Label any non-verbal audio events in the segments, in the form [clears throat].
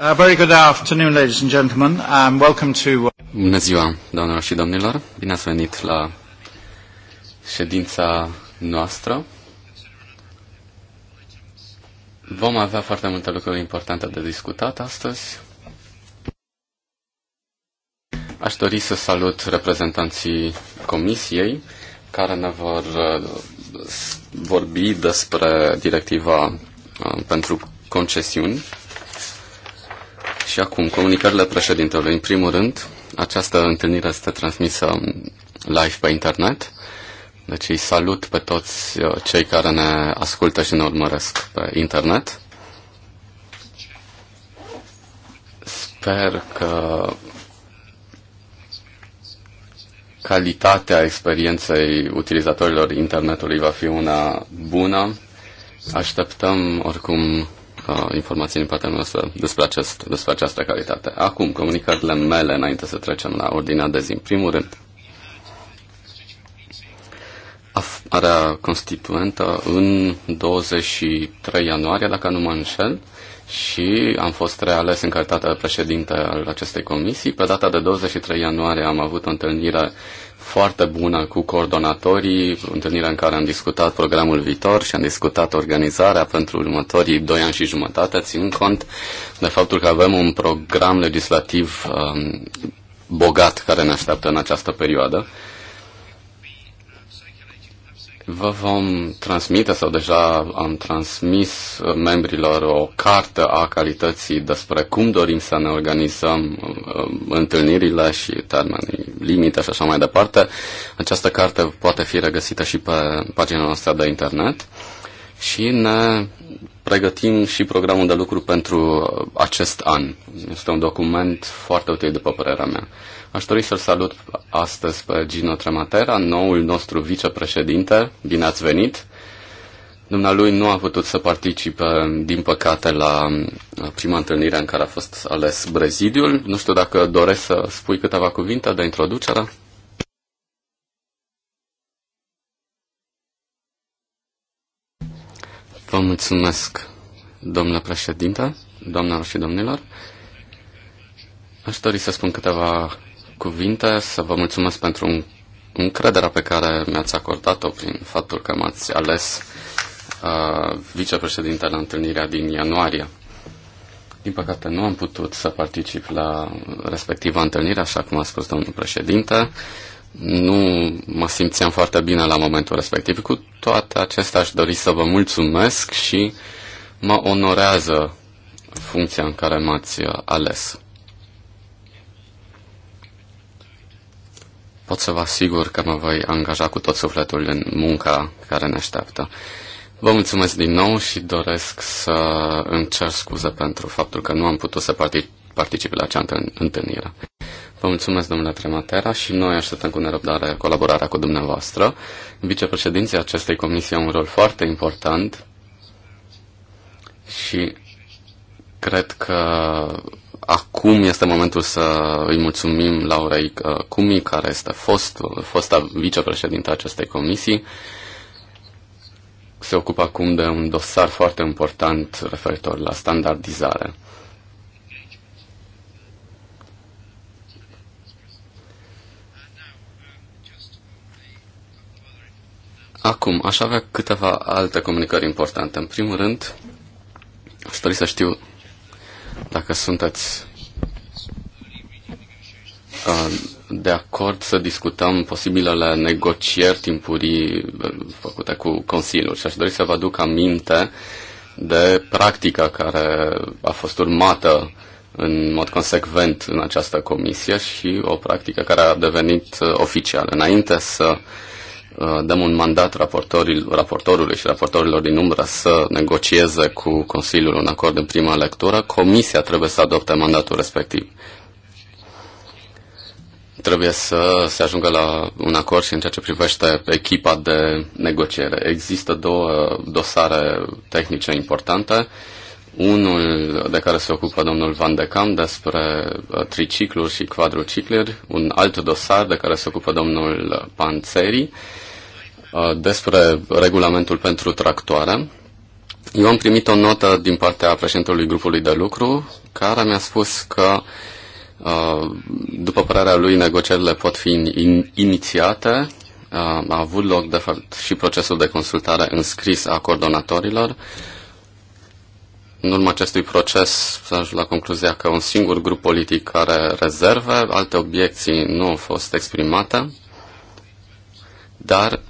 Uh, very good afternoon, ladies and gentlemen. Um, welcome to... Uh, Bună ziua, doamnelor și domnilor. Bine ați venit la ședința noastră. Vom avea foarte multe lucruri importante de discutat astăzi. Aș dori să salut reprezentanții Comisiei care ne vor uh, vorbi despre directiva pentru concesiuni și acum, comunicările președintelui. În primul rând, această întâlnire este transmisă live pe internet. Deci îi salut pe toți uh, cei care ne ascultă și ne urmăresc pe internet. Sper că calitatea experienței utilizatorilor internetului va fi una bună. Așteptăm oricum informații din partea noastră despre, acest, despre această calitate. Acum, comunicările mele înainte să trecem la ordinea de zi. În primul rând, are constituentă în 23 ianuarie, dacă nu mă înșel, și am fost reales în calitate de președinte al acestei comisii. Pe data de 23 ianuarie am avut o întâlnire foarte bună cu coordonatorii, întâlnirea în care am discutat programul viitor și am discutat organizarea pentru următorii doi ani și jumătate, ținând cont de faptul că avem un program legislativ um, bogat care ne așteaptă în această perioadă. Vă vom transmite sau deja am transmis membrilor o carte a calității despre cum dorim să ne organizăm um, întâlnirile și termenii limite și așa mai departe. Această carte poate fi regăsită și pe pagina noastră de internet și ne pregătim și programul de lucru pentru uh, acest an. Este un document foarte util, după părerea mea. Aș dori să-l salut astăzi pe Gino Trematera, noul nostru vicepreședinte. Bine ați venit! Dumnealui nu a putut să participe, din păcate, la uh, prima întâlnire în care a fost ales Brezidiul. Nu știu dacă doresc să spui câteva cuvinte de introducere. Vă mulțumesc, domnule președinte, doamnelor și domnilor. Aș dori să spun câteva cuvinte, să vă mulțumesc pentru încrederea pe care mi-ați acordat-o prin faptul că m-ați ales uh, vicepreședinte la întâlnirea din ianuarie. Din păcate nu am putut să particip la respectiva întâlnire, așa cum a spus domnul președinte nu mă simțeam foarte bine la momentul respectiv. Cu toate acestea aș dori să vă mulțumesc și mă onorează funcția în care m-ați uh, ales. Pot să vă asigur că mă voi angaja cu tot sufletul în munca care ne așteaptă. Vă mulțumesc din nou și doresc să îmi cer scuze pentru faptul că nu am putut să particip la acea întâlnire. Vă mulțumesc, domnule Trematera, și noi așteptăm cu nerăbdare colaborarea cu dumneavoastră. Vicepreședinții acestei comisii au un rol foarte important și cred că acum este momentul să îi mulțumim Laurei uh, Cumi, care este fost, fosta vicepreședinte acestei comisii. Se ocupă acum de un dosar foarte important referitor la standardizare. Acum, aș avea câteva alte comunicări importante. În primul rând, aș dori să știu dacă sunteți uh, de acord să discutăm posibilele negocieri timpurii uh, făcute cu Consiliul și aș dori să vă aduc aminte de practica care a fost urmată în mod consecvent în această comisie și o practică care a devenit uh, oficială. Înainte să Uh, dăm un mandat raportorului și raportorilor din umbră să negocieze cu Consiliul un acord în prima lectură, Comisia trebuie să adopte mandatul respectiv. Trebuie să se ajungă la un acord și în ceea ce privește echipa de negociere. Există două dosare tehnice importante. Unul de care se ocupă domnul Van de Cam despre uh, tricicluri și quadrucicluri, un alt dosar de care se ocupă domnul uh, Panțeri, Uh, despre regulamentul pentru tractoare. Eu am primit o notă din partea președintelui grupului de lucru care mi-a spus că, uh, după părerea lui, negocierile pot fi in- inițiate. Uh, a avut loc, de fapt, și procesul de consultare înscris a coordonatorilor. În urma acestui proces s-a ajuns la concluzia că un singur grup politic care rezerve, alte obiecții nu au fost exprimate, dar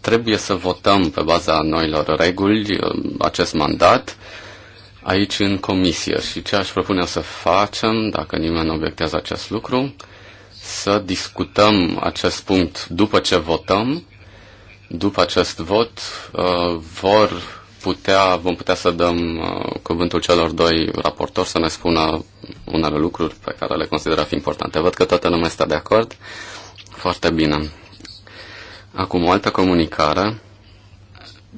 trebuie să votăm pe baza noilor reguli um, acest mandat aici în comisie și ce aș propune să facem, dacă nimeni nu obiectează acest lucru, să discutăm acest punct după ce votăm. După acest vot uh, vor putea, vom putea să dăm uh, cuvântul celor doi raportori să ne spună unele lucruri pe care le consideră fi importante. Văd că toată lumea este de acord. Foarte bine. Acum o altă comunicare.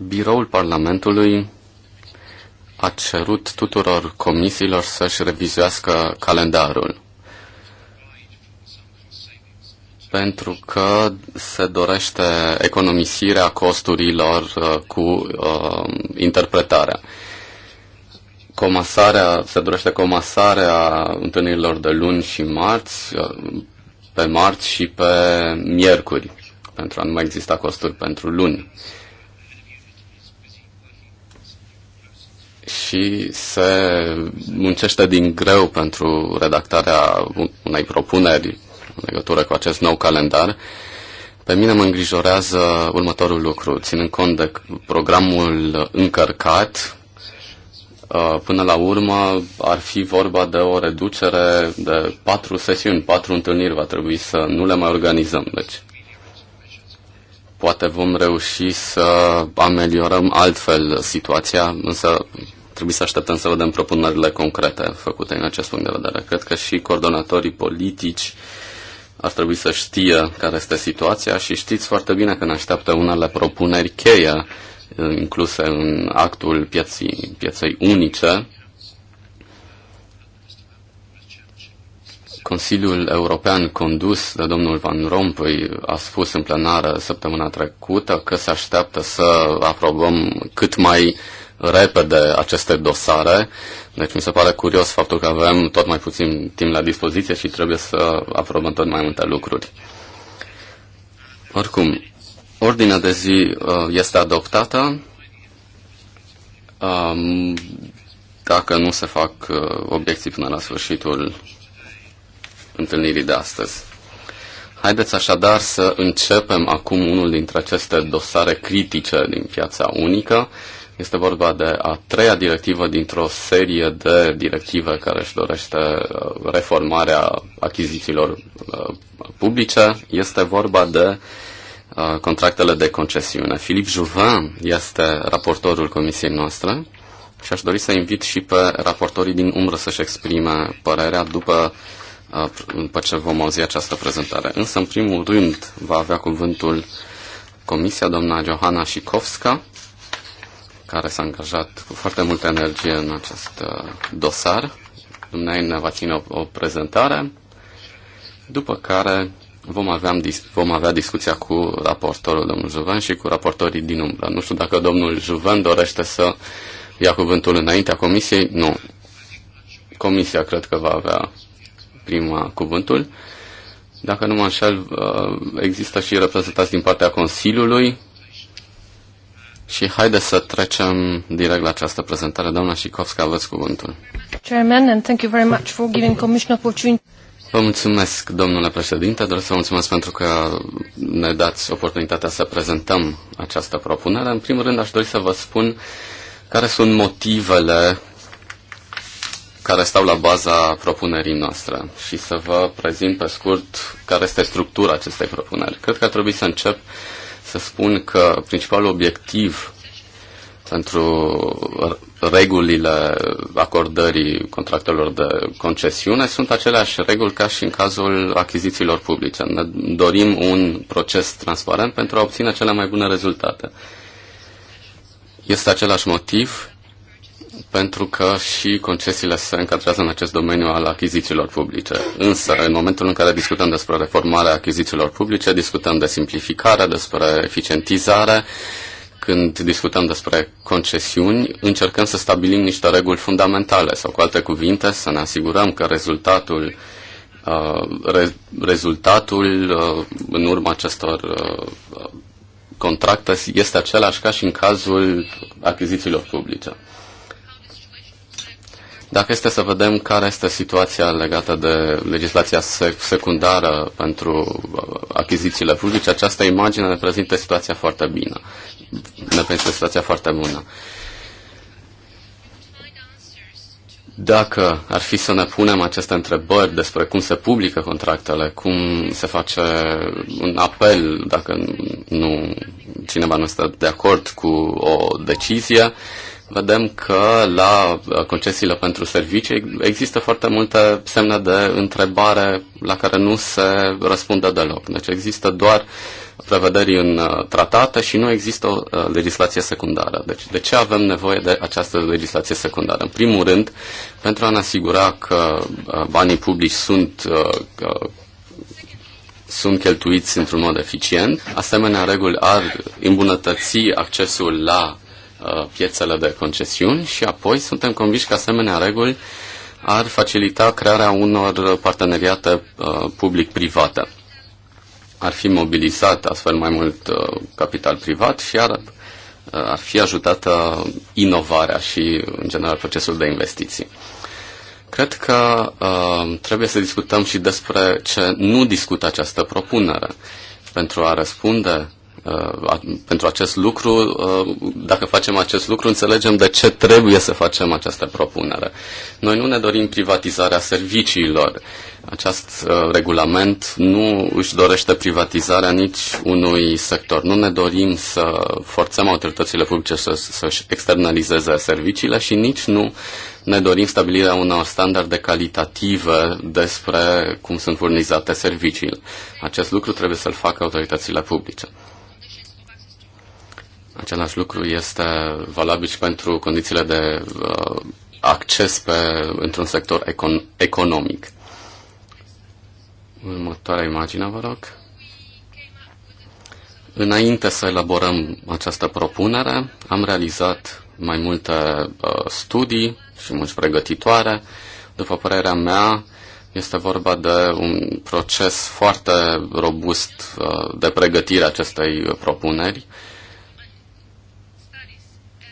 Biroul Parlamentului a cerut tuturor comisiilor să-și revizuiască calendarul. Pentru că se dorește economisirea costurilor uh, cu uh, interpretarea. Comasarea, se dorește comasarea întâlnirilor de luni și marți, uh, pe marți și pe miercuri pentru a nu mai exista costuri pentru luni. și se muncește din greu pentru redactarea unei propuneri în legătură cu acest nou calendar. Pe mine mă îngrijorează următorul lucru, ținând cont de programul încărcat, uh, până la urmă ar fi vorba de o reducere de patru sesiuni, patru întâlniri va trebui să nu le mai organizăm. Deci Poate vom reuși să ameliorăm altfel situația, însă trebuie să așteptăm să vedem propunerile concrete făcute în acest punct de vedere. Cred că și coordonatorii politici ar trebui să știe care este situația și știți foarte bine că ne așteaptă unele propuneri cheie uh, incluse în actul pieții, pieței unice, Consiliul European condus de domnul Van Rompuy a spus în plenară săptămâna trecută că se așteaptă să aprobăm cât mai repede aceste dosare. Deci mi se pare curios faptul că avem tot mai puțin timp la dispoziție și trebuie să aprobăm tot mai multe lucruri. Oricum, ordinea de zi uh, este adoptată. Um, dacă nu se fac uh, obiecții până la sfârșitul întâlnirii de astăzi. Haideți așadar să începem acum unul dintre aceste dosare critice din piața unică. Este vorba de a treia directivă dintr-o serie de directive care își dorește uh, reformarea achizițiilor uh, publice. Este vorba de uh, contractele de concesiune. Filip Juvin este raportorul comisiei noastre și aș dori să invit și pe raportorii din umbră să-și exprime părerea după uh, după ce vom auzi această prezentare. Însă, în primul rând, va avea cuvântul Comisia doamna Johanna Șicovska, care s-a angajat cu foarte multă energie în acest uh, dosar. Dumneavoastră ne va ține o, o prezentare, după care vom avea, vom avea discuția cu raportorul domnul Juven și cu raportorii din umbră. Nu știu dacă domnul Juven dorește să ia cuvântul înaintea comisiei. Nu. Comisia cred că va avea prima cuvântul. Dacă nu mă înșel, uh, există și reprezentați din partea Consiliului și haideți să trecem direct la această prezentare. Doamna Șicovska, aveți cuvântul. Chairman, and thank you very much for giving Commission opportunity. Vă mulțumesc, domnule președinte, doresc să vă mulțumesc pentru că ne dați oportunitatea să prezentăm această propunere. În primul rând, aș dori să vă spun care sunt motivele care stau la baza propunerii noastre și să vă prezint pe scurt care este structura acestei propuneri. Cred că ar trebui să încep să spun că principalul obiectiv pentru regulile acordării contractelor de concesiune sunt aceleași reguli ca și în cazul achizițiilor publice. Ne dorim un proces transparent pentru a obține cele mai bune rezultate. Este același motiv pentru că și concesiile se încadrează în acest domeniu al achizițiilor publice. Însă, în momentul în care discutăm despre reformarea achizițiilor publice, discutăm de simplificare, despre eficientizare, când discutăm despre concesiuni, încercăm să stabilim niște reguli fundamentale sau, cu alte cuvinte, să ne asigurăm că rezultatul, uh, re, rezultatul uh, în urma acestor uh, contracte este același ca și în cazul achizițiilor publice. Dacă este să vedem care este situația legată de legislația secundară pentru uh, achizițiile publice, această imagine ne prezintă situația foarte bine. Ne prezintă situația foarte bună. Dacă ar fi să ne punem aceste întrebări despre cum se publică contractele, cum se face un apel dacă nu, cineva nu este de acord cu o decizie, uh, vedem că la uh, concesiile pentru servicii există foarte multe semne de întrebare la care nu se răspunde deloc. Deci există doar prevederi în uh, tratate și nu există o uh, legislație secundară. Deci de ce avem nevoie de această legislație secundară? În primul rând, pentru a ne asigura că banii publici sunt sunt cheltuiți într-un mod eficient. Asemenea, reguli ar îmbunătăți accesul la Uh, piețele de concesiuni și apoi suntem convinși că asemenea reguli ar facilita crearea unor parteneriate uh, public-private. Ar fi mobilizat astfel mai mult uh, capital privat și ar, ar fi ajutată inovarea și, în general, procesul de investiții. Cred că uh, trebuie să discutăm și despre ce nu discută această propunere pentru a răspunde Uh, pentru acest lucru, uh, dacă facem acest lucru, înțelegem de ce trebuie să facem această propunere. Noi nu ne dorim privatizarea serviciilor. Acest uh, regulament nu își dorește privatizarea nici unui sector. Nu ne dorim să forțăm autoritățile publice să, să-și externalizeze serviciile și nici nu ne dorim stabilirea unor standarde calitative despre cum sunt furnizate serviciile. Acest lucru trebuie să-l facă autoritățile publice. Același lucru este valabil și pentru condițiile de uh, acces pe, într-un sector econ- economic. Următoarea imagine, vă rog. Înainte să elaborăm această propunere, am realizat mai multe uh, studii și mulți pregătitoare. După părerea mea, este vorba de un proces foarte robust uh, de pregătire acestei propuneri. Uh,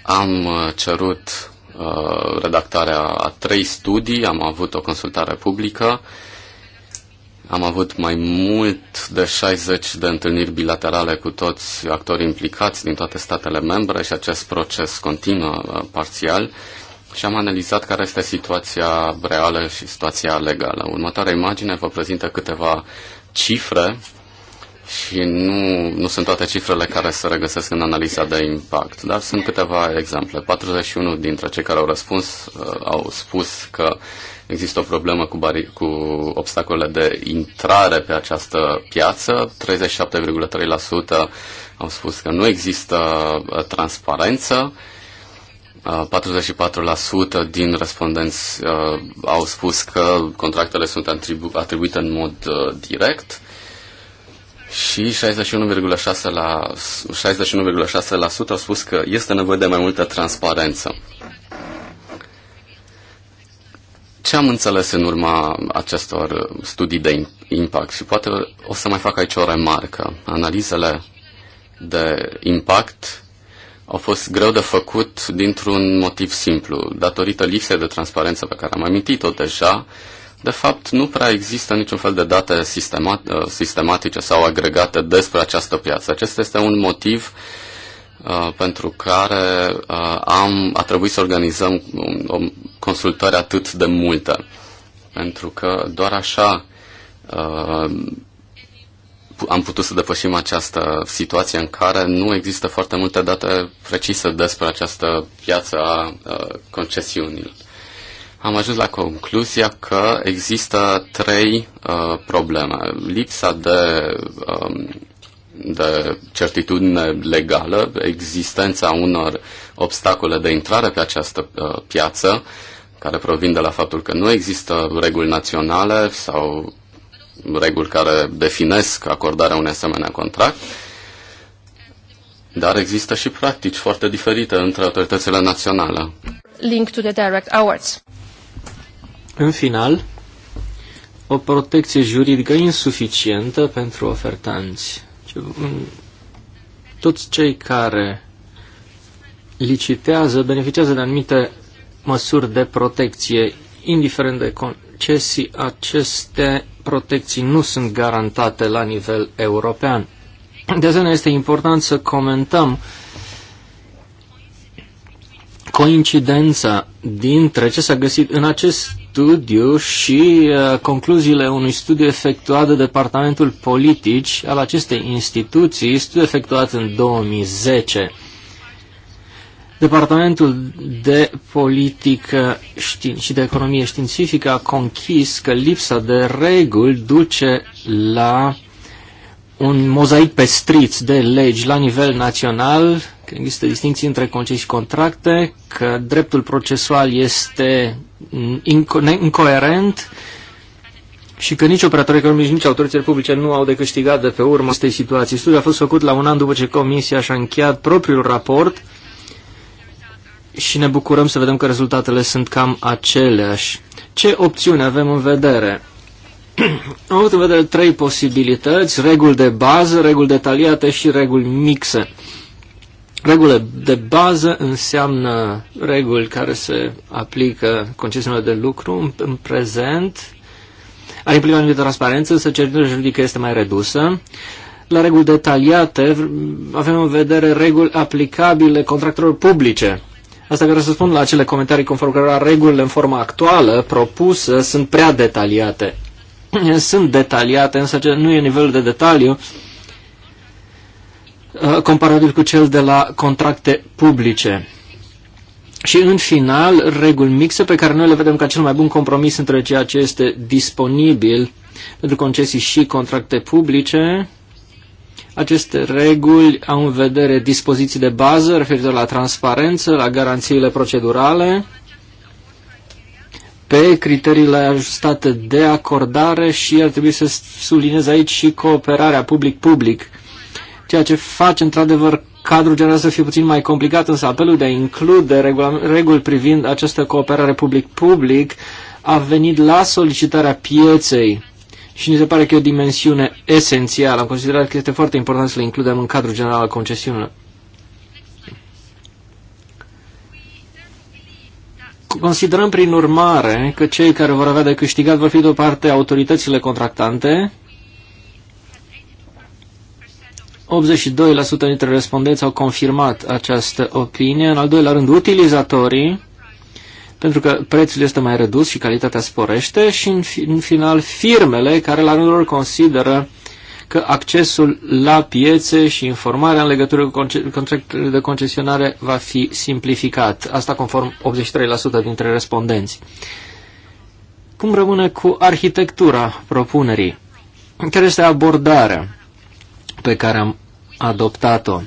am uh, cerut uh, redactarea a trei studii, am avut o consultare publică, am avut mai mult de 60 de întâlniri bilaterale cu toți actorii implicați din toate statele membre și acest proces continuă uh, parțial și am analizat care este situația reală și situația legală. Următoarea imagine vă prezintă câteva cifre și nu, nu sunt toate cifrele care se regăsesc în analiza de impact, dar sunt câteva exemple. 41 dintre cei care au răspuns uh, au spus că există o problemă cu, bari- cu obstacolele de intrare pe această piață, 37,3% au spus că nu există uh, transparență, 44% uh, din respondenți uh, au spus că contractele sunt atribu- atribuite în mod uh, direct, și 61,6%, la, 61,6% au spus că este nevoie de mai multă transparență. Ce am înțeles în urma acestor studii de impact? Și poate o să mai fac aici o remarcă. Analizele de impact au fost greu de făcut dintr-un motiv simplu. Datorită lipsei de transparență pe care am amintit-o deja, de fapt, nu prea există niciun fel de date sistemat- uh, sistematice sau agregate despre această piață. Acesta este un motiv uh, pentru care uh, am, a trebuit să organizăm o consultări atât de multă. Pentru că doar așa uh, am putut să depășim această situație în care nu există foarte multe date precise despre această piață a uh, concesiunilor am ajuns la concluzia că există trei uh, probleme. Lipsa de, um, de certitudine legală, existența unor obstacole de intrare pe această uh, piață, care provin de la faptul că nu există reguli naționale sau reguli care definesc acordarea unui asemenea contract, dar există și practici foarte diferite între autoritățile naționale. Link to the direct awards. În final, o protecție juridică insuficientă pentru ofertanți. Toți cei care licitează beneficiază de anumite măsuri de protecție, indiferent de concesii, aceste protecții nu sunt garantate la nivel european. De asemenea, este important să comentăm coincidența dintre ce s-a găsit în acest studiu și uh, concluziile unui studiu efectuat de Departamentul Politici al acestei instituții, studiu efectuat în 2010. Departamentul de Politică și de Economie Științifică a conchis că lipsa de reguli duce la un mozaic pe striț de legi la nivel național, că există distinții între concesii și contracte, că dreptul procesual este inco incoerent și că nici operatori economici, nici autoritățile publice nu au de câștigat de pe urmă acestei situații. Studiul a fost făcut la un an după ce Comisia și-a încheiat propriul raport și ne bucurăm să vedem că rezultatele sunt cam aceleași. Ce opțiuni avem în vedere? Am [clears throat] avut în vedere trei posibilități, reguli de bază, reguli detaliate și reguli mixe. Regulile de bază înseamnă reguli care se aplică concesiunilor de lucru în prezent, ar implica o anumită transparență, însă certitudinea juridică este mai redusă. La reguli detaliate avem în vedere reguli aplicabile contractelor publice. Asta care să spun la acele comentarii conform cărora regulile în forma actuală propusă sunt prea detaliate. [clears throat] sunt detaliate, însă nu e nivelul de detaliu uh, comparabil cu cel de la contracte publice. Și în final, reguli mixe pe care noi le vedem ca cel mai bun compromis între ceea ce este disponibil pentru concesii și contracte publice. Aceste reguli au în vedere dispoziții de bază referitor la transparență, la garanțiile procedurale, pe criteriile ajustate de acordare și ar trebui să sublinez aici și cooperarea public-public, ceea ce face într-adevăr cadrul general să fie puțin mai complicat, însă apelul de a include reguli privind această cooperare public-public a venit la solicitarea pieței și ni se pare că e o dimensiune esențială. Am considerat că este foarte important să le includem în cadrul general al concesiunilor. Considerăm prin urmare că cei care vor avea de câștigat vor fi de o parte autoritățile contractante, 82% dintre respondenți au confirmat această opinie. În al doilea rând, utilizatorii, pentru că prețul este mai redus și calitatea sporește. Și în, fi, în final, firmele care la rândul lor consideră că accesul la piețe și informarea în legătură cu contractele de concesionare va fi simplificat. Asta conform 83% dintre respondenți. Cum rămâne cu arhitectura propunerii? Care este abordarea pe care am adoptat-o?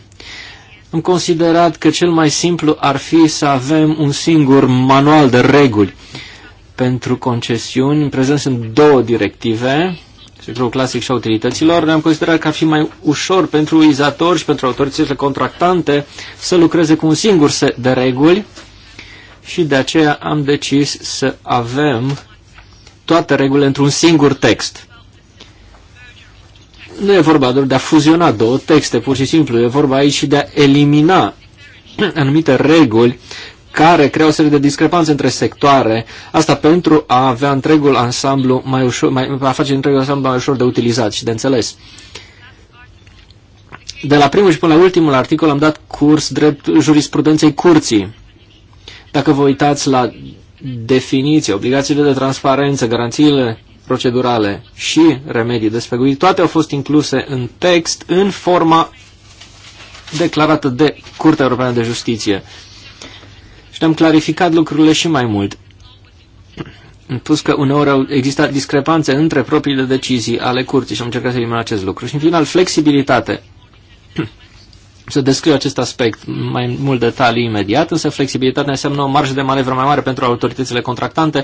Am considerat că cel mai simplu ar fi să avem un singur manual de reguli pentru concesiuni. În prezent sunt două directive Centrul clasic și utilităților, ne-am considerat că ar fi mai ușor pentru uizatori și pentru autoritățile contractante să lucreze cu un singur set de reguli și de aceea am decis să avem toate regulile într-un singur text. Nu e vorba doar de a fuziona două texte, pur și simplu, e vorba aici și de a elimina anumite reguli care crea o serie de discrepanțe între sectoare, asta pentru a avea întregul ansamblu mai ușor, mai, a face întregul ansamblu mai ușor de utilizat și de înțeles. De la primul și până la ultimul articol am dat curs drept jurisprudenței curții. Dacă vă uitați la definiții, obligațiile de transparență, garanțiile procedurale și remedii de speguit, toate au fost incluse în text în forma declarată de Curtea Europeană de Justiție am clarificat lucrurile și mai mult. Am spus că uneori au existat discrepanțe între propriile decizii ale curții și am încercat să eliminăm acest lucru. Și în final, flexibilitate. [clears throat] Să descriu acest aspect mai mult detalii imediat, însă flexibilitatea înseamnă o marjă de manevră mai mare pentru autoritățile contractante,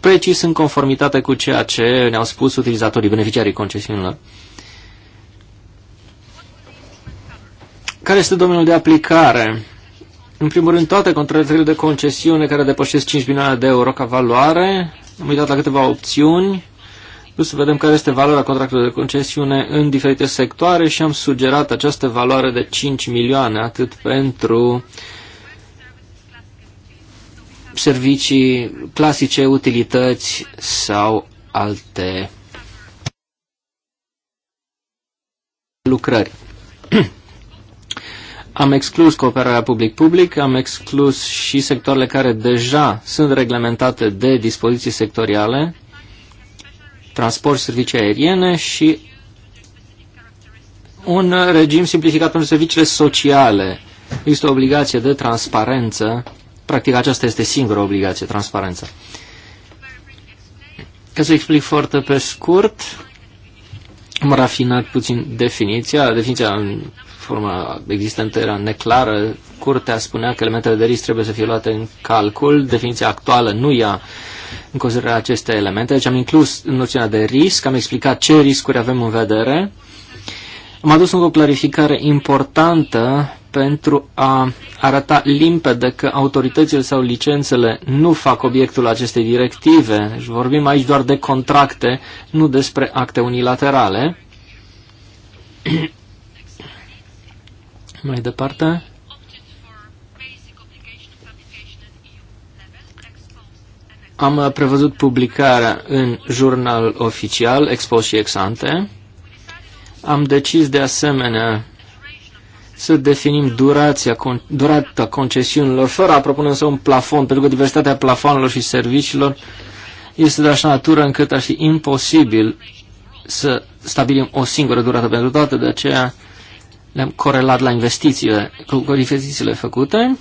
precis în conformitate cu ceea ce ne-au spus utilizatorii, beneficiarii concesiunilor. Care este domeniul de aplicare? În primul rând, toate contractele de concesiune care depășesc 5 milioane de euro ca valoare. Am uitat la câteva opțiuni. Plus să vedem care este valoarea contractului de concesiune în diferite sectoare și am sugerat această valoare de 5 milioane, atât pentru servicii clasice, utilități sau alte lucrări. [clears throat] Am exclus cooperarea public-public, am exclus și sectoarele care deja sunt reglementate de dispoziții sectoriale, transport, servicii aeriene și un regim simplificat pentru serviciile sociale. Există o obligație de transparență. Practic aceasta este singura obligație, transparență. Ca să explic foarte pe scurt, am rafinat puțin definiția. Definiția forma existentă era neclară. Curtea spunea că elementele de risc trebuie să fie luate în calcul. Definiția actuală nu ia în considerare aceste elemente. Deci am inclus noțiunea de risc, am explicat ce riscuri avem în vedere. Am adus încă o clarificare importantă pentru a arăta limpede că autoritățile sau licențele nu fac obiectul acestei directive. Deci vorbim aici doar de contracte, nu despre acte unilaterale. Mai departe, am prevăzut publicarea în jurnal oficial, expo și exante. Am decis de asemenea să definim durația, durata concesiunilor, fără a propune să un plafon, pentru că diversitatea plafonelor și serviciilor este de așa natură încât ar fi imposibil să stabilim o singură durată pentru toate, de aceea le-am corelat la investițiile, cu investițiile făcute.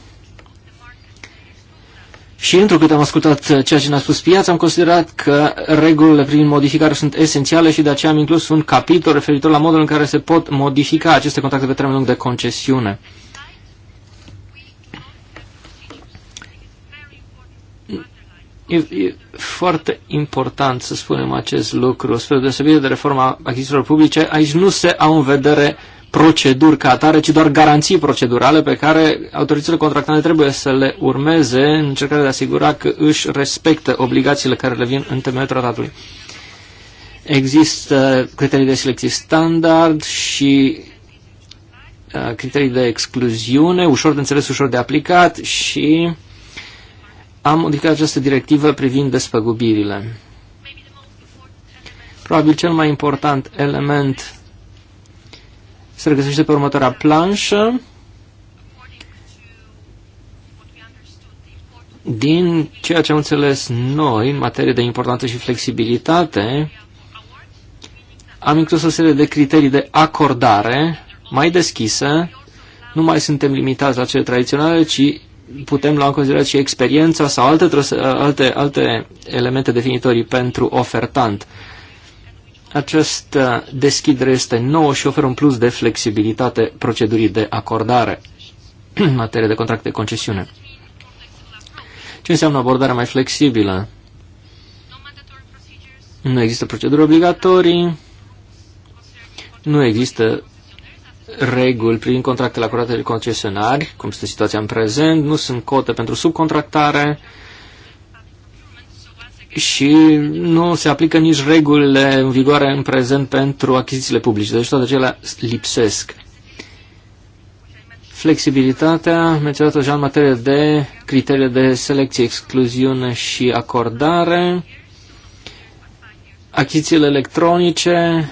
Și întrucât am ascultat ceea ce ne-a spus piața, am considerat că regulile privind modificare sunt esențiale și de aceea am inclus un capitol referitor la modul în care se pot modifica aceste contracte pe termen lung de concesiune. E, e foarte important să spunem acest lucru. Spre deosebire de reforma achizițiilor publice, aici nu se au în vedere proceduri ca atare, ci doar garanții procedurale pe care autoritățile contractante trebuie să le urmeze în încercare de a asigura că își respectă obligațiile care le vin în temeiul tratatului. Există criterii de selecție standard și uh, criterii de excluziune, ușor de înțeles, ușor de aplicat și am modificat această directivă privind despăgubirile. Probabil cel mai important element se regăsește pe următoarea planșă. Din ceea ce am înțeles noi în materie de importanță și flexibilitate, am inclus o serie de criterii de acordare mai deschise. Nu mai suntem limitați la cele tradiționale, ci putem lua în considerare și experiența sau alte, alte, alte elemente definitorii pentru ofertant. Această deschidere este nouă și oferă un plus de flexibilitate procedurii de acordare în materie de contract de concesiune. Ce înseamnă abordarea mai flexibilă? Nu există proceduri obligatorii, nu există reguli prin contractele acordate de concesionari, cum este situația în prezent, nu sunt cote pentru subcontractare, și nu se aplică nici regulile în vigoare în prezent pentru achizițiile publice. Deci toate acelea lipsesc. Flexibilitatea menționată deja în materie de criterii de selecție, excluziune și acordare. Achizițiile electronice,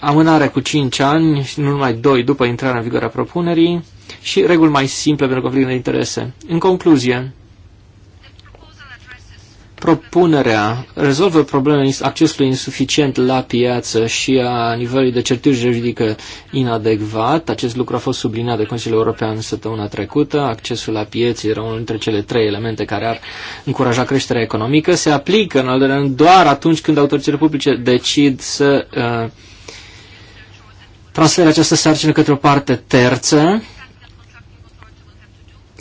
amânarea cu 5 ani și nu numai 2 după intrarea în vigoare a propunerii și reguli mai simple pentru conflictul de interese. În concluzie, propunerea rezolvă problema accesului insuficient la piață și a nivelului de certitudine juridică inadecvat. Acest lucru a fost subliniat de Consiliul European săptămâna trecută. Accesul la piață era unul dintre cele trei elemente care ar încuraja creșterea economică. Se aplică, în al doilea rând, doar atunci când autoritățile publice decid să uh, transfere această sarcină către o parte terță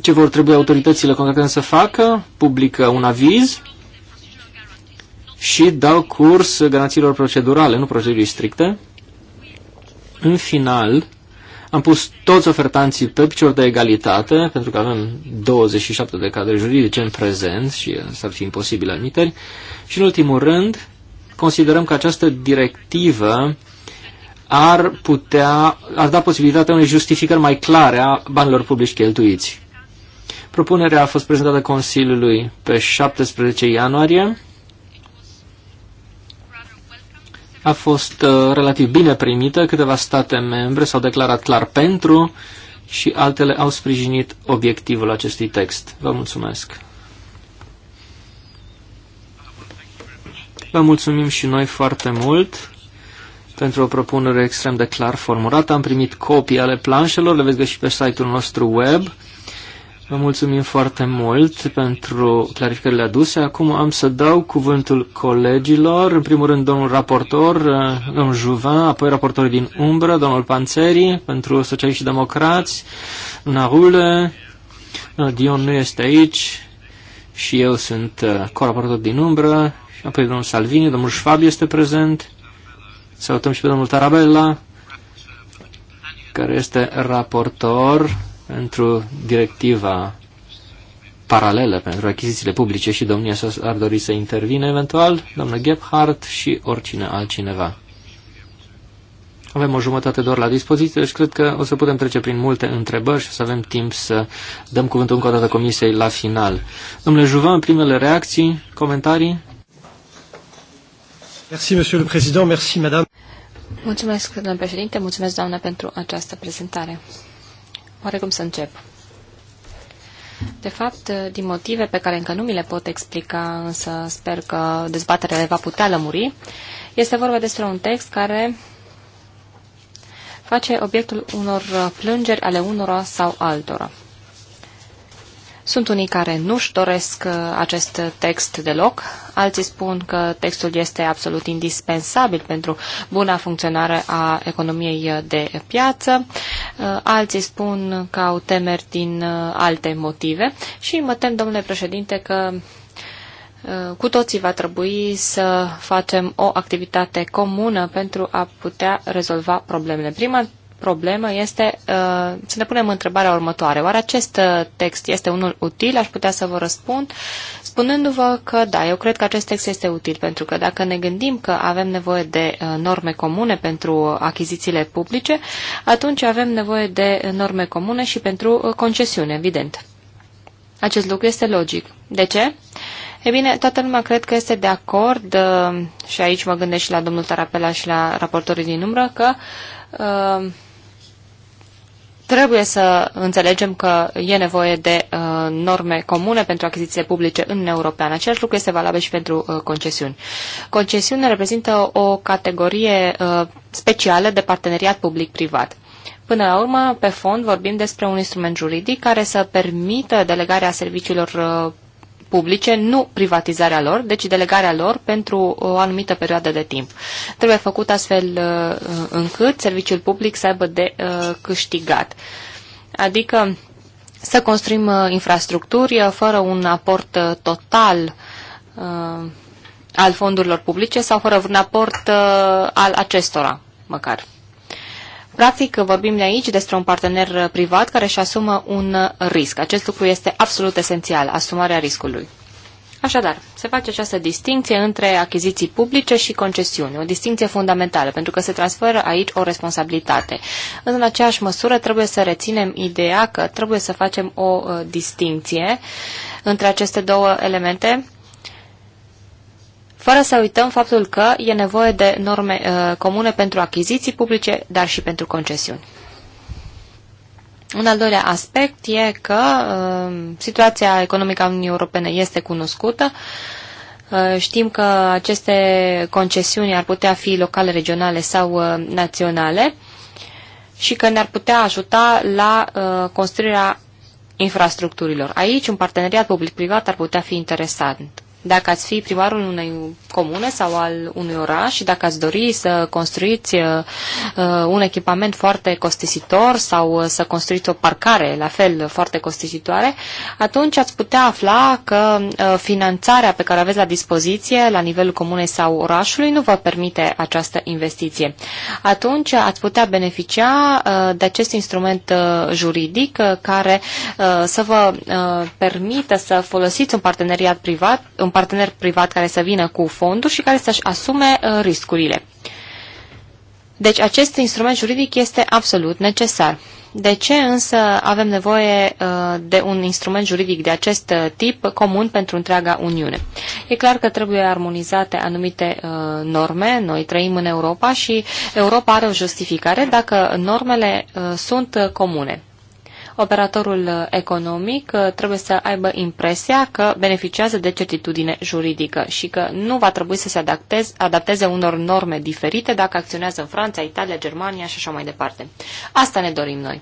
ce vor trebui autoritățile contractante să facă, publică un aviz și dau curs garanțiilor procedurale, nu procedurii stricte. În final, am pus toți ofertanții pe picior de egalitate, pentru că avem 27 de cadre juridice în prezent și asta ar fi imposibil admiteri. Și în ultimul rând, considerăm că această directivă ar putea, ar da posibilitatea unei justificări mai clare a banilor publici cheltuiți. Propunerea a fost prezentată Consiliului pe 17 ianuarie a fost uh, relativ bine primită, câteva state membre s-au declarat clar pentru și altele au sprijinit obiectivul acestui text. Vă mulțumesc! Vă mulțumim și noi foarte mult pentru o propunere extrem de clar formulată. Am primit copii ale planșelor, le veți găsi pe site-ul nostru web. Vă mulțumim foarte mult pentru clarificările aduse. Acum am să dau cuvântul colegilor. În primul rând, domnul raportor, uh, domnul Juvin, apoi raportorii din umbră, domnul Panțeri, pentru Socialiști și Democrați, Narule, Dion nu este aici și eu sunt uh, coraportor din umbră, apoi domnul Salvini, domnul Schwab este prezent. Salutăm și pe domnul Tarabella, care este raportor pentru directiva paralelă pentru achizițiile publice și domnia sa ar dori să intervine eventual, doamnă Gebhardt și oricine altcineva. Avem o jumătate doar la dispoziție, deci cred că o să putem trece prin multe întrebări și o să avem timp să dăm cuvântul încă o dată comisiei la final. Domnule Juvan, primele reacții, comentarii? Merci, monsieur le président, merci, madame. Mulțumesc, domnule președinte, mulțumesc, doamnă, pentru această prezentare oare cum să încep? De fapt, din motive pe care încă nu mi le pot explica, însă sper că dezbaterea le va putea lămuri, este vorba despre un text care face obiectul unor plângeri ale unora sau altora. Sunt unii care nu-și doresc uh, acest text deloc, alții spun că textul este absolut indispensabil pentru buna funcționare a economiei de piață, uh, alții spun că au temeri din uh, alte motive și mă tem, domnule președinte, că cu toții va trebui să facem o activitate comună pentru a putea rezolva problemele. Prima problemă este uh, să ne punem întrebarea următoare. Oare acest uh, text este unul util? Aș putea să vă răspund spunându-vă că da, eu cred că acest text este util pentru că dacă ne gândim că avem nevoie de uh, norme comune pentru achizițiile publice, atunci avem nevoie de norme comune și pentru concesiune, evident. Acest lucru este logic. De ce? E bine, toată lumea cred că este de acord și aici mă gândesc și la domnul Tarapela și la raportorii din umbră că Trebuie să înțelegem că e nevoie de uh, norme comune pentru achizițiile publice în European. Același lucru este valabil și pentru uh, concesiuni. Concesiunea reprezintă o categorie uh, specială de parteneriat public-privat. Până la urmă, pe fond, vorbim despre un instrument juridic care să permită delegarea serviciilor uh, publice, nu privatizarea lor, deci delegarea lor pentru o anumită perioadă de timp. Trebuie făcut astfel uh, încât serviciul public să aibă de uh, câștigat. Adică să construim uh, infrastructuri fără un aport total al fondurilor publice sau fără un aport al acestora, măcar. Practic, vorbim de aici despre un partener uh, privat care își asumă un uh, risc. Acest lucru este absolut esențial, asumarea riscului. Așadar, se face această distinție între achiziții publice și concesiuni, o distinție fundamentală, pentru că se transferă aici o responsabilitate. În aceeași măsură, trebuie să reținem ideea că trebuie să facem o uh, distinție între aceste două elemente fără să uităm faptul că e nevoie de norme uh, comune pentru achiziții publice, dar și pentru concesiuni. Un al doilea aspect e că uh, situația economică a Uniunii Europene este cunoscută. Uh, știm că aceste concesiuni ar putea fi locale, regionale sau uh, naționale și că ne-ar putea ajuta la uh, construirea infrastructurilor. Aici un parteneriat public-privat ar putea fi interesant. Dacă ați fi primarul unei comune sau al unui oraș și dacă ați dori să construiți uh, uh, un echipament foarte costisitor sau uh, să construiți o parcare la fel foarte costisitoare, atunci ați putea afla că finanțarea pe care o aveți la dispoziție la nivelul comunei sau orașului nu vă permite această investiție. Atunci ați putea beneficia de acest instrument juridic care să vă permită să folosiți un parteneriat privat, un partener privat care să vină cu fonduri și care să-și asume uh, riscurile. Deci acest instrument juridic este absolut necesar. De ce însă avem nevoie uh, de un instrument juridic de acest uh, tip comun pentru întreaga Uniune? E clar că trebuie armonizate anumite norme. Noi trăim în Europa și Europa are o justificare dacă normele sunt comune operatorul economic uh, trebuie să aibă impresia că beneficiază de certitudine juridică și că nu va trebui să se adapteze, adapteze unor norme diferite dacă acționează în Franța, Italia, Germania și așa mai departe. Asta ne dorim noi.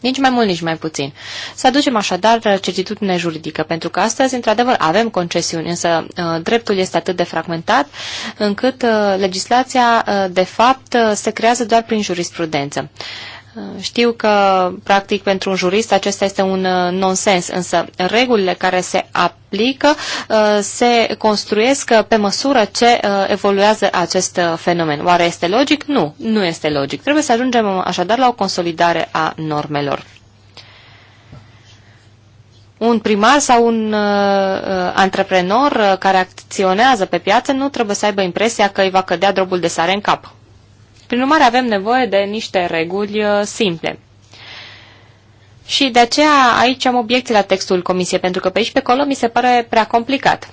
Nici mai mult, nici mai puțin. Să aducem așadar certitudine juridică, pentru că astăzi, într-adevăr, avem concesiuni, însă uh, dreptul este atât de fragmentat încât uh, legislația, de fapt, se creează doar prin jurisprudență. Știu că, practic, pentru un jurist acesta este un uh, nonsens, însă regulile care se aplică uh, se construiesc uh, pe măsură ce evoluează acest fenomen. Oare este logic? Nu, nu este logic. Trebuie să ajungem așadar la o consolidare a normelor un primar sau un uh, antreprenor care acționează pe piață nu trebuie să aibă impresia că îi va cădea drobul de sare în cap. Prin urmare, avem nevoie de niște reguli uh, simple. Și de aceea aici am obiecții la textul comisiei, pentru că pe aici pe acolo mi se pare prea complicat.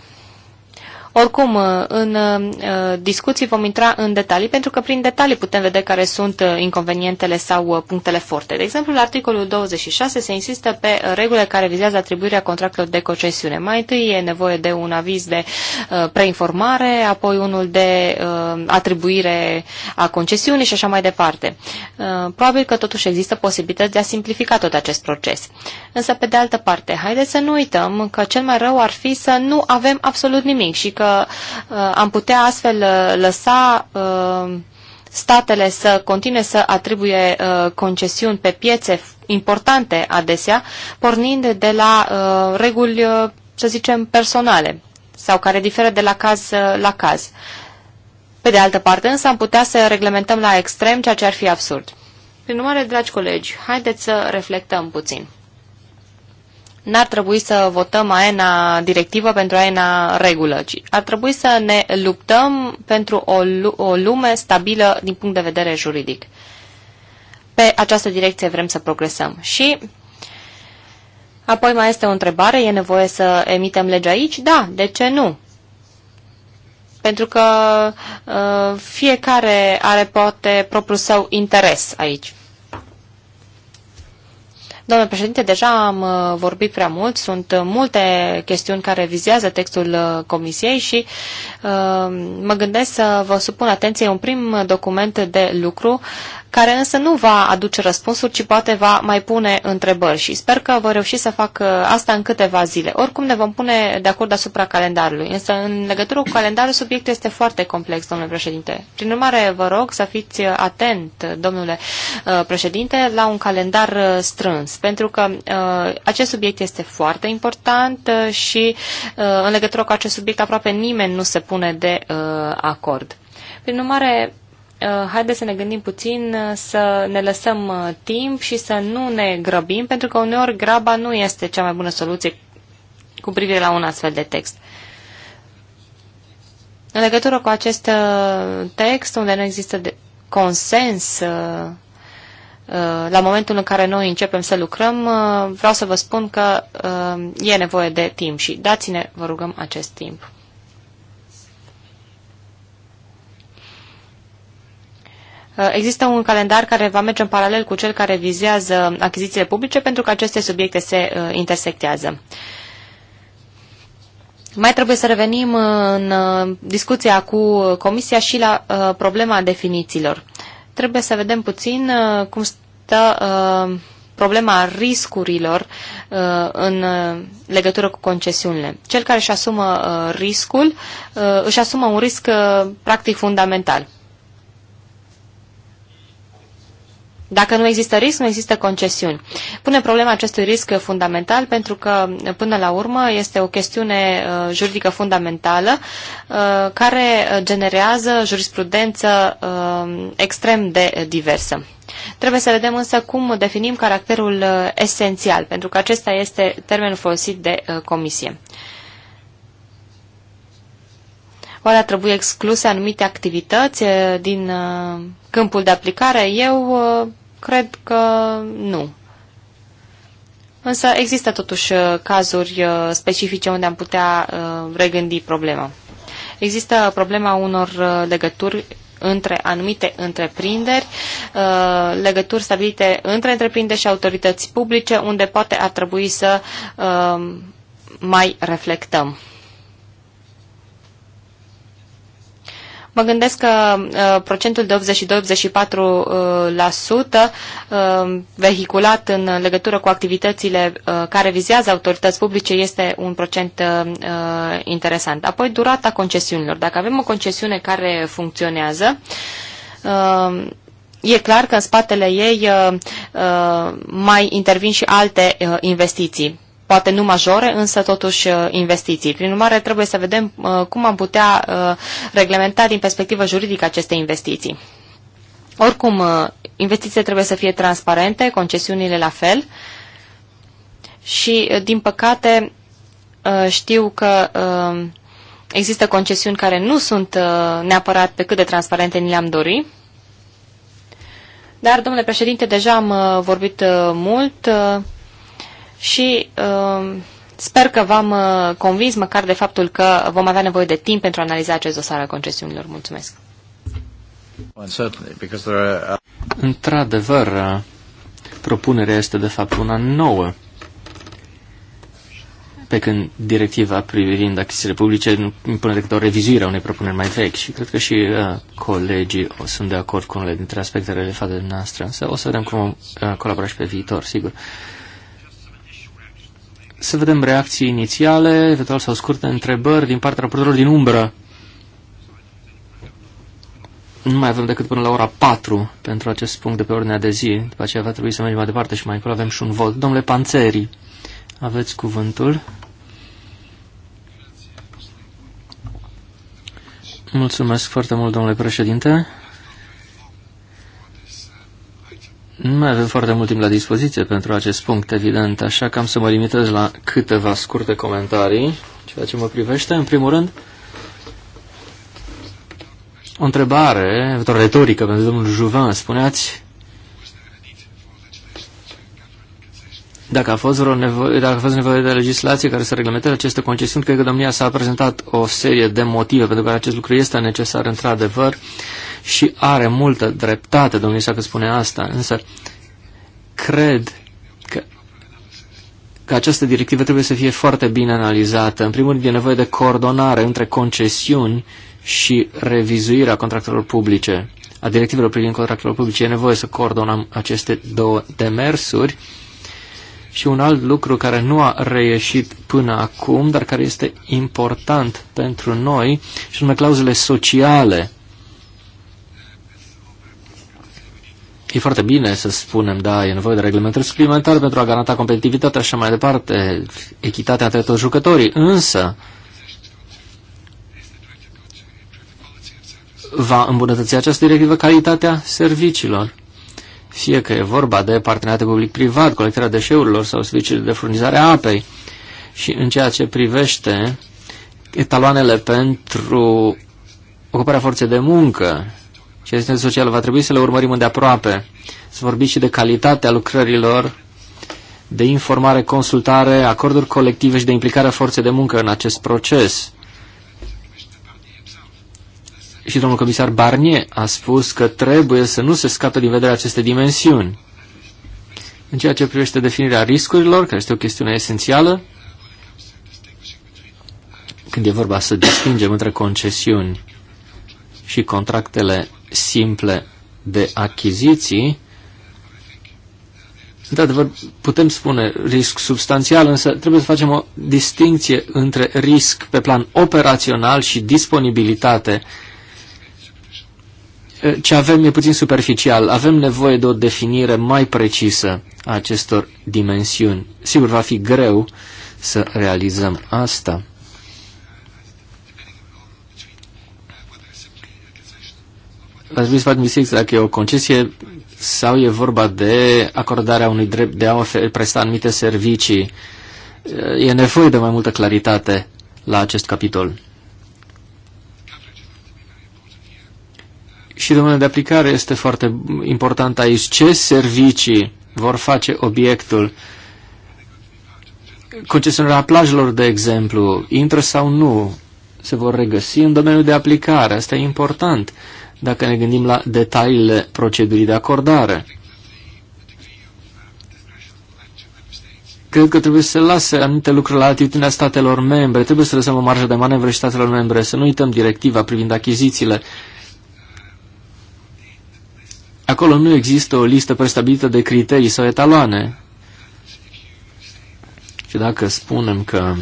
Oricum, uh, în uh, discuții vom intra în detalii, pentru că prin detalii putem vedea care sunt uh, inconvenientele sau punctele forte. De exemplu, la articolul 26 se insistă pe regulile care vizează atribuirea contractelor de concesiune. Mai întâi e nevoie de un aviz de preinformare, apoi unul de atribuire a concesiunii și așa mai departe. Probabil că totuși există posibilități de a simplifica tot acest proces. Însă, pe de altă parte, haideți să nu uităm că cel mai rău ar fi să nu avem absolut nimic și că că uh, am putea astfel uh, lăsa uh, statele să continue să atribuie concesiuni pe piețe importante adesea, pornind de la reguli, să zicem, personale sau care diferă de la caz la caz. Pe de altă parte, însă, am putea să reglementăm la extrem, ceea ce ar fi absurd. Prin urmare, dragi colegi, haideți să reflectăm puțin n-ar trebui să votăm AENA directivă pentru AENA regulă, ci ar trebui să ne luptăm pentru o, o lume stabilă din punct de vedere juridic. Pe această direcție vrem să progresăm. Și apoi mai este o întrebare, e nevoie să emitem lege aici? Da, de ce nu? Pentru că uh, fiecare are poate propriul său interes aici. Domnule președinte, deja am uh, vorbit prea mult, sunt uh, multe chestiuni care vizează textul uh, comisiei și uh, mă gândesc să vă supun atenție un prim document de lucru care însă nu va aduce răspunsuri, ci poate va mai pune întrebări și sper că voi reuși să fac uh, asta în câteva zile. Oricum ne vom pune de acord asupra calendarului, însă în legătură cu calendarul subiectul este foarte complex, domnule președinte. Prin urmare, vă rog să fiți uh, atent, domnule uh, președinte, la un calendar strâns, pentru că acest subiect este foarte important și în legătură cu acest subiect aproape nimeni nu se pune de acord. Prin urmare, Eh, haideți să ne gândim puțin, eh, să ne lăsăm eh, timp și să nu ne grăbim, pentru că uneori graba nu este cea mai bună soluție cu privire la un astfel de text. În legătură cu acest text, unde nu există de consens la momentul în care noi începem să lucrăm, vreau să vă spun că e nevoie de timp și dați-ne, vă rugăm, acest timp. Uh, există un calendar care va merge în paralel cu cel care vizează achizițiile publice pentru că aceste subiecte se uh, intersectează. Mai trebuie să revenim uh, în discuția cu Comisia și la problema definițiilor. Trebuie să vedem puțin cum stă problema riscurilor în legătură cu concesiunile. Cel care își asumă riscul, își asumă un risc practic fundamental. Dacă nu există risc, nu există concesiuni. Pune problema acestui risc fundamental pentru că, până la urmă, este o chestiune uh, juridică fundamentală uh, care generează jurisprudență uh, extrem de diversă. Trebuie să vedem însă cum definim caracterul esențial, pentru că acesta este termenul folosit de comisie. Oare ar trebui excluse anumite activități din câmpul de aplicare? Eu cred că nu. Însă există totuși uh, cazuri uh, specifice unde am putea uh, regândi problema. Există problema unor legături între anumite întreprinderi, legături stabilite între întreprinderi și autorități publice, unde poate ar trebui să mai reflectăm. Mă gândesc că uh, procentul de 82-84% uh, uh, vehiculat în legătură cu activitățile uh, care vizează autorități publice este un procent interesant. Apoi, durata concesiunilor. Dacă avem o concesiune care funcționează, E clar că în spatele ei mai intervin și alte investiții poate nu majore, însă totuși uh, investiții. Prin urmare, trebuie să vedem uh, cum am putea uh, reglementa din perspectivă juridică aceste investiții. Oricum, investițiile trebuie să fie transparente, concesiunile la fel și, din păcate, știu că există concesiuni care nu sunt neapărat pe cât de transparente ni le-am dorit. Dar, domnule președinte, deja am vorbit mult și uh, sper că v-am uh, convins măcar de faptul că vom avea nevoie de timp pentru a analiza acest dosar al concesiunilor. Mulțumesc! Uh, Într-adevăr, uh, propunerea este de fapt una nouă, pe când directiva privind achizițiile publice nu impune decât o revizuire a unei propuneri mai vechi și cred că și uh, colegii o, sunt de acord cu unele dintre aspectele de față de noastră, însă o să vedem cum uh, colabora și pe viitor, sigur. Uh, să vedem reacții inițiale, eventual sau scurte întrebări din partea raportorilor din umbră. Nu mai avem decât până la ora 4 pentru acest punct de pe ordinea de zi. După aceea va trebui să mergem mai departe și mai încolo avem și un vot. Domnule Panțeri, aveți cuvântul. Mulțumesc foarte mult, domnule președinte. Nu mai avem foarte mult timp la dispoziție pentru acest punct, evident, așa că am să mă limitez la câteva scurte comentarii, ceea ce mă privește. În primul rând, o întrebare, o retorică pentru domnul Juvin. Spuneați dacă a fost vreo nevoie, dacă a fost nevoie de legislație care să reglementeze aceste concesiuni, cred că domnia s-a prezentat o serie de motive pentru care acest lucru este necesar într-adevăr și are multă dreptate, domnul că spune asta, însă cred că, că această directivă trebuie să fie foarte bine analizată. În primul rând, e nevoie de coordonare între concesiuni și revizuirea contractelor publice, a directivelor privind contractelor publice. E nevoie să coordonăm aceste două demersuri. Și un alt lucru care nu a reieșit până acum, dar care este important pentru noi, și anume clauzele sociale E foarte bine să spunem, da, e nevoie de reglementări suplimentare pentru a garanta competitivitatea și mai departe, echitatea între toți jucătorii, însă va îmbunătăți această directivă calitatea serviciilor. Fie că e vorba de parteneriate public-privat, colectarea deșeurilor sau serviciile de furnizare a apei. Și în ceea ce privește etaloanele pentru ocuparea forței de muncă, și asistență socială. Va trebui să le urmărim îndeaproape. Să vorbim și de calitatea lucrărilor, de informare, consultare, acorduri colective și de implicarea forței de muncă în acest proces. Și domnul comisar Barnier a spus că trebuie să nu se scape din vedere aceste dimensiuni. În ceea ce privește definirea riscurilor, care este o chestiune esențială, când e vorba să distingem între concesiuni și contractele simple de achiziții, de adevăr putem spune risc substanțial, însă trebuie să facem o distinție între risc pe plan operațional și disponibilitate. Ce avem e puțin superficial. Avem nevoie de o definire mai precisă a acestor dimensiuni. Sigur, va fi greu să realizăm asta. ați vrea să vă misic dacă e o concesie sau e vorba de acordarea unui drept de a oferi, presta anumite servicii. E nevoie de mai multă claritate la acest capitol. Și domeniul de aplicare este foarte important aici. Ce servicii vor face obiectul? Concesionarea plajelor, de exemplu, intră sau nu? Se vor regăsi în domeniul de aplicare. Asta e important. Uh, dacă ne gândim la detaliile procedurii de acordare. Cred că trebuie să se lase anumite lucruri la atitudinea statelor membre, trebuie să lăsăm o marjă de manevră și statelor membre, să nu uităm directiva privind achizițiile. Acolo nu există o listă prestabilită de criterii sau etaloane. Și dacă spunem că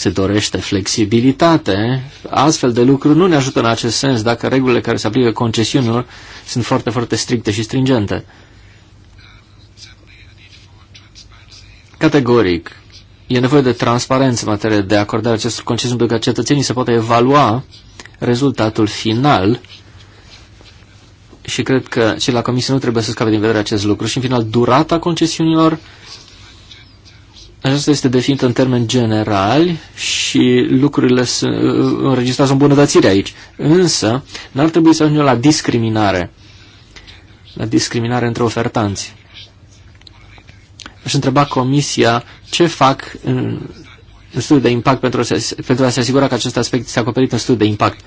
se dorește flexibilitate, astfel de lucruri nu ne ajută în acest sens dacă regulile care se aplică concesiunilor sunt foarte, foarte stricte și stringente. Categoric, e nevoie de transparență în materie de acordare acestor concesiuni pentru ca cetățenii să poată evalua rezultatul final și cred că cei la comisie nu trebuie să scape din vedere acest lucru. Și în final, durata concesiunilor aceasta este definită în termeni generali și lucrurile uh, înregistrează îmbunătățire aici. Însă, n-ar trebui să ajungem la discriminare, la discriminare între ofertanți. Aș întreba Comisia ce fac în, în studiul de impact pentru a, se, pentru a se asigura că acest aspect este acoperit în studiul de impact.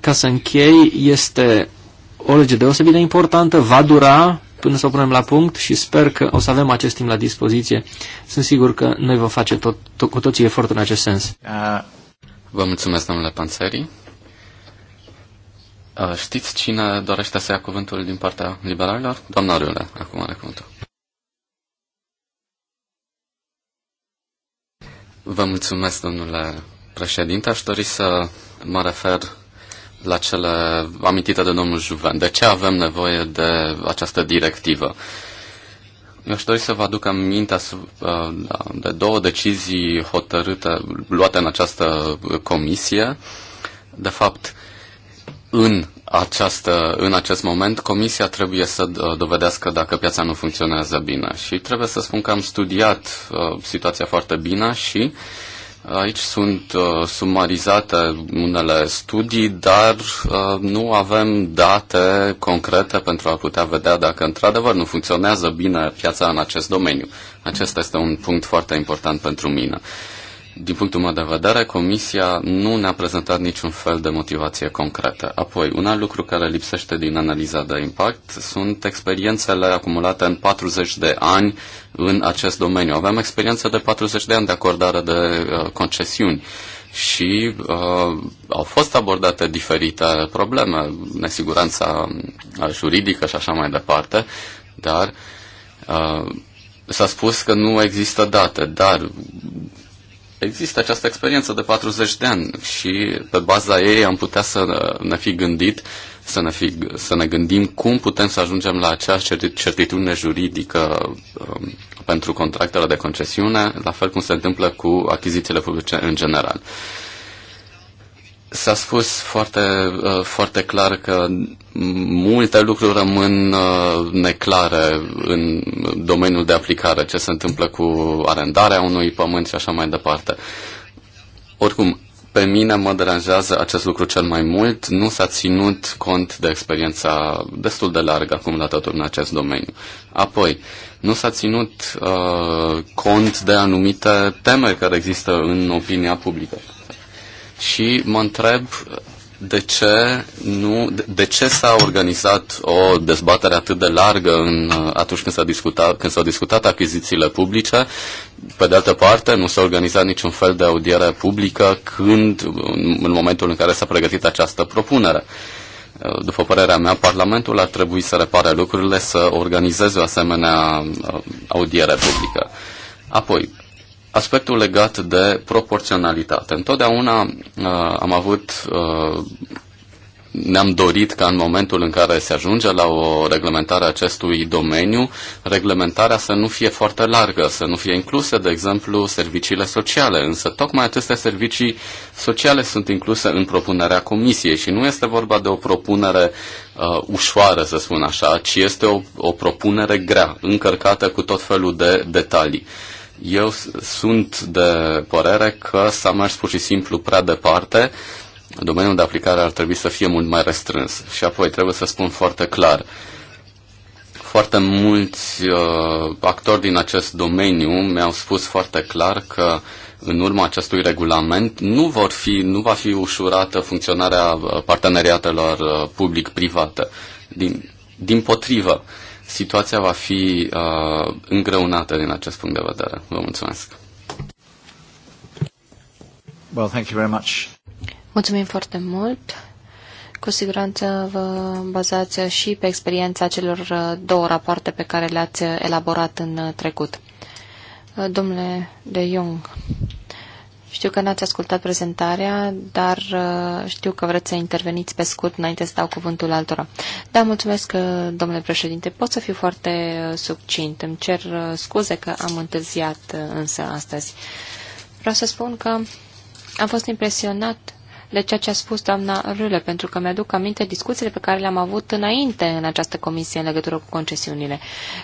Ca să închei, este o lege deosebit de importantă, va dura până să o punem la punct și sper că o să avem acest timp la dispoziție. Sunt sigur că noi vom face tot, tot, cu toții efortul în acest sens. Uh. Vă mulțumesc, domnule Panțării. Uh, știți cine dorește să ia cuvântul din partea liberalilor? Doamna Râle, acum are cuvântul. Vă mulțumesc, domnule președinte. Aș dori să mă refer la cele amintite de domnul Juven. De ce avem nevoie de această directivă? Eu aș dori să vă aduc aminte ă, da, de două decizii hotărâte, luate în această comisie. De fapt, în, această, în acest moment, comisia trebuie să ă, dovedească dacă piața nu funcționează bine. Și trebuie să spun că am studiat ă, situația foarte bine și uh, Aici sunt uh, sumarizate unele studii, dar uh, nu avem date concrete pentru a putea vedea dacă într-adevăr nu funcționează bine piața în acest domeniu. Acesta este un punct foarte important pentru mine. Uh, din punctul meu de vedere, Comisia nu ne-a prezentat niciun fel de motivație concretă. Apoi, un alt lucru care lipsește din analiza de impact sunt experiențele acumulate în 40 de ani în acest domeniu. Avem experiență de 40 de ani de acordare de uh, concesiuni și uh, au fost abordate diferite probleme, nesiguranța uh, juridică și așa mai departe, dar uh, s-a spus că nu există date, dar există această experiență de 40 de ani și pe baza ei am putea să ne fi gândit, să ne, fi, să ne gândim cum putem să ajungem la acea certitudine juridică um, pentru contractele de concesiune, la fel cum se întâmplă cu achizițiile publice în general. Uh, S-a spus foarte, uh, foarte clar că multe lucruri rămân uh, neclare în domeniul de aplicare, ce se întâmplă cu arendarea unui pământ și așa mai departe. Oricum, pe mine mă deranjează acest lucru cel mai mult. Nu s-a ținut cont de experiența destul de largă acumulată tot în acest domeniu. Apoi, nu s-a ținut uh, cont de anumite teme care există în opinia publică și mă întreb de ce, nu, de ce s-a organizat o dezbatere atât de largă în, atunci când, s-a discutat, când s-au discutat achizițiile publice? Pe de altă parte, nu s-a organizat niciun fel de audiere publică când, în momentul în care s-a pregătit această propunere. După părerea mea, Parlamentul ar trebui să repare lucrurile, să organizeze o asemenea uh, audiere publică. Apoi, aspectul legat de proporționalitate. Întotdeauna uh, am avut uh, ne-am dorit ca în momentul în care se ajunge la o reglementare a acestui domeniu, reglementarea să nu fie foarte largă, să nu fie incluse, de exemplu, serviciile sociale. Însă tocmai aceste servicii sociale sunt incluse în propunerea comisiei și nu este vorba de o propunere uh, ușoară, să spun așa, ci este o, o propunere grea, încărcată cu tot felul de detalii. Eu sunt de părere că s-a mers pur și simplu prea departe. Domeniul de aplicare ar trebui să fie mult mai restrâns. Și apoi trebuie să spun foarte clar. Foarte mulți uh, actori din acest domeniu mi-au spus foarte clar că în urma acestui regulament nu, vor fi, nu va fi ușurată funcționarea uh, parteneriatelor uh, public-private. Din, din potrivă, uh, situația va fi uh, îngreunată din acest punct de vedere. Vă mulțumesc. Well, thank you very much. Mulțumim foarte mult. Cu siguranță vă bazați și pe experiența celor uh, două rapoarte pe care le-ați elaborat în uh, trecut. Uh, domnule de Jung. Știu că n-ați ascultat prezentarea, dar uh, știu că vreți să interveniți pe scurt înainte să dau cuvântul altora. Da, mulțumesc, uh, domnule președinte. Pot să fiu foarte uh, succint. Îmi cer scuze că am întârziat însă astăzi. Vreau să spun că am fost impresionat de ceea ce a spus doamna Râle, pentru că mi-aduc aminte discuțiile pe care le-am avut înainte în această comisie în legătură cu concesiunile.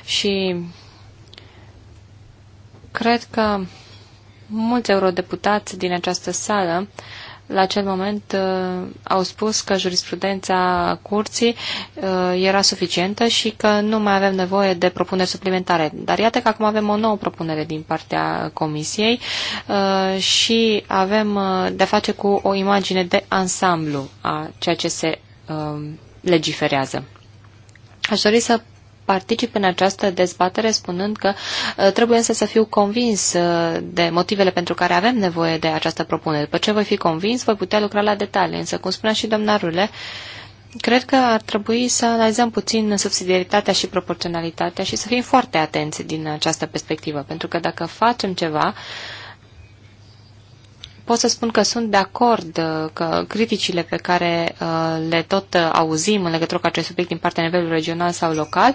Și cred că mulți eurodeputați din această sală la acel moment uh, au spus că jurisprudența curții uh, era suficientă și că nu mai avem nevoie de propuneri suplimentare. Dar iată că acum avem o nouă propunere din partea comisiei uh, și avem de-a face cu o imagine de ansamblu a ceea ce se legiferează. Aș dori să particip în această dezbatere spunând că uh, trebuie însă să fiu convins uh, de motivele pentru care avem nevoie de această propunere. După ce voi fi convins, voi putea lucra la detalii. Însă, cum spunea și doamna Rule, cred că ar trebui să analizăm puțin subsidiaritatea și proporționalitatea și să fim foarte atenți din această perspectivă. Pentru că dacă facem ceva, pot să spun că sunt de acord uh, că criticile pe care uh, le tot uh, auzim în legătură cu acest subiect din partea nivelului regional sau local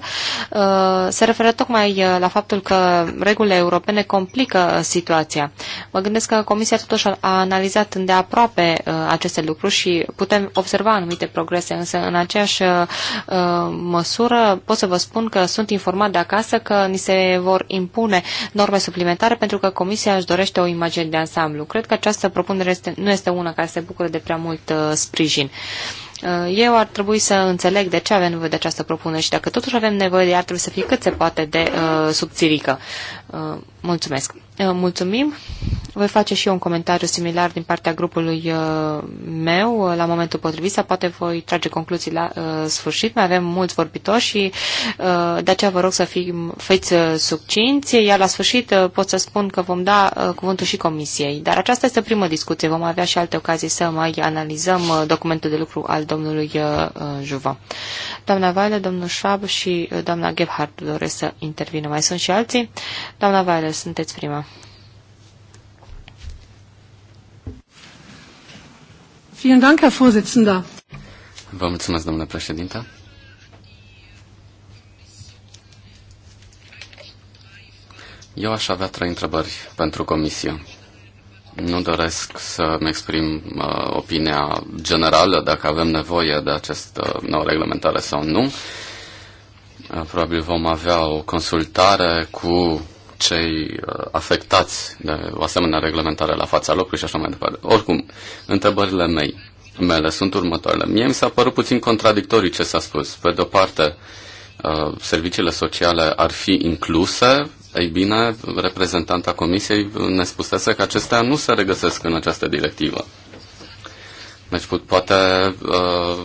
se referă tocmai la faptul că regulile europene complică situația. Mă gândesc că Comisia totuși a analizat îndeaproape aceste lucruri și putem observa anumite progrese, însă în aceeași măsură pot să vă spun că sunt informat de acasă că ni se vor impune norme suplimentare pentru că Comisia își dorește o imagine de ansamblu. Cred că această această propunere este, nu este una care se bucură de prea mult uh, sprijin. Uh, eu ar trebui să înțeleg de ce avem nevoie de această propunere și dacă totuși avem nevoie de ea, ar trebui să fie cât se poate de uh, subțirică. Uh, mulțumesc. Uh, mulțumim. Voi face și eu un comentariu similar din partea grupului uh, meu la momentul potrivit, sau poate voi trage concluzii la sfârșit. Mai avem mulți vorbitori și de aceea vă rog să fim, fiți subcinți, iar la sfârșit pot să spun că vom da cuvântul și comisiei. Dar aceasta este prima discuție, vom avea și alte ocazii să mai analizăm documentul de lucru al domnului Juva. Doamna Vaile, domnul Șab și doamna Gebhardt doresc să intervină. Mai sunt și alții? Doamna Weiler, sunteți prima. Vielen Dank, Herr Vorsitzender. Vă mulțumesc, domnule președinte. Eu aș avea trei întrebări pentru comisie. Nu doresc să-mi exprim uh, opinia generală dacă avem nevoie de acest uh, nou reglementare sau nu. Uh, probabil vom avea o consultare cu cei uh, afectați de o asemenea reglementare la fața locului și așa mai departe. Oricum, întrebările mei, mele sunt următoarele. Mie mi s-a părut puțin contradictoriu ce s-a spus. Pe de-o parte, uh, serviciile sociale ar fi incluse, ei bine, reprezentanta Comisiei ne spusese că acestea nu se regăsesc în această directivă. Deci put, poate uh,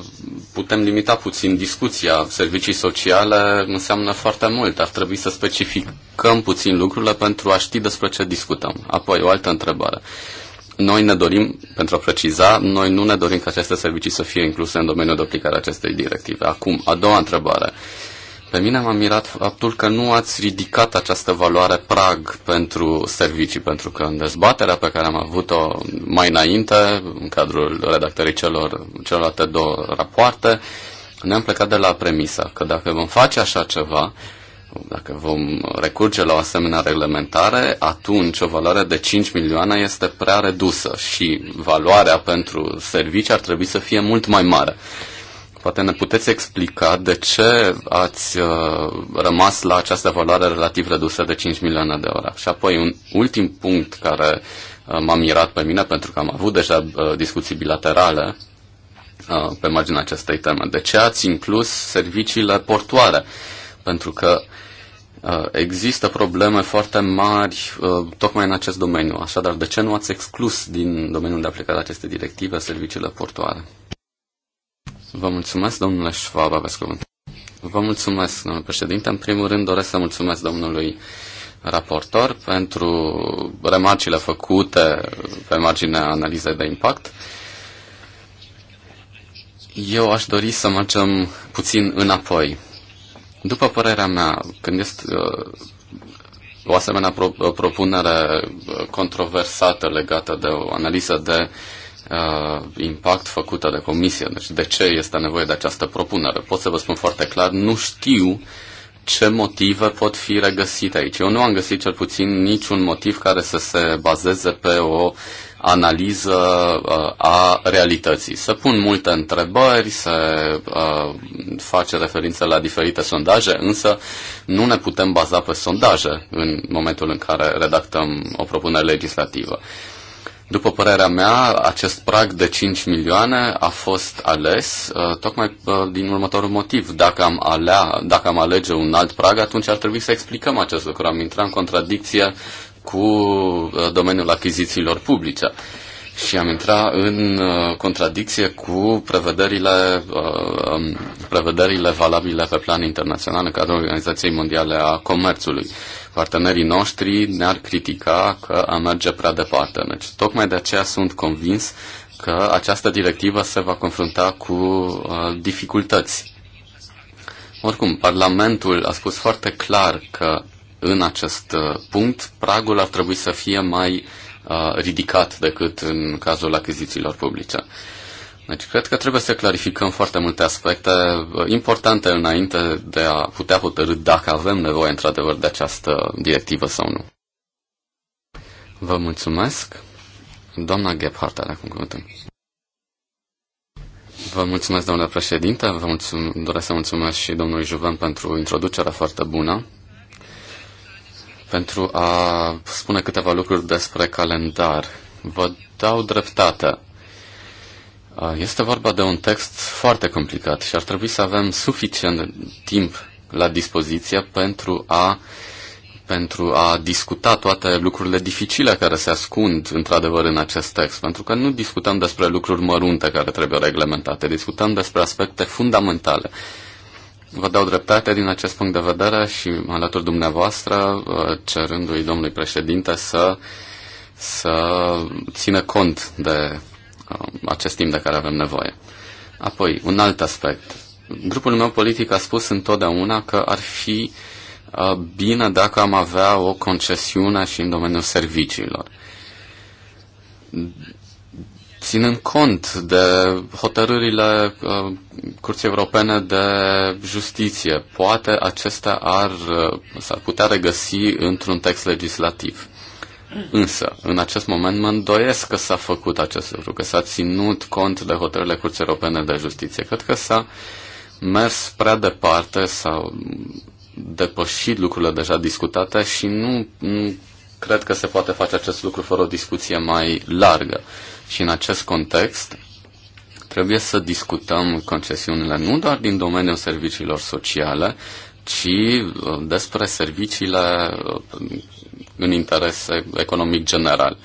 putem limita puțin discuția. Servicii sociale înseamnă foarte mult. Ar trebui să specificăm puțin lucrurile pentru a ști despre ce discutăm. Apoi, o altă întrebare. Noi ne dorim, pentru a preciza, noi nu ne dorim ca aceste servicii să fie incluse în domeniul de aplicare a acestei directive. Acum, a doua întrebare. Uh, pe mine m-a mirat faptul că nu ați ridicat această valoare prag pentru servicii, pentru că în dezbaterea pe care am avut-o mai înainte, în cadrul redactării celor, celorlalte două rapoarte, ne-am plecat de la premisa că dacă vom face așa ceva, dacă vom recurge la o asemenea reglementare, atunci o valoare de 5 milioane este prea redusă și valoarea pentru servicii ar trebui să fie mult mai mare. Poate ne puteți explica de ce ați uh, rămas la această valoare relativ redusă de 5 milioane de ore. Și apoi un ultim punct care uh, m-a mirat pe mine, pentru că am avut deja uh, discuții bilaterale uh, pe marginea acestei teme. De ce ați inclus serviciile portoare? Pentru că uh, există probleme foarte mari uh, tocmai în acest domeniu. Așadar, de ce nu ați exclus din domeniul de aplicare a acestei directive serviciile portoare? Vă mulțumesc, domnule Schwab, aveți cuvânt. Vă mulțumesc, domnule președinte. În primul rând doresc să mulțumesc domnului raportor pentru remarcile făcute pe marginea analizei de impact. Eu aș dori să mergem puțin înapoi. După părerea mea, când este uh, o asemenea propunere uh, controversată legată de o analiză de uh, impact făcută de comisie. Deci de ce este nevoie de această propunere? Pot să vă spun foarte clar, nu știu ce motive pot fi regăsite aici. Eu nu am găsit cel puțin niciun motiv care să se bazeze pe o analiză uh, a realității. Se pun multe întrebări, se uh, face referință la diferite sondaje, însă nu ne putem baza pe sondaje în momentul în care redactăm o propunere legislativă. Uh, după părerea mea, acest prag de 5 milioane a fost ales uh, tocmai uh, din următorul motiv. Dacă am, alea, dacă am alege un alt prag, atunci ar trebui să explicăm acest lucru. Am intrat în contradicție cu uh, domeniul achizițiilor publice și am intrat în uh, contradicție cu prevederile, uh, um, prevederile valabile pe plan internațional în cadrul Organizației Mondiale a Comerțului. Uh, partenerii noștri ne-ar critica că am merge prea departe. Deci, tocmai de aceea sunt convins că această directivă se va confrunta cu uh, dificultăți. Oricum, Parlamentul a spus foarte clar că în acest uh, punct pragul ar trebui să fie mai uh, ridicat decât în cazul achizițiilor publice. Uh, deci cred că trebuie să clarificăm foarte multe aspecte uh, importante înainte de a putea hotărâ dacă avem nevoie într-adevăr de această directivă sau nu. Vă mulțumesc. Doamna Gebhardt are acum cuvântul. Vă mulțumesc, domnule președinte. Vă mulțum- doresc să mulțumesc și domnului Juven pentru introducerea foarte bună. Pentru a spune câteva lucruri despre calendar. Vă dau dreptate. Uh, este vorba de un text foarte complicat și ar trebui să avem suficient timp la dispoziție pentru a, pentru a discuta toate lucrurile dificile care se ascund într-adevăr în acest text, pentru că nu discutăm despre lucruri mărunte care trebuie reglementate, discutăm despre aspecte fundamentale. Vă dau dreptate din acest punct de vedere și alături dumneavoastră, uh, cerându-i domnului președinte să, să țină cont de Uh, acest timp de care avem nevoie. Apoi, un alt aspect. Grupul meu politic a spus întotdeauna că ar fi uh, bine dacă am avea o concesiune și în domeniul serviciilor. Ținând cont de hotărârile uh, Curții Europene de Justiție, poate acestea ar, s-ar putea regăsi într-un text legislativ. Însă, în acest moment mă îndoiesc că s-a făcut acest lucru, că s-a ținut cont de hotărârile Curții Europene de Justiție. Cred că s-a mers prea departe, s-au depășit lucrurile deja discutate și nu, nu cred că se poate face acest lucru fără o discuție mai largă. Și în acest context trebuie să discutăm concesiunile nu doar din domeniul serviciilor sociale, ci uh, despre serviciile uh, în interes economic general.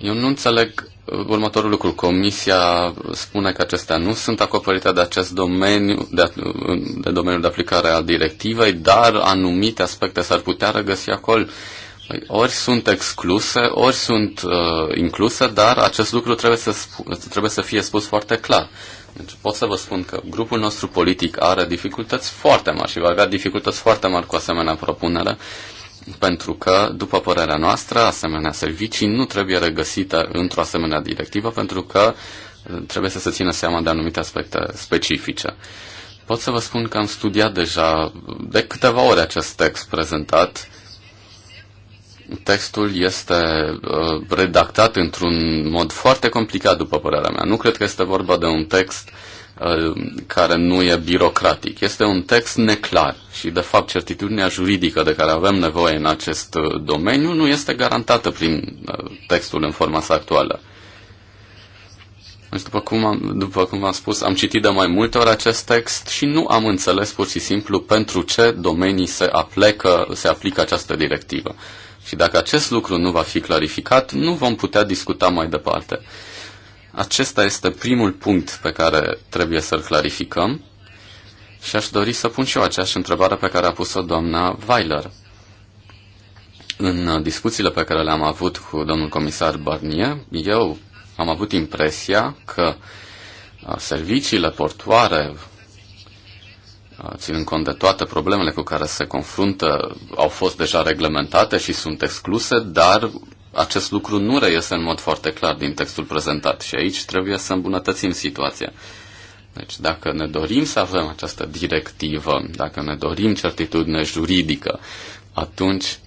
Eu nu înțeleg uh, următorul lucru. Comisia spune că acestea nu sunt acoperite de acest domeniu, de, uh, de domeniul de aplicare al directivei, dar anumite aspecte s-ar putea regăsi acolo. Păi ori sunt excluse, ori sunt uh, incluse, dar acest lucru trebuie să, trebuie să fie spus foarte clar. Deci pot să vă spun că grupul nostru politic are dificultăți foarte mari și va avea dificultăți foarte mari cu asemenea propunere. Uh, pentru că, după părerea noastră, asemenea servicii nu trebuie regăsite într-o asemenea directivă, pentru că uh, trebuie să se țină seama de anumite aspecte specifice. Pot să vă spun că am studiat deja de câteva ori acest text prezentat. Textul este uh, redactat într-un mod foarte complicat, după părerea mea. Nu cred că este vorba de un text uh, Uh, care nu e birocratic. Este un text neclar și, de fapt, certitudinea juridică de care avem nevoie în acest uh, domeniu nu este garantată prin uh, textul în forma sa actuală. Deci, după cum, am, după cum am spus, am citit de mai multe ori acest text și nu am înțeles pur și simplu pentru ce domenii se, aplecă, se aplică această directivă. Și dacă acest lucru nu va fi clarificat, nu vom putea discuta mai departe. Acesta este primul punct pe care trebuie să-l clarificăm și aș dori să pun și eu aceeași întrebare pe care a pus-o doamna Weiler. În discuțiile pe care le-am avut cu domnul comisar Barnier, eu am avut impresia că uh, serviciile portoare, uh, ținând cont de toate problemele cu care se confruntă, au fost deja reglementate și sunt excluse, dar acest lucru nu reiese în mod foarte clar din textul prezentat și aici trebuie să îmbunătățim situația. Deci dacă ne dorim să avem această directivă, dacă ne dorim certitudine juridică, atunci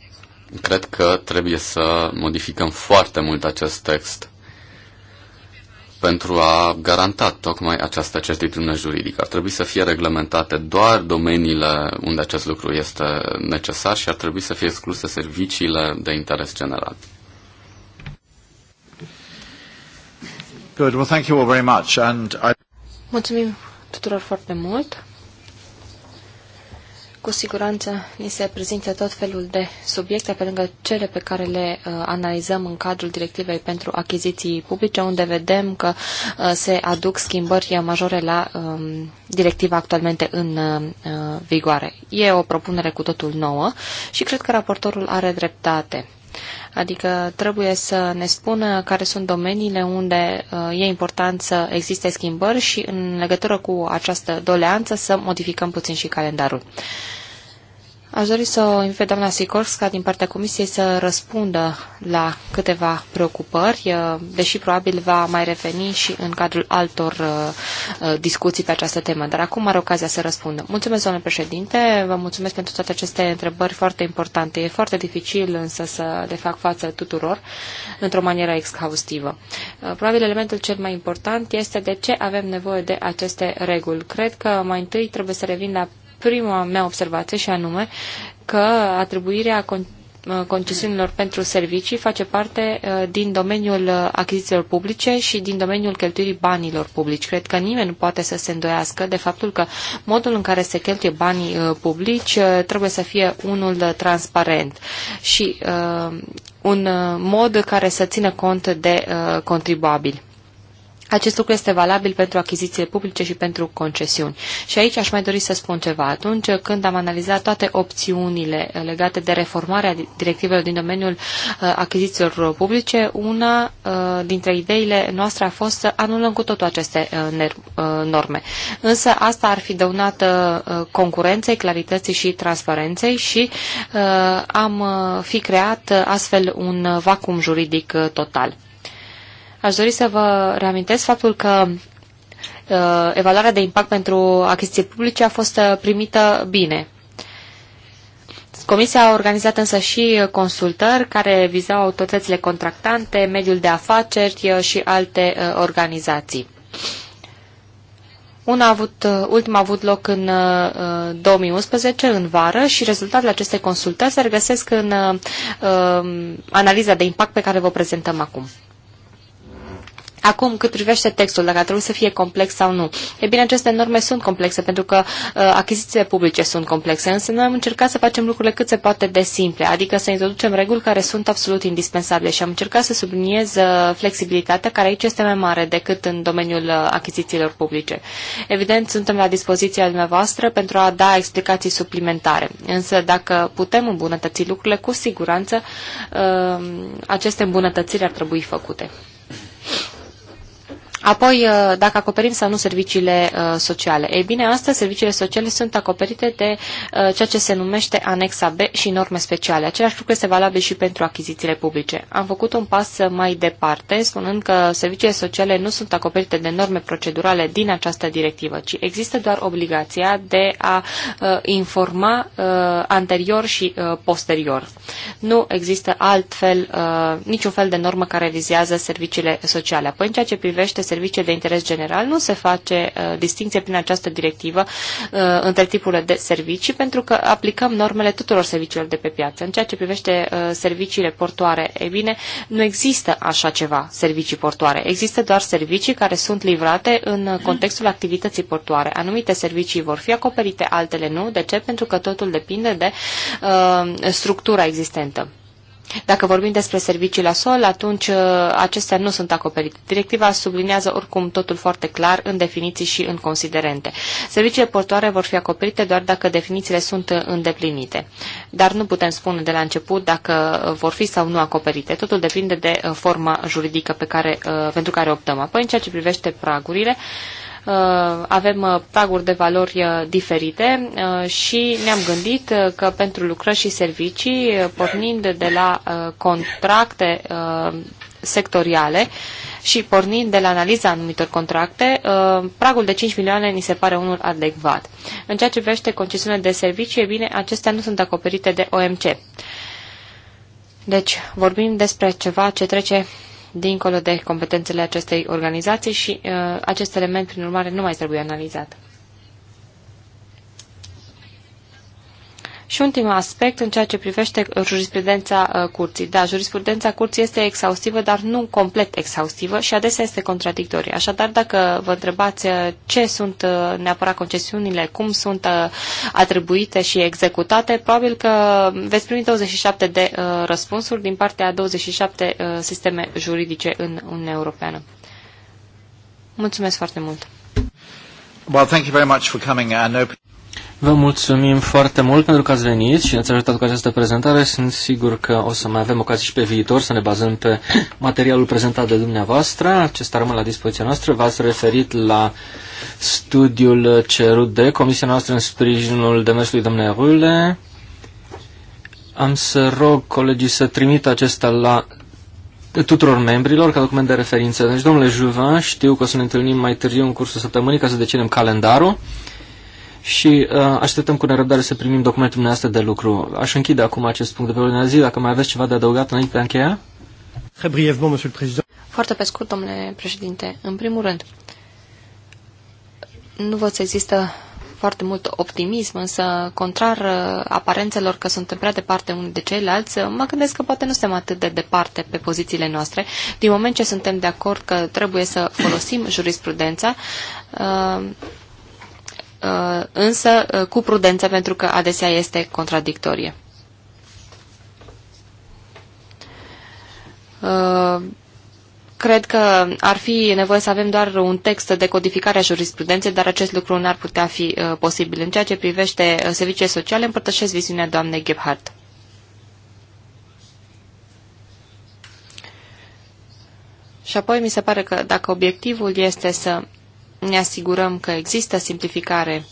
cred că trebuie să modificăm foarte mult acest text pentru a garanta tocmai această certitudine juridică. Ar trebui să fie reglementate doar domeniile unde acest lucru este necesar și ar trebui să fie excluse serviciile de interes general. Good. Well, thank you all very much. And I... Mulțumim tuturor foarte mult. Cu siguranță ni se prezintă tot felul de subiecte pe lângă cele pe care le uh, analizăm în cadrul directivei pentru achiziții publice, unde vedem că uh, se aduc schimbări majore la um, directiva actualmente în uh, uh vigoare. E o propunere cu totul nouă și cred că raportorul are dreptate. Adică trebuie să ne spună care sunt domeniile unde uh, e important să existe schimbări și în legătură cu această doleanță să modificăm puțin și calendarul. Aș dori să o invit doamna Sikorska din partea Comisiei să răspundă la câteva preocupări, eh, deși probabil va mai reveni și în cadrul altor eh, eh, discuții pe această temă. Dar acum are ocazia să răspundă. Mulțumesc, doamne președinte, vă mulțumesc pentru toate aceste întrebări foarte importante. E foarte dificil însă să le fac față tuturor într-o manieră exhaustivă. Probabil elementul cel mai important este de ce avem nevoie de aceste reguli. Cred că mai întâi trebuie să revin la prima mea observație și anume că atribuirea concesiunilor pentru servicii face parte uh, din domeniul uh, achizițiilor publice și din domeniul cheltuirii banilor publici. Cred că nimeni nu poate să se îndoiască de faptul că modul în care se cheltuie banii uh, publici trebuie să fie unul transparent și un mod care să țină cont de contribuabili. Acest lucru este valabil pentru achizițiile publice și pentru concesiuni. Și aici aș mai dori să spun ceva. Atunci când am analizat toate opțiunile legate de reformarea directivelor din domeniul uh, achizițiilor publice, una uh, dintre ideile noastre a fost să anulăm cu totul aceste uh, norme. Însă asta ar fi dăunată concurenței, clarității și transparenței și am fi creat astfel un vacum juridic total. Aș dori să vă reamintesc faptul că uh, evaluarea de impact pentru achiziții publice a fost uh, primită bine. Comisia a organizat însă și uh, consultări care vizau autoritățile contractante, mediul de afaceri și alte organizații. Una a avut, ultima a avut loc în 2011, în vară, și rezultatele acestei consultări se regăsesc în uh, um, analiza de impact pe care vă prezentăm acum. Acum, cât privește textul, dacă trebuie să fie complex sau nu. E bine, aceste norme sunt complexe, pentru că uh, achizițiile publice sunt complexe, însă noi am încercat să facem lucrurile cât se poate de simple, adică să introducem reguli care sunt absolut indispensabile și am încercat să subliniez uh, flexibilitatea, care aici este mai mare decât în domeniul uh, achizițiilor publice. Evident, suntem la dispoziția dumneavoastră pentru a da explicații suplimentare, însă dacă putem îmbunătăți lucrurile, cu siguranță uh, aceste îmbunătățiri ar trebui făcute. Apoi, uh, dacă acoperim sau nu serviciile uh, sociale. Ei bine, astăzi serviciile sociale sunt acoperite de uh, ceea ce se numește anexa B și norme speciale. Același lucru este valabil și pentru achizițiile publice. Am făcut un pas mai departe, spunând că serviciile sociale nu sunt acoperite de norme procedurale din această directivă, ci există doar obligația de a informa anterior și posterior. Nu există altfel, niciun fel de normă care vizează serviciile sociale. Apoi, în ceea ce privește servicii de interes general, nu se face uh, distinție prin această directivă uh, între tipurile de servicii, pentru că aplicăm normele tuturor serviciilor de pe piață. În ceea ce privește uh, serviciile portoare, e bine, nu există așa ceva, servicii portoare. Există doar servicii care sunt livrate în contextul activității portoare. Anumite servicii vor fi acoperite, altele nu. De ce? Pentru că totul depinde de uh, structura existentă. Dacă vorbim despre servicii la sol, atunci uh, acestea nu sunt acoperite. Directiva sublinează oricum totul foarte clar în definiții și în considerente. Serviciile portoare vor fi acoperite doar dacă definițiile sunt uh, îndeplinite. Dar nu putem spune de la început dacă uh, vor fi sau nu acoperite. Totul depinde de forma juridică pe care, pentru care optăm. Apoi, în ceea ce privește pragurile, Uh, avem uh, praguri de valori uh, diferite și ne-am gândit că pentru lucrări și servicii, pornind de la contracte sectoriale și pornind de la analiza anumitor contracte, pragul de 5 milioane ni se pare unul adecvat. În ceea ce privește concesiunile de servicii, e bine, acestea nu sunt acoperite de OMC. Deci, vorbim despre ceva ce trece dincolo de competențele acestei organizații și uh, acest element, prin urmare, nu mai trebuie analizat. Și ultimul aspect în ceea ce privește uh, jurisprudența uh, curții. Da, jurisprudența curții este exhaustivă, dar nu complet exhaustivă și adesea este contradictorie. Așadar, dacă vă întrebați uh, ce sunt neapărat concesiunile, cum sunt atribuite și executate, probabil că veți primi 27 de răspunsuri din partea a 27 sisteme juridice în Uniunea Europeană. Mulțumesc foarte mult! Well, thank you very much for coming. I know... Vă mulțumim foarte mult pentru că ați venit și ne-ați ajutat cu această prezentare. Sunt sigur că o să mai avem ocazii și pe viitor să ne bazăm pe materialul prezentat de dumneavoastră. Acesta rămâne la dispoziția noastră. V-ați referit la studiul cerut de Comisia noastră în sprijinul demersului domnului Am să rog colegii să trimită acesta la tuturor membrilor ca document de referință. Deci, domnule Juvan, știu că o să ne întâlnim mai târziu în cursul săptămânii ca să decidem calendarul și uh, așteptăm cu nerăbdare să primim documentul dumneavoastră de lucru. Aș închide acum acest punct de pe ordinea zi, dacă mai aveți ceva de adăugat înainte de a încheia. Foarte pe scurt, domnule președinte. În primul rând, nu văd să există foarte mult optimism, însă, contrar uh, aparențelor că suntem prea departe unii de ceilalți, uh, mă gândesc că poate nu suntem atât de departe pe pozițiile noastre. Din moment ce suntem de acord că trebuie să folosim jurisprudența, uh, Uh, însă uh, cu prudență pentru că adesea este contradictorie. Uh, cred că ar fi nevoie să avem doar un text de codificare a jurisprudenței, dar acest lucru nu ar putea fi posibil. În ceea ce privește serviciile sociale, împărtășesc viziunea doamnei Gebhardt. Și apoi mi se pare că dacă obiectivul este să ne asigurăm că există simplificare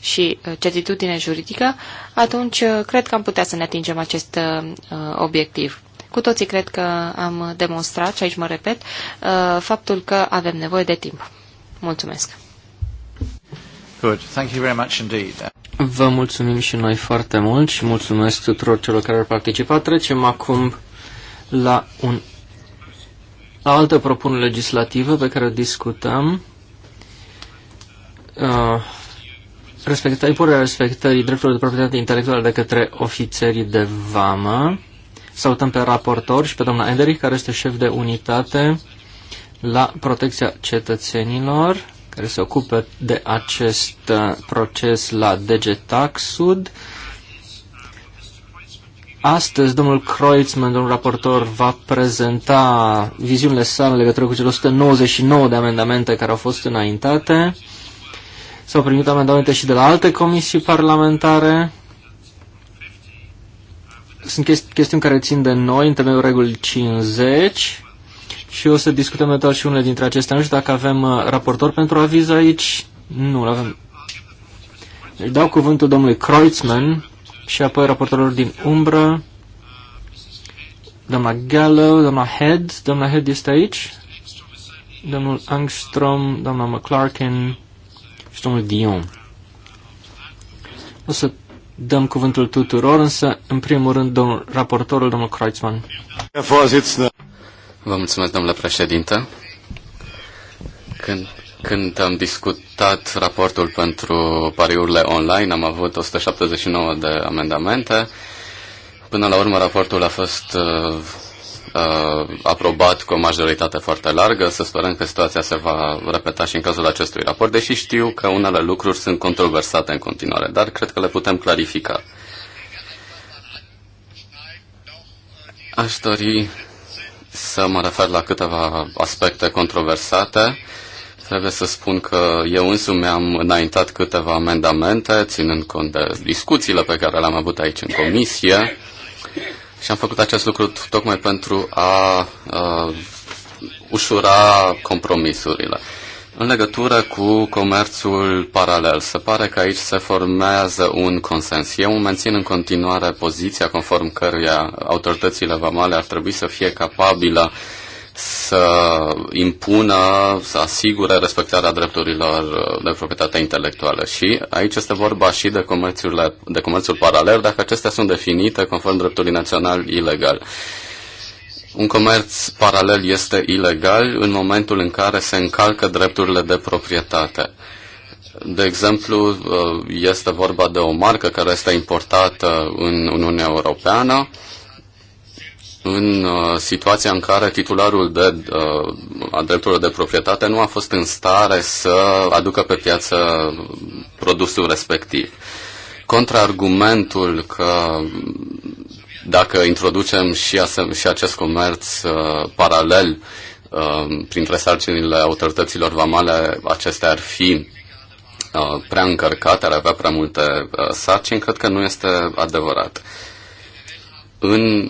și uh, certitudine juridică, atunci uh, cred că am putea să ne atingem acest uh, obiectiv. Cu toții cred că am demonstrat, și aici mă repet, faptul că avem nevoie de timp. Mulțumesc! Good. Thank you very much indeed. Vă mulțumim și noi foarte mult și mulțumesc tuturor celor care au participat. Trecem acum la un altă propunere legislativă pe care o discutăm. Uh, respecta, impunerea respectării drepturilor de proprietate intelectuală de către ofițerii de vamă. Salutăm pe raportor și pe doamna Enderic, care este șef de unitate la protecția cetățenilor, care se ocupă de acest uh, proces la DGTAC sud. Astăzi, domnul Kreutzmann, domnul raportor, va prezenta viziunile sale legătură cu cele 199 de amendamente care au fost înaintate. S-au primit amendamente și de la alte comisii parlamentare. Sunt chesti chestiuni care țin de noi în temeiul regulii 50 și o să discutăm eventual și unele dintre acestea. Nu știu dacă avem uh, raportor pentru aviz aici. Nu, avem. Deci dau cuvântul domnului Kreutzmann și apoi raportorilor din umbră. Doamna Gallo, doamna Head, doamna Head este aici, domnul Angstrom, doamna McClarkin și domnul Dion. O să dăm cuvântul tuturor, însă, în primul rând, domnul raportorul, domnul Kreutzmann. Vă mulțumesc, domnule președinte. Când, când am discutat raportul pentru pariurile online, am avut 179 de amendamente. Până la urmă, raportul a fost uh, uh, aprobat cu o majoritate foarte largă. Să sperăm că situația se va repeta și în cazul acestui raport, deși știu că unele lucruri sunt controversate în continuare, dar cred că le putem clarifica. Aș dori să mă refer la câteva aspecte controversate. Trebuie să spun că eu însumi am înaintat câteva amendamente, ținând cont de discuțiile pe care le-am avut aici în comisie. Și am făcut acest lucru tocmai pentru a uh, ușura compromisurile. În legătură cu comerțul paralel, se pare că aici se formează un consens. Eu mențin în continuare poziția conform căruia autoritățile vamale ar trebui să fie capabile uh, să impună, să asigure respectarea drepturilor de proprietate intelectuală. Și aici este vorba și de, comerțurile, de comerțul paralel, dacă acestea sunt definite conform dreptului național ilegal. Un comerț paralel este ilegal în momentul în care se încalcă drepturile de proprietate. De exemplu, este vorba de o marcă care este importată în Uniunea Europeană, în uh, situația în care titularul de, uh, a drepturilor de proprietate nu a fost în stare să aducă pe piață produsul respectiv. Contraargumentul că dacă introducem și, și acest comerț uh, paralel uh, printre sarcinile autorităților vamale, acestea ar fi uh, prea încărcat, ar avea prea multe uh, sarcini, cred că nu este adevărat. În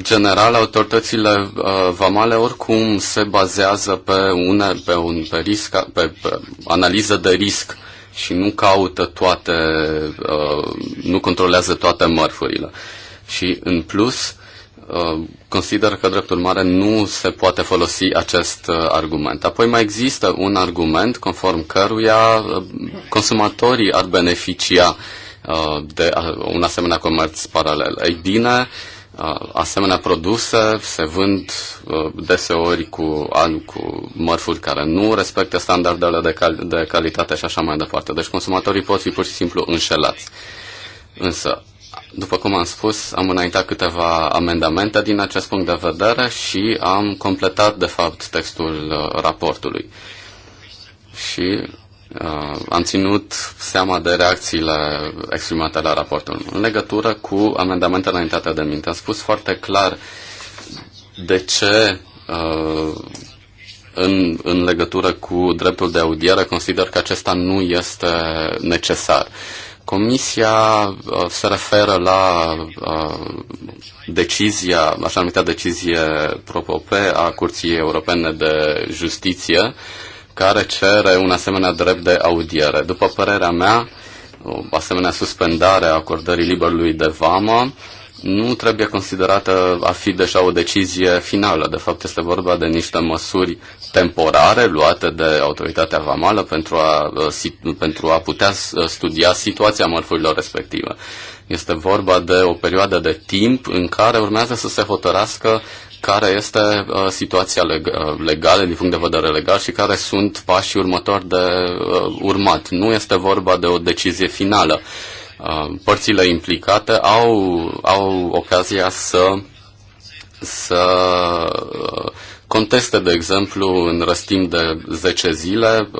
general, autoritățile uh, vamale oricum se bazează pe, une, pe, un, pe, risc, pe, pe analiză de risc și nu caută toate, uh, nu controlează toate mărfurile. Și în plus, uh, consider că dreptul mare nu se poate folosi acest uh, argument. Apoi mai există un argument conform căruia uh, consumatorii ar beneficia de un asemenea comerț paralel. Ei bine, asemenea produse se vând ă, deseori cu, cu mărfuri care nu respectă standardele de, cal- de calitate și așa mai departe. Deci consumatorii pot fi pur și simplu înșelați. Însă, după cum am spus, am înaintat câteva amendamente din acest punct de vedere și am completat, de fapt, textul ă, raportului. Și Uh, am ținut seama de reacțiile exprimate la raportul. În legătură cu amendamentele înaintate de minte, am spus foarte clar de ce uh, în, în legătură cu dreptul de audiere consider că acesta nu este necesar. Comisia uh, se referă la uh, decizia, așa numită decizie propope a Curții Europene de Justiție, uh, care cere un asemenea drept de audiere. După părerea mea, o asemenea suspendare a acordării liberului de vamă nu trebuie considerată a fi deja o decizie finală. De fapt, este vorba de niște măsuri temporare luate de autoritatea vamală pentru a, uh, pentru a putea uh, studia situația mărfurilor respective. Este vorba de o perioadă de timp în care urmează să se hotărască care este uh, situația uh, legală din punct de vedere legal și care sunt pașii următori de uh, urmat. Nu este vorba de o decizie finală. Părțile implicate au, au ocazia să, să conteste, de exemplu, în răstim de 10 zile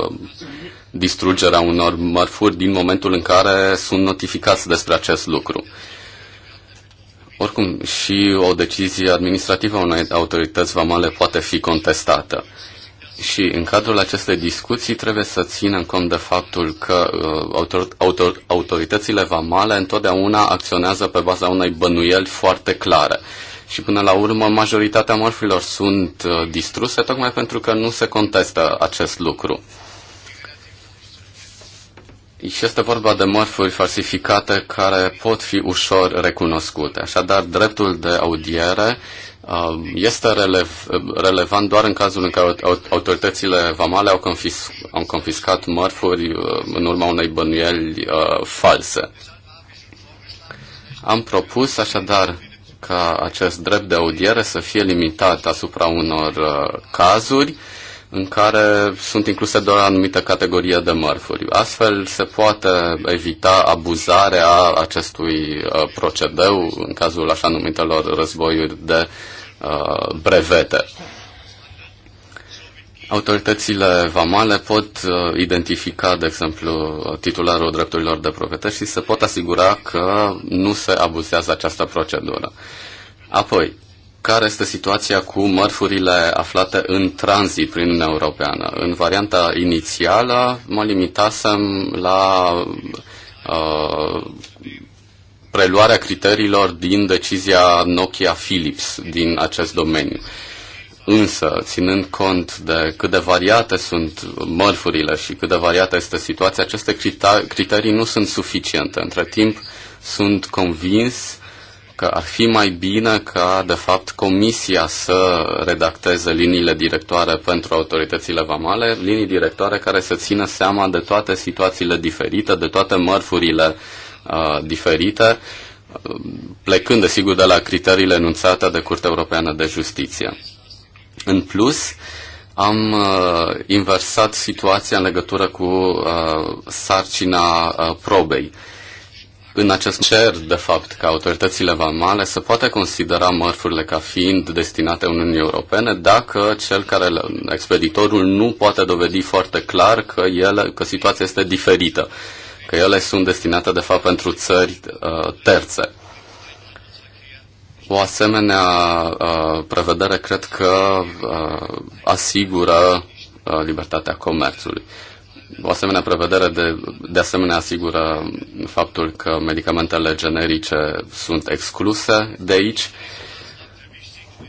distrugerea unor mărfuri din momentul în care sunt notificați despre acest lucru. Uh, oricum, și o decizie administrativă a unei autorități vamale poate fi contestată. Și în cadrul acestei discuții trebuie să ținem cont de faptul că uh, autor, autor, autoritățile vamale întotdeauna acționează pe baza unei bănuieli foarte clare. Și până la urmă, majoritatea mărfurilor sunt uh, distruse tocmai pentru că nu se contestă acest lucru. Și este vorba de mărfuri falsificate care pot fi ușor recunoscute. Așadar, dreptul de audiere um, este relev, relevant doar în cazul în care autoritățile vamale au, confis, au confiscat mărfuri uh, în urma unei bănuieli uh, false. Am propus așadar ca acest drept de audiere să fie limitat asupra unor uh, cazuri în care sunt incluse doar o anumită categorie de mărfuri. Astfel se poate evita abuzarea acestui uh, procedeu în cazul așa numitelor războiuri de uh, brevete. Autoritățile vamale pot uh, identifica, de exemplu, titularul drepturilor de proprietate și se pot asigura că nu se abuzează această procedură. Apoi, care este situația cu mărfurile aflate în tranzit prin Uniunea Europeană. În varianta inițială mă limitasem la uh, preluarea criteriilor din decizia Nokia Philips din acest domeniu. Însă, ținând cont de cât de variate sunt mărfurile și cât de variată este situația, aceste criterii nu sunt suficiente. Între timp, sunt convins că ar fi mai bine ca, de fapt, Comisia să redacteze liniile directoare pentru autoritățile vamale, linii directoare care să țină seama de toate situațiile diferite, de toate mărfurile uh, diferite, uh, plecând, desigur, de la criteriile enunțate de Curtea Europeană de Justiție. În plus, am uh, inversat situația în legătură cu uh, sarcina uh, probei. Uh, în acest cer, de fapt, ca autoritățile vamale să poate considera mărfurile ca fiind destinate Uniunii Europene dacă cel care, expeditorul, nu poate dovedi foarte clar că, ele, că situația este diferită, că ele sunt destinate, de fapt, pentru țări uh, terțe. O asemenea uh, prevedere cred că uh, asigură uh, libertatea comerțului. Uh, o asemenea prevedere de, de asemenea asigură faptul că medicamentele generice sunt excluse de aici.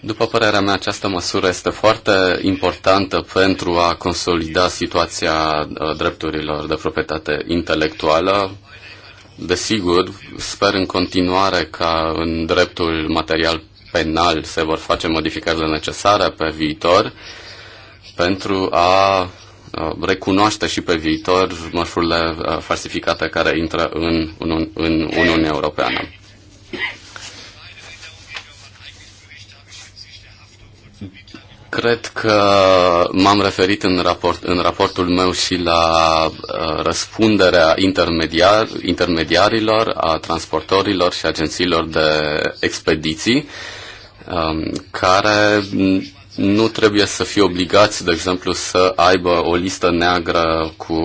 După părerea mea, această măsură este foarte importantă pentru a consolida situația uh, drepturilor de proprietate intelectuală. Desigur, sper în continuare ca în dreptul material penal se vor face modificările necesare pe viitor pentru a Uh, recunoaște și pe viitor mărfurile uh, falsificate care intră în, în, în Uniunea Europeană. Cred că m-am referit în, raport, în raportul meu și la uh, răspunderea intermediar, intermediarilor, a transportorilor și agențiilor de expediții, um, care nu trebuie să fie obligați, de exemplu, să aibă o listă neagră cu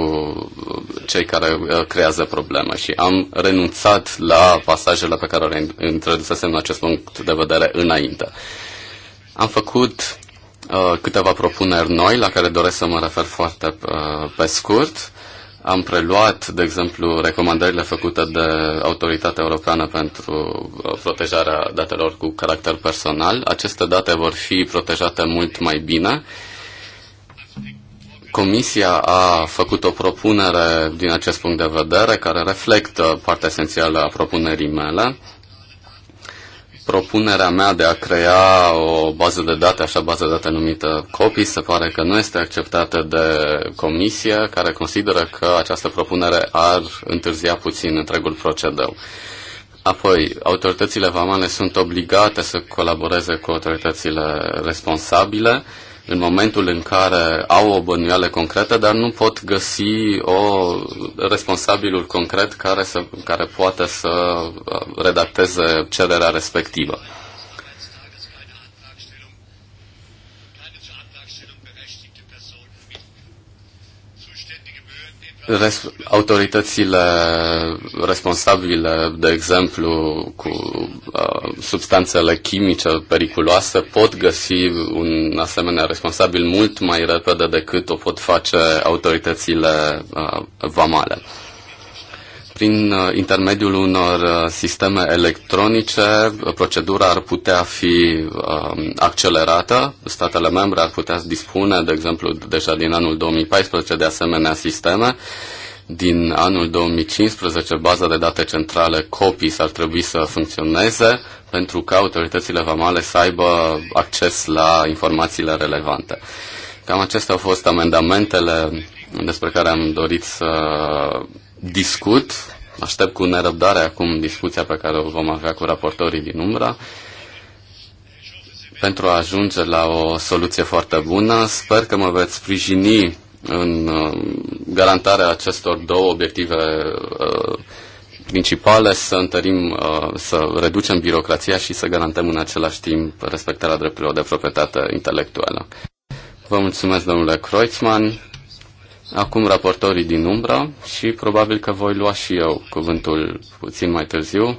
cei care uh, creează probleme și am renunțat la pasajele pe care le introdusesem în acest punct de vedere înainte. Am făcut uh, câteva propuneri noi la care doresc să mă refer foarte uh, pe scurt. Am preluat, de exemplu, recomandările făcute de Autoritatea Europeană pentru protejarea datelor cu caracter personal. Aceste date vor fi protejate mult mai bine. Comisia a făcut o propunere din acest punct de vedere care reflectă partea esențială a propunerii mele propunerea mea de a crea o bază de date, așa bază de date numită copii, se pare că nu este acceptată de comisie, care consideră că această propunere ar întârzia puțin întregul procedeu. Apoi, autoritățile vamale sunt obligate să colaboreze cu autoritățile responsabile, uh, în momentul în care au o bănuială concretă, dar nu pot găsi o responsabilul concret care, să, care poate să uh, redacteze cererea respectivă. Res- autoritățile responsabile, de exemplu, cu uh, substanțele chimice periculoase, pot găsi un asemenea responsabil mult mai repede decât o pot face autoritățile uh, vamale. Uh, prin uh, intermediul unor uh, sisteme electronice, procedura ar putea fi um, accelerată. Statele membre ar putea dispune, de exemplu, deja din anul 2014 de asemenea sisteme. Din anul 2015, baza de date centrale COPIS ar trebui să funcționeze pentru ca autoritățile vamale să aibă acces la informațiile relevante. Cam acestea au fost amendamentele despre care am dorit să discut, aștept cu nerăbdare acum discuția pe care o vom avea cu raportorii din umbra, pentru a ajunge la o soluție foarte bună. Sper că mă veți sprijini în uh, garantarea acestor două obiective uh, principale, să întărim, uh, să reducem birocrația și să garantăm în același timp respectarea drepturilor de proprietate intelectuală. Vă mulțumesc, domnule Kreutzmann acum raportorii din umbra și probabil că voi lua și eu cuvântul puțin mai târziu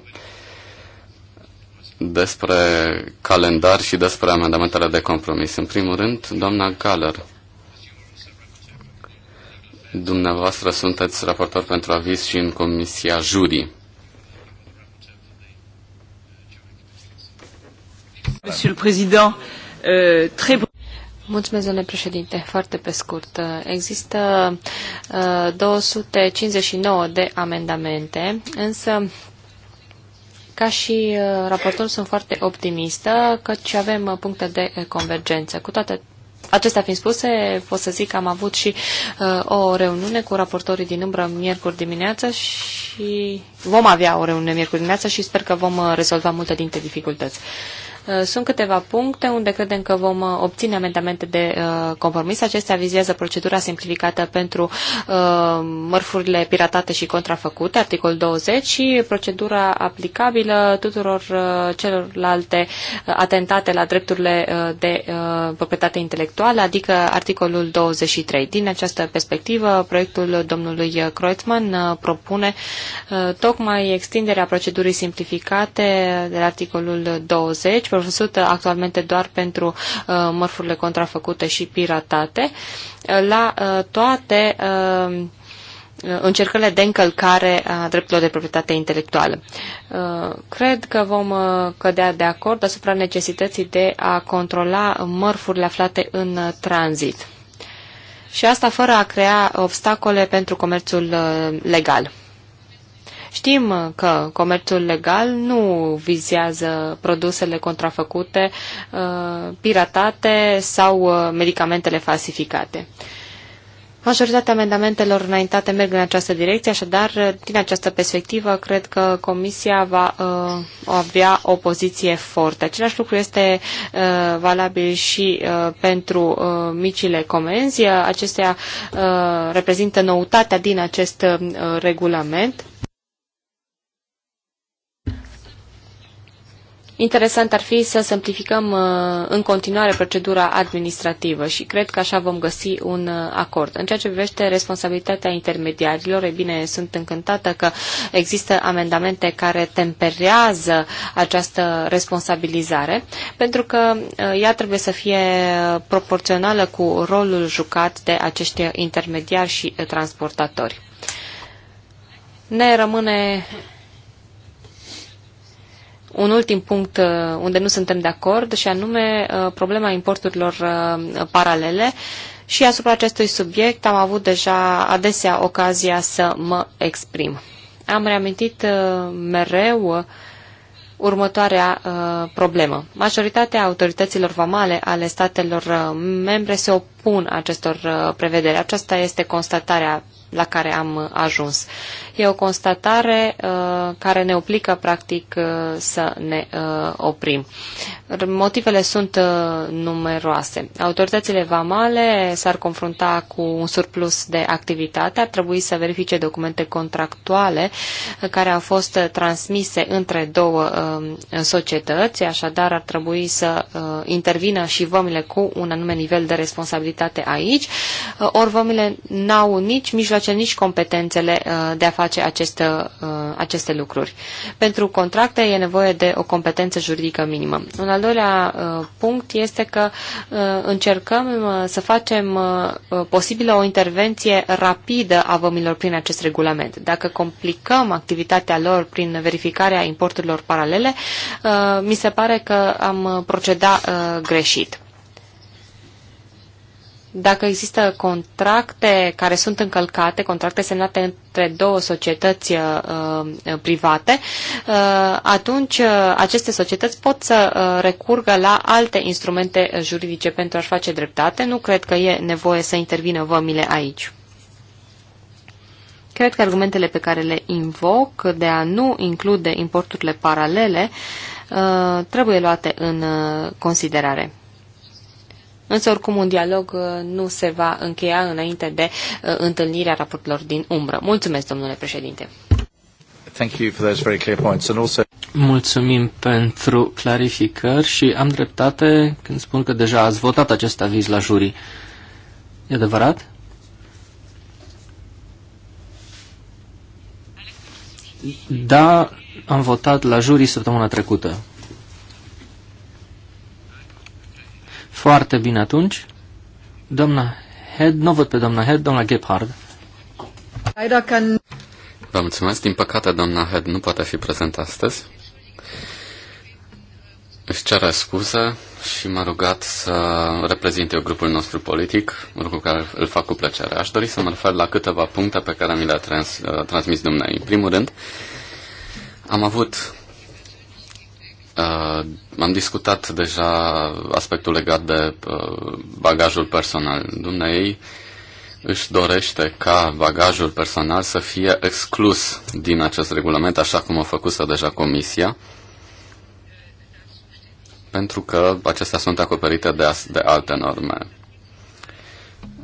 despre calendar și despre amendamentele de compromis. În primul rând, doamna Galler, dumneavoastră sunteți raportor pentru aviz și în Comisia Jurii. Monsieur le Président, euh, très Mulțumesc, domnule președinte. Foarte pe scurt. Există uh, 259 de amendamente, însă ca și uh, raportor sunt foarte optimistă, căci avem uh, puncte de uh, convergență. Cu toate Acestea fiind spuse, pot să zic că am avut și uh, o reuniune cu raportorii din umbră miercuri dimineață și vom avea o reuniune miercuri dimineață și sper că vom uh, rezolva multe dintre dificultăți. Uh, Uh, sunt câteva puncte unde credem că vom uh, obține amendamente de uh, compromis. Acestea vizează procedura simplificată pentru mărfurile piratate și contrafăcute, articol 20, și procedura aplicabilă tuturor celorlalte atentate la drepturile de proprietate intelectuală, adică articolul 23. Din această perspectivă, proiectul domnului Kreutzmann propune tocmai extinderea procedurii simplificate de la articolul 20 15% actualmente doar pentru uh, mărfurile contrafăcute și piratate, uh, la uh, toate uh, încercările de încălcare a drepturilor de proprietate intelectuală. Uh, cred că vom uh, cădea de acord asupra necesității de a controla mărfurile aflate în tranzit. Și asta fără a crea obstacole pentru comerțul legal. Știm că comerțul legal nu vizează produsele contrafăcute, uh, piratate sau uh, medicamentele falsificate. Majoritatea amendamentelor înaintate merg în această direcție, așadar, uh, din această perspectivă, cred că Comisia va uh, avea o poziție forte. Același lucru este uh, valabil și uh, pentru uh, micile comenzi. Acestea uh, reprezintă noutatea din acest uh, regulament. Interesant ar fi să simplificăm uh, în continuare procedura administrativă și cred că așa vom găsi un uh, acord. În ceea ce privește responsabilitatea intermediarilor, e bine, sunt încântată că există amendamente care temperează această responsabilizare, pentru că uh, ea trebuie să fie proporțională cu rolul jucat de acești intermediari și transportatori. Ne rămâne un ultim punct uh, unde nu suntem de acord și anume uh, problema importurilor uh, paralele și asupra acestui subiect am avut deja adesea ocazia să mă exprim. Am reamintit mereu următoarea uh, problemă. Majoritatea autorităților vamale ale statelor uh, membre se opun acestor uh, prevederi. Aceasta este constatarea la care am ajuns. E o constatare uh, care ne oblică, practic, uh, să ne uh, oprim. Motivele sunt uh, numeroase. Autoritățile vamale s-ar confrunta cu un surplus de activitate, ar trebui să verifice documente contractuale uh, care au fost uh, transmise între două uh, societăți, așadar ar trebui să uh, intervină și vămile cu un anume nivel de responsabilitate aici, uh, ori vămile n-au nici mijloace, nici competențele uh, de a face face aceste, uh, aceste lucruri. Pentru contracte e nevoie de o competență juridică minimă. Un al doilea uh, punct este că uh, încercăm să facem posibilă o intervenție rapidă a vămilor prin acest regulament. Dacă complicăm activitatea lor prin verificarea importurilor paralele, mi se pare că am proceda greșit dacă există contracte care sunt încălcate, contracte semnate între două societăți uh, uh, private, uh, atunci uh, aceste societăți pot să uh, recurgă la alte instrumente juridice pentru a-și face dreptate. Nu cred că e nevoie să intervină vămile aici. Cred că argumentele pe care le invoc de a nu include importurile paralele uh, trebuie luate în uh, considerare. Însă, oricum, un dialog uh, nu se va încheia înainte de uh, întâlnirea raportelor din umbră. Mulțumesc, domnule președinte. Thank you for those very clear points. And also... Mulțumim pentru clarificări și am dreptate când spun că deja ați votat acest aviz la jurii. E adevărat? Da, am votat la jurii săptămâna trecută. Foarte bine atunci. Doamna Head, nu văd pe doamna Head, doamna Gephardt. Vă mulțumesc. Din păcate, doamna Head nu poate fi prezent astăzi. Își cer scuze și m-a rugat să reprezint eu grupul nostru politic, lucru care îl fac cu plăcere. Aș dori să mă refer la câteva puncte pe care mi le-a trans, uh, transmis dumneavoastră. În primul rând, am avut Uh, am discutat deja aspectul legat de uh, bagajul personal. Dumnezeu își dorește ca bagajul personal să fie exclus din acest regulament, așa cum a făcut deja Comisia, pentru că acestea sunt acoperite de, de alte norme.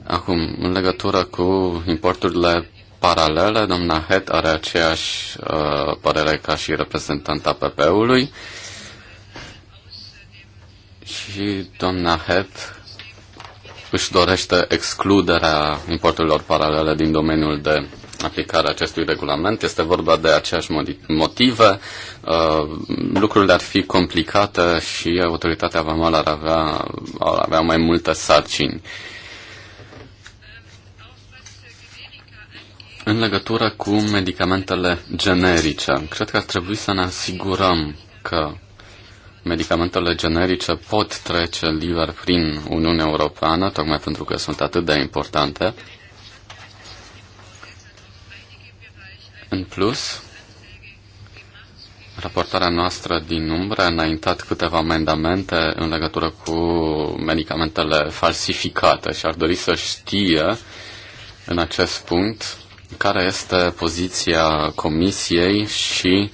Acum, în legătură cu importurile paralele, doamna Het are aceeași uh, părere ca și reprezentanta PP-ului. Uh, și doamna Hep își dorește excluderea importurilor paralele din domeniul de aplicare a acestui regulament. Este vorba de aceeași motive. Uh, lucrurile ar fi complicate și autoritatea vamală ar avea, ar avea mai multe sarcini. În legătură cu medicamentele generice, cred că ar trebui să ne asigurăm că medicamentele generice pot trece liber prin Uniunea Europeană, tocmai pentru că sunt atât de importante. În plus, raportarea noastră din umbră a înaintat câteva amendamente în legătură cu medicamentele falsificate și ar dori să știe în acest punct care este poziția Comisiei și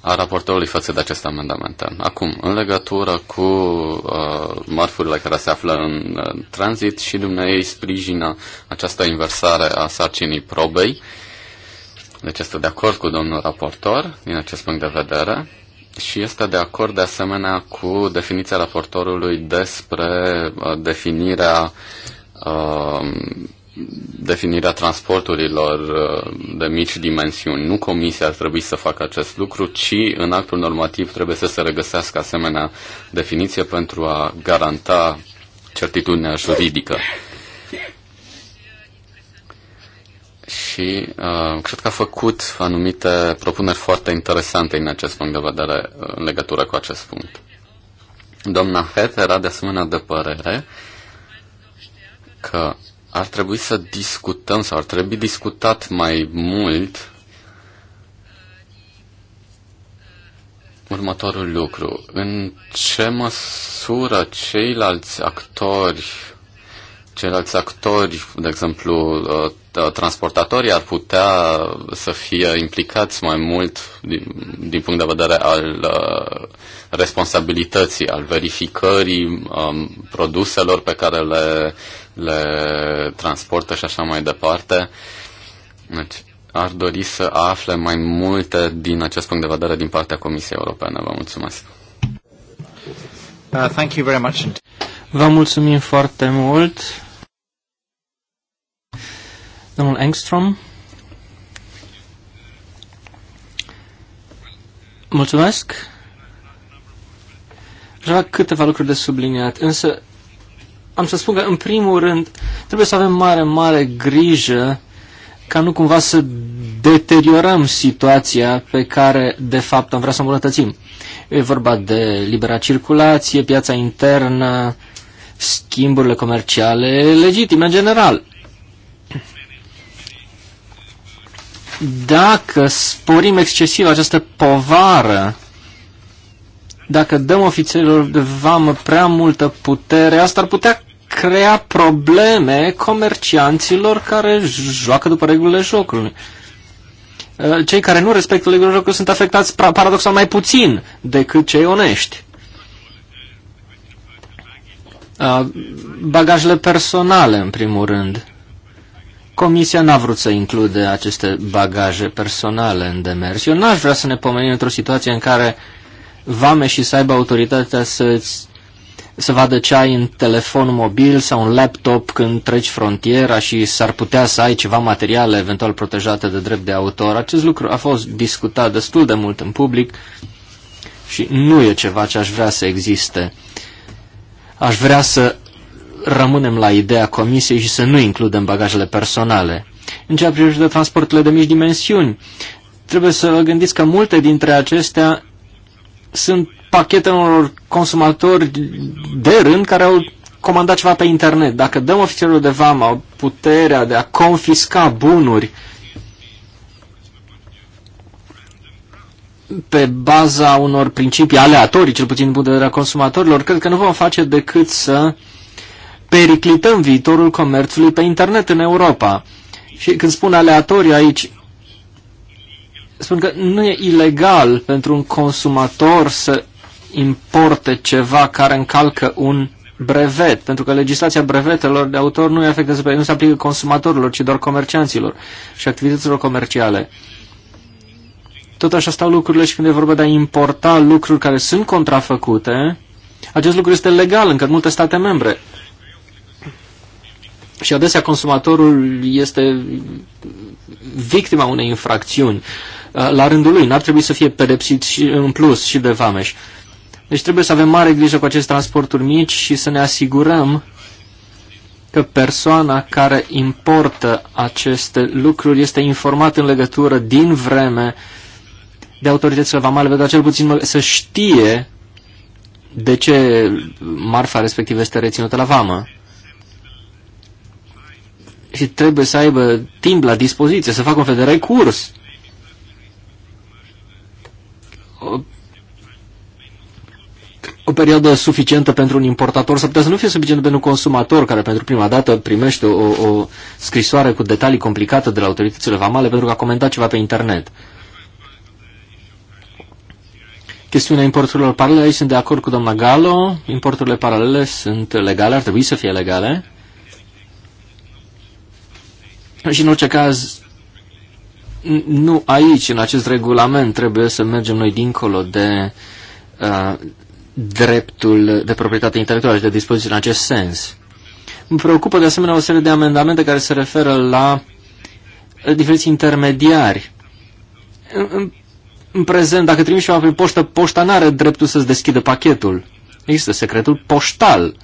a raportorului față de acest amendament. Acum, în legătură cu uh, mărfurile care se află în uh, tranzit și dumneavoastră sprijină această inversare a sarcinii probei, deci este de acord cu domnul raportor din acest punct de vedere și este de acord de asemenea cu definiția raportorului despre uh, definirea uh, definirea transporturilor uh, de mici dimensiuni. Nu comisia ar trebui să facă acest lucru, ci în actul normativ trebuie să se regăsească asemenea definiție pentru a garanta certitudinea juridică. Și uh, cred că a făcut anumite propuneri foarte interesante în acest punct de vedere, uh, în legătură cu acest punct. Doamna Het era de asemenea de părere că ar trebui să discutăm sau ar trebui discutat mai mult următorul lucru. În ce măsură ceilalți actori, ceilalți actori, de exemplu, ă, transportatorii ar putea să fie implicați mai mult din, din punct de vedere al ă, responsabilității, al verificării um, produselor pe care le le transportă și așa mai departe. Deci, ar dori să afle mai multe din acest punct de vedere din partea Comisiei Europene. Vă mulțumesc. Uh, thank you very much. Vă mulțumim foarte mult. Domnul Engstrom. Mulțumesc. Vreau câteva lucruri de subliniat, însă am să spun că, în primul rând, trebuie să avem mare, mare grijă ca nu cumva să deteriorăm situația pe care, de fapt, am vrea să o îmbunătățim. E vorba de libera circulație, piața internă, schimburile comerciale legitime în general. Dacă sporim excesiv această povară, dacă dăm ofițerilor de vamă prea multă putere, asta ar putea crea probleme comercianților care joacă după regulile jocului. Uh, cei care nu respectă regulile jocului sunt afectați paradoxal mai puțin decât cei onești. Uh, bagajele personale, în primul rând. Comisia n-a vrut să include aceste bagaje personale în demers. Eu n-aș vrea să ne pomenim într-o situație în care vame și să aibă autoritatea să-ți să vadă ce ai în telefon mobil sau un laptop când treci frontiera și s-ar putea să ai ceva materiale eventual protejate de drept de autor. Acest lucru a fost discutat destul de mult în public și nu e ceva ce aș vrea să existe. Aș vrea să rămânem la ideea comisiei și să nu includem bagajele personale. În ceea ce privește transporturile de mici dimensiuni, trebuie să vă gândiți că multe dintre acestea sunt pachete unor consumatori de rând care au comandat ceva pe internet. Dacă dăm ofițerul de vama puterea de a confisca bunuri pe baza unor principii aleatorii, cel puțin din punct de vedere a consumatorilor, cred că nu vom face decât să periclităm viitorul comerțului pe internet în Europa. Și când spun aleatorii aici, spun că nu e ilegal pentru un consumator să importe ceva care încalcă un brevet, pentru că legislația brevetelor de autor nu, e pe, nu se aplică consumatorilor, ci doar comercianților și activităților comerciale. Tot așa stau lucrurile și când e vorba de a importa lucruri care sunt contrafăcute, acest lucru este legal încă în multe state membre. Și adesea consumatorul este victima unei infracțiuni. Uh, Uh, la rândul lui. N-ar trebui să fie pedepsit și în plus și de vameș. Deci trebuie să avem mare grijă cu aceste transporturi mici și să ne asigurăm că persoana care importă aceste lucruri este informată în legătură din vreme de autoritățile vamale, pentru cel puțin să știe de ce marfa respectivă este reținută la vamă. Și trebuie să aibă timp la dispoziție, să facă un fel de recurs o, o perioadă suficientă pentru un importator, s-ar putea să nu fie suficientă pentru un consumator care pentru prima dată primește o, o scrisoare cu detalii complicate de la autoritățile vamale pentru că a comentat ceva pe internet. Chestiunea importurilor paralele, aici sunt de acord cu doamna Galo, importurile paralele sunt legale, ar trebui să fie legale. Și în orice caz, nu aici, în acest regulament, trebuie să mergem noi dincolo de uh, dreptul de proprietate intelectuală și de dispoziție în acest sens. Îmi preocupă de asemenea o serie de amendamente care se referă la uh, diferiți intermediari. În, în, în prezent, dacă trimiți ceva prin poștă, poșta nu are dreptul să-ți deschidă pachetul. Există secretul poștal.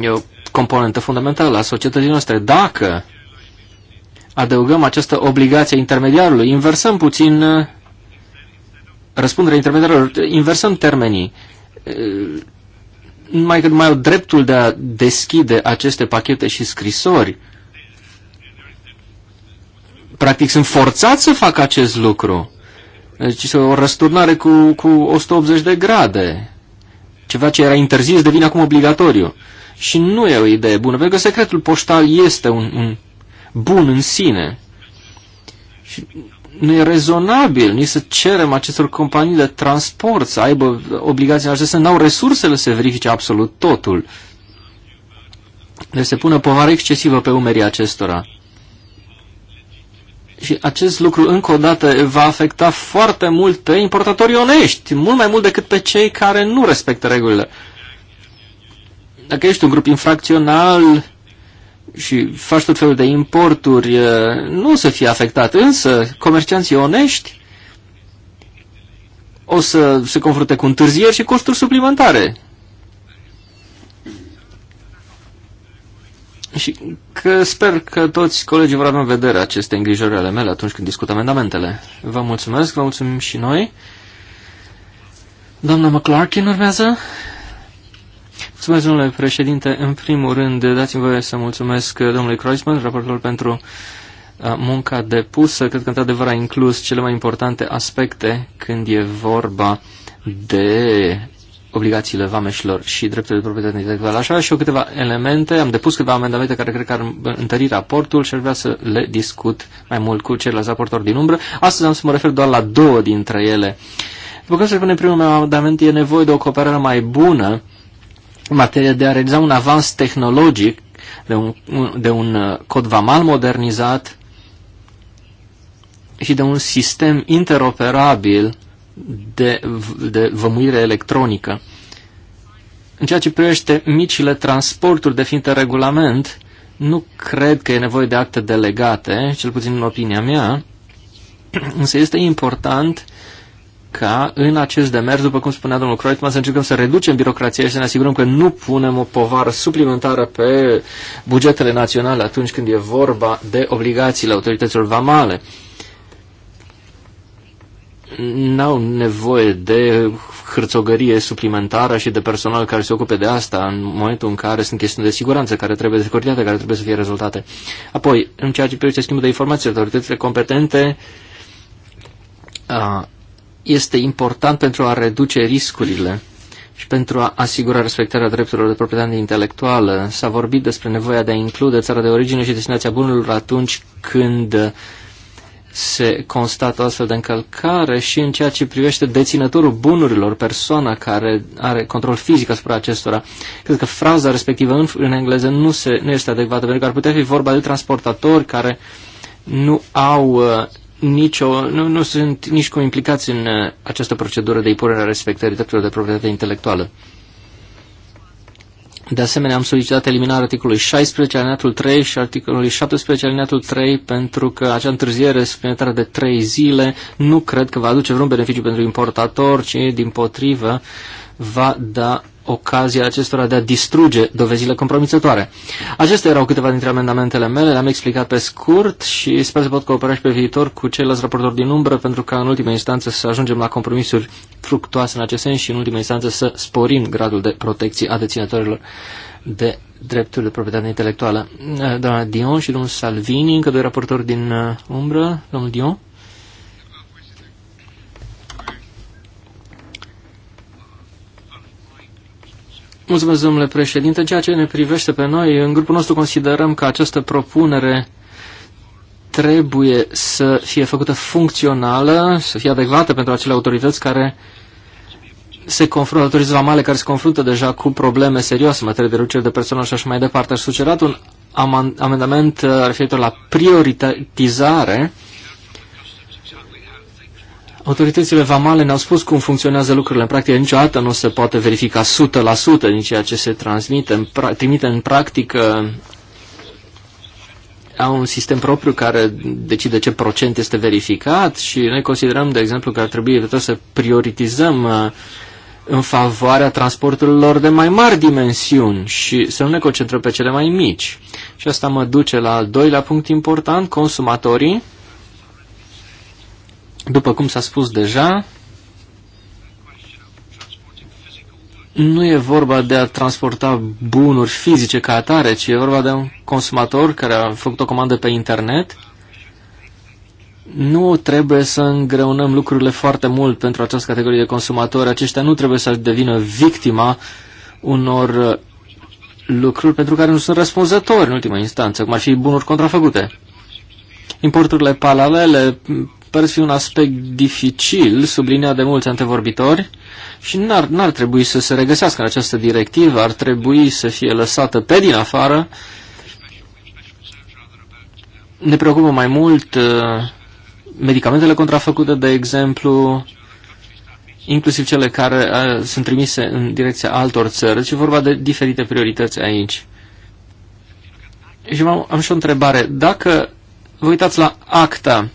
E o componentă fundamentală a societății noastre. Dacă adăugăm această obligație intermediarului, inversăm puțin uh, răspunderea intermediarilor, inversăm termenii. Numai uh, că mai au dreptul de a deschide aceste pachete și scrisori. Practic sunt forțați să facă acest lucru. Deci este o răsturnare cu, cu 180 de grade. Ceva ce era interzis devine acum obligatoriu. Și nu e o idee bună, pentru că secretul poștal este un, un bun în sine. Și nu e rezonabil nici să cerem acestor companii de transport să aibă obligații să n-au resursele să verifice absolut totul. Deci se pune povară excesivă pe umerii acestora. Și acest lucru, încă o dată, va afecta foarte mult pe importatorii onești, mult mai mult decât pe cei care nu respectă regulile. Dacă ești un grup infracțional, și faci tot felul de importuri, uh, nu o să fie afectat, însă comercianții onești o să se confrunte cu întârzieri și costuri suplimentare. Și că sper că toți colegii vor avea în vedere aceste îngrijori ale mele atunci când discut amendamentele. Vă mulțumesc, vă mulțumim și noi. Doamna McClarkin urmează. Mulțumesc, domnule președinte. În primul rând, dați-mi voie să mulțumesc domnului Kreuzmann, raportorul pentru uh, munca depusă. Cred că, într-adevăr, a inclus cele mai importante aspecte când e vorba de obligațiile vameșilor și drepturile de proprietate intelectuală. Așa și eu câteva elemente, am depus câteva amendamente care cred că ar întări raportul și ar vrea să le discut mai mult cu ceilalți raportori din umbră. Astăzi am să mă refer doar la două dintre ele. După cum se spune primul meu amendament, e nevoie de o cooperare mai bună în materie de a realiza un avans tehnologic de un, de un uh, cod vamal modernizat și de un sistem interoperabil de, de vămuire electronică. În ceea ce privește micile transporturi definite regulament, nu cred că e nevoie de acte delegate, cel puțin în opinia mea, [clears throat] însă este important ca în acest demers, după cum spunea domnul Croitman, să încercăm să reducem birocrația și să ne asigurăm că nu punem o povară suplimentară pe bugetele naționale atunci când e vorba de obligațiile autorităților vamale. N-au nevoie de hârțogărie suplimentară și de personal care se ocupe de asta în momentul în care sunt chestiuni de siguranță care trebuie securitate, care trebuie să fie rezultate. Apoi, în ceea ce privește schimbul de informații, autoritățile competente este important pentru a reduce riscurile și pentru a asigura respectarea drepturilor de proprietate intelectuală. S-a vorbit despre nevoia de a include țara de origine și destinația bunurilor atunci când se constată astfel de încălcare și în ceea ce privește deținătorul bunurilor, persoana care are control fizic asupra acestora. Cred că fraza respectivă în, în engleză nu, se, nu este adecvată, pentru că ar putea fi vorba de transportatori care nu au uh, nicio, nu, nu sunt nici cum implicați în uh, această procedură de impunere a respectării drepturilor de proprietate intelectuală. De asemenea, am solicitat eliminarea articolului 16 alineatul 3 și articolului 17 alineatul 3 pentru că acea întârziere suplimentară de 3 zile nu cred că va aduce vreun beneficiu pentru importator, ci din potrivă va da ocazia acestora de a distruge dovezile compromițătoare. Acestea erau câteva dintre amendamentele mele, le-am explicat pe scurt și sper să pot coopera și pe viitor cu ceilalți raportori din umbră pentru ca în ultima instanță să ajungem la compromisuri fructoase în acest sens și în ultima instanță să sporim gradul de protecție a deținătorilor de drepturi de proprietate intelectuală. Doamna Dion și domnul Salvini, încă doi raportori din uh, umbră. Domnul Dion? Mulțumesc, domnule președinte. ceea ce ne privește pe noi, în grupul nostru considerăm că această propunere trebuie să fie făcută funcțională, să fie adecvată pentru acele autorități care se confruntă, autorități vamale care se confruntă deja cu probleme serioase în materie de reducere de personal și așa mai departe. Aș sugerat un amendament uh, referitor la prioritizare Autoritățile vamale ne-au spus cum funcționează lucrurile. În practică niciodată nu se poate verifica 100% din ceea ce se transmite, în pra- trimite în practică. Au un sistem propriu care decide ce procent este verificat și noi considerăm, de exemplu, că ar trebui tot să prioritizăm uh, în favoarea transporturilor de mai mari dimensiuni și să nu ne concentrăm pe cele mai mici. Și asta mă duce la al doilea punct important, consumatorii după cum s-a spus deja, nu e vorba de a transporta bunuri fizice ca atare, ci e vorba de un consumator care a făcut o comandă pe internet. Nu trebuie să îngreunăm lucrurile foarte mult pentru această categorie de consumatori. Aceștia nu trebuie să devină victima unor lucruri pentru care nu sunt răspunzători în ultima instanță, cum ar fi bunuri contrafăcute. Importurile paralele pare fi un aspect dificil, subliniat de mulți antevorbitori, și n-ar, n-ar trebui să se regăsească în această directivă, ar trebui să fie lăsată pe din afară. Ne preocupă mai mult uh, medicamentele contrafăcute, de exemplu, inclusiv cele care uh, sunt trimise în direcția altor țări, ci deci vorba de diferite priorități aici. Și am, am și o întrebare. Dacă vă uitați la acta,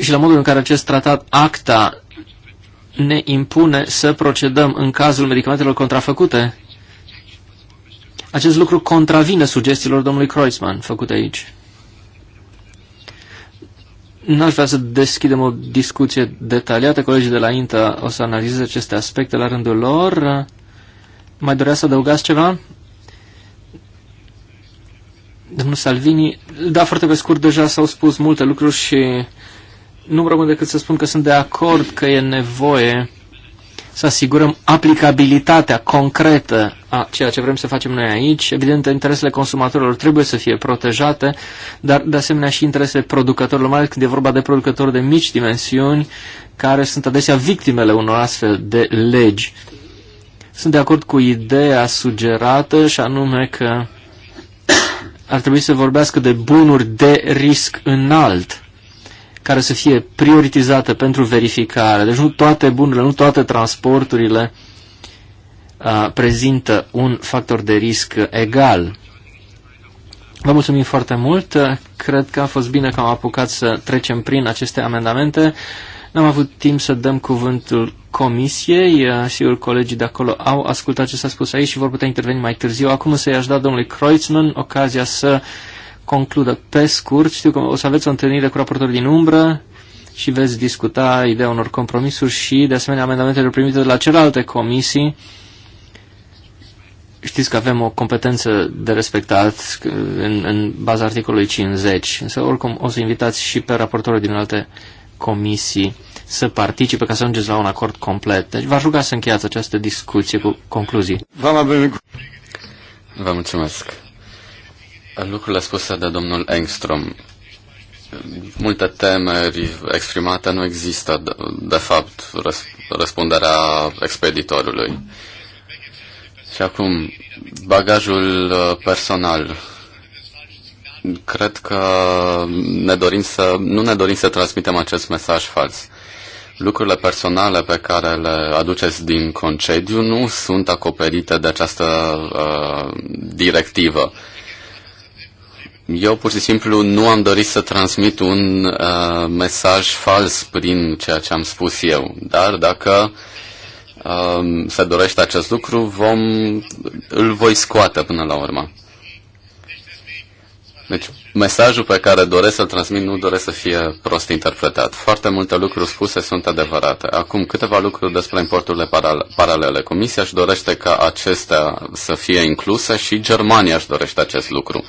și la modul în care acest tratat ACTA ne impune să procedăm în cazul medicamentelor contrafăcute. Acest lucru contravine sugestiilor domnului Kreuzmann făcute aici. N-aș vrea să deschidem o discuție detaliată. Colegii de la INTA o să analizeze aceste aspecte la rândul lor. Mai dorea să adăugați ceva? Domnul Salvini, da, foarte pe scurt, deja s-au spus multe lucruri și nu-mi rămân decât să spun că sunt de acord că e nevoie să asigurăm aplicabilitatea concretă a ceea ce vrem să facem noi aici. Evident, interesele consumatorilor trebuie să fie protejate, dar de asemenea și interesele producătorilor, mai ales când e vorba de producători de mici dimensiuni, care sunt adesea victimele unor astfel de legi. Sunt de acord cu ideea sugerată și anume că ar trebui să vorbească de bunuri de risc înalt care să fie prioritizată pentru verificare. Deci nu toate bunurile, nu toate transporturile uh, prezintă un factor de risc egal. Vă mulțumim foarte mult. Cred că a fost bine că am apucat să trecem prin aceste amendamente. N-am avut timp să dăm cuvântul comisiei. Uh, sigur, colegii de acolo au ascultat ce s-a spus aici și vor putea interveni mai târziu. Acum să i-aș da domnului Kreutzmann ocazia să concludă pe scurt. Știu că o să aveți o întâlnire cu raportori din umbră și veți discuta ideea unor compromisuri și, de asemenea, amendamentele primite de la celelalte comisii. Știți că avem o competență de respectat în, în baza articolului 50, însă oricum o să invitați și pe raportorii din alte comisii să participe ca să ajungeți la un acord complet. Deci v-aș ruga să încheiați această discuție cu concluzii. Vă mulțumesc lucrurile spuse de domnul Engstrom. Multe temeri exprimate nu există, de, fapt, răspunderea expeditorului. Și acum, bagajul uh, personal. Cred că ne dorim să, nu ne dorim să transmitem acest mesaj fals lucrurile personale pe care le aduceți din concediu nu sunt acoperite de această uh, directivă. Eu pur și simplu nu am dorit să transmit un uh, mesaj fals prin ceea ce am spus eu, dar dacă uh, se dorește acest lucru, vom, îl voi scoate până la urmă. Deci mesajul pe care doresc să-l transmit nu doresc să fie prost interpretat. Foarte multe lucruri spuse sunt adevărate. Acum câteva lucruri despre importurile paralele. Comisia își dorește ca acestea să fie incluse și Germania își dorește acest lucru.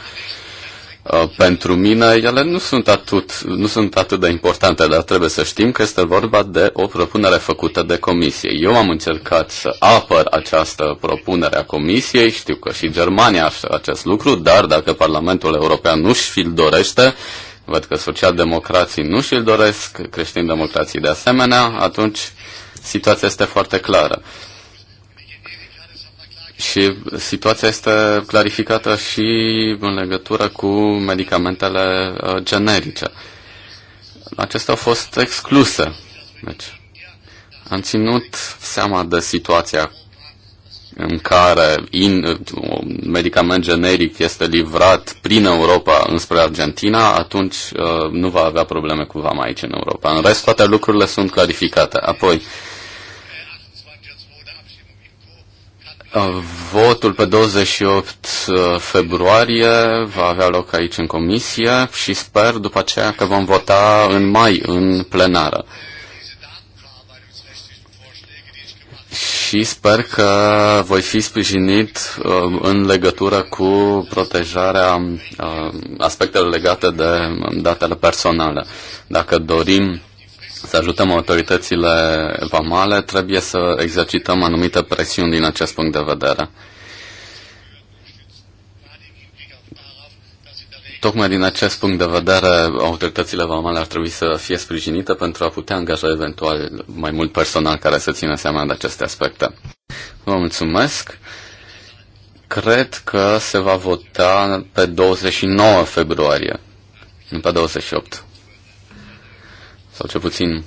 Uh, pentru mine ele nu sunt, atât, nu sunt atât de importante, dar trebuie să știm că este vorba de o propunere făcută de comisie. Eu am încercat să apăr această propunere a comisiei, știu că și Germania așa acest lucru, dar dacă Parlamentul European nu și-l dorește, văd că socialdemocrații nu și-l doresc, creștin-democrații de asemenea, atunci situația este foarte clară. Și situația este clarificată și în legătură cu medicamentele uh, generice. Acestea au fost excluse. Deci, am ținut seama de situația în care in, un medicament generic este livrat prin Europa înspre Argentina, atunci uh, nu va avea probleme cu vama aici în Europa. În rest, toate lucrurile sunt clarificate. Apoi, uh, Votul pe 28 uh, februarie va avea loc aici în comisie și sper după aceea că vom vota în mai în plenară. și sper că voi fi sprijinit uh, în legătură cu protejarea uh, aspectelor legate de um, datele personale. Dacă dorim să ajutăm autoritățile vamale, trebuie să exercităm anumite presiuni din acest punct de vedere. Tocmai din acest punct de vedere, autoritățile vamale ar trebui să fie sprijinite pentru a putea angaja eventual mai mult personal care să țină seama de aceste aspecte. Vă mulțumesc. Cred că se va vota pe 29 februarie, nu pe 28 sau ce puțin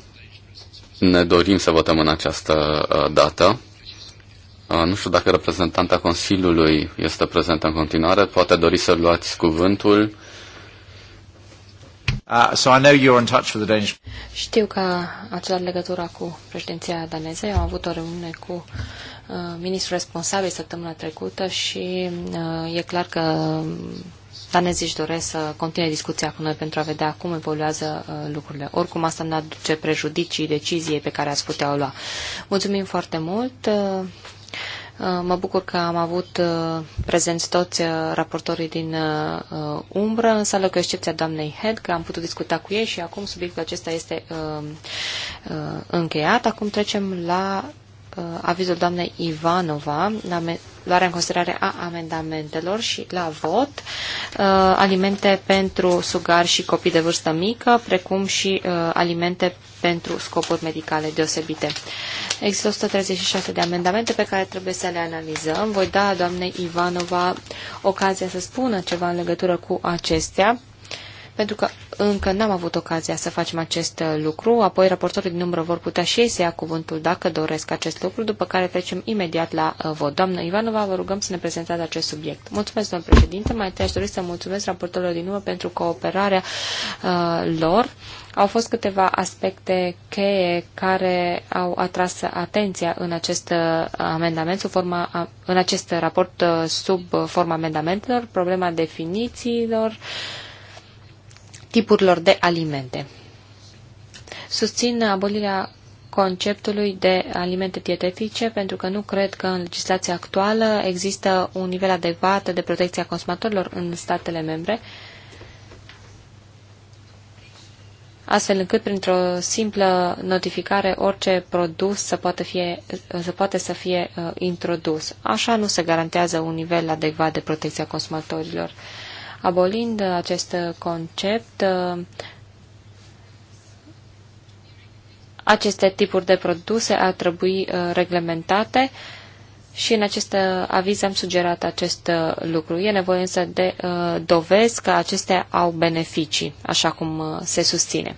ne dorim să votăm în această uh, dată. Uh, nu știu dacă reprezentanta Consiliului este prezentă în continuare, poate dori să luați cuvântul. Uh, so I know you're in touch with the Danish... Știu că ați luat legătura cu președinția daneză. Eu am avut o reuniune cu uh, ministrul responsabil săptămâna trecută și uh, e clar că danezii își doresc să continue discuția cu noi pentru a vedea cum evoluează uh, lucrurile. Oricum, asta ne aduce prejudicii deciziei pe care ați putea o lua. Mulțumim foarte mult! Uh, uh, mă bucur că am avut prezenți toți raportorii din umbră, în sală cu excepția doamnei Head, că am putut discuta cu ei și acum subiectul acesta este încheiat. Acum trecem la Uh, avizul doamnei Ivanova, la luarea în considerare a amendamentelor și la vot, uh, alimente pentru sugari și copii de vârstă mică, precum și uh, alimente pentru scopuri medicale deosebite. Există 136 de amendamente pe care trebuie să le analizăm. Voi da doamnei Ivanova ocazia să spună ceva în legătură cu acestea pentru că încă n-am avut ocazia să facem acest uh, lucru, apoi raportorii din umbră vor putea și ei să ia cuvântul dacă doresc acest lucru, după care trecem imediat la uh, vot. Doamnă Ivanova, vă rugăm să ne prezentați acest subiect. Mulțumesc, domnul președinte, mai întâi aș dori să mulțumesc raportorilor din umbră pentru cooperarea uh, lor. Au fost câteva aspecte cheie care au atras atenția în acest uh, amendament, sub forma, în acest raport sub forma amendamentelor, problema definițiilor, uh, tipurilor de alimente. Susțin abolirea conceptului de alimente dietetice, pentru că nu cred că în legislația actuală există un nivel adecvat de protecție a consumatorilor în statele membre, astfel încât printr-o simplă notificare orice produs să poate, fie, să poate să fie uh, introdus. Așa nu se garantează un nivel adecvat de protecție a consumatorilor. Uh, Abolind acest concept, aceste tipuri de produse ar trebui uh, reglementate și în acest uh, aviz am sugerat acest uh, lucru. E nevoie însă de dovezi că acestea au beneficii, așa cum se susține.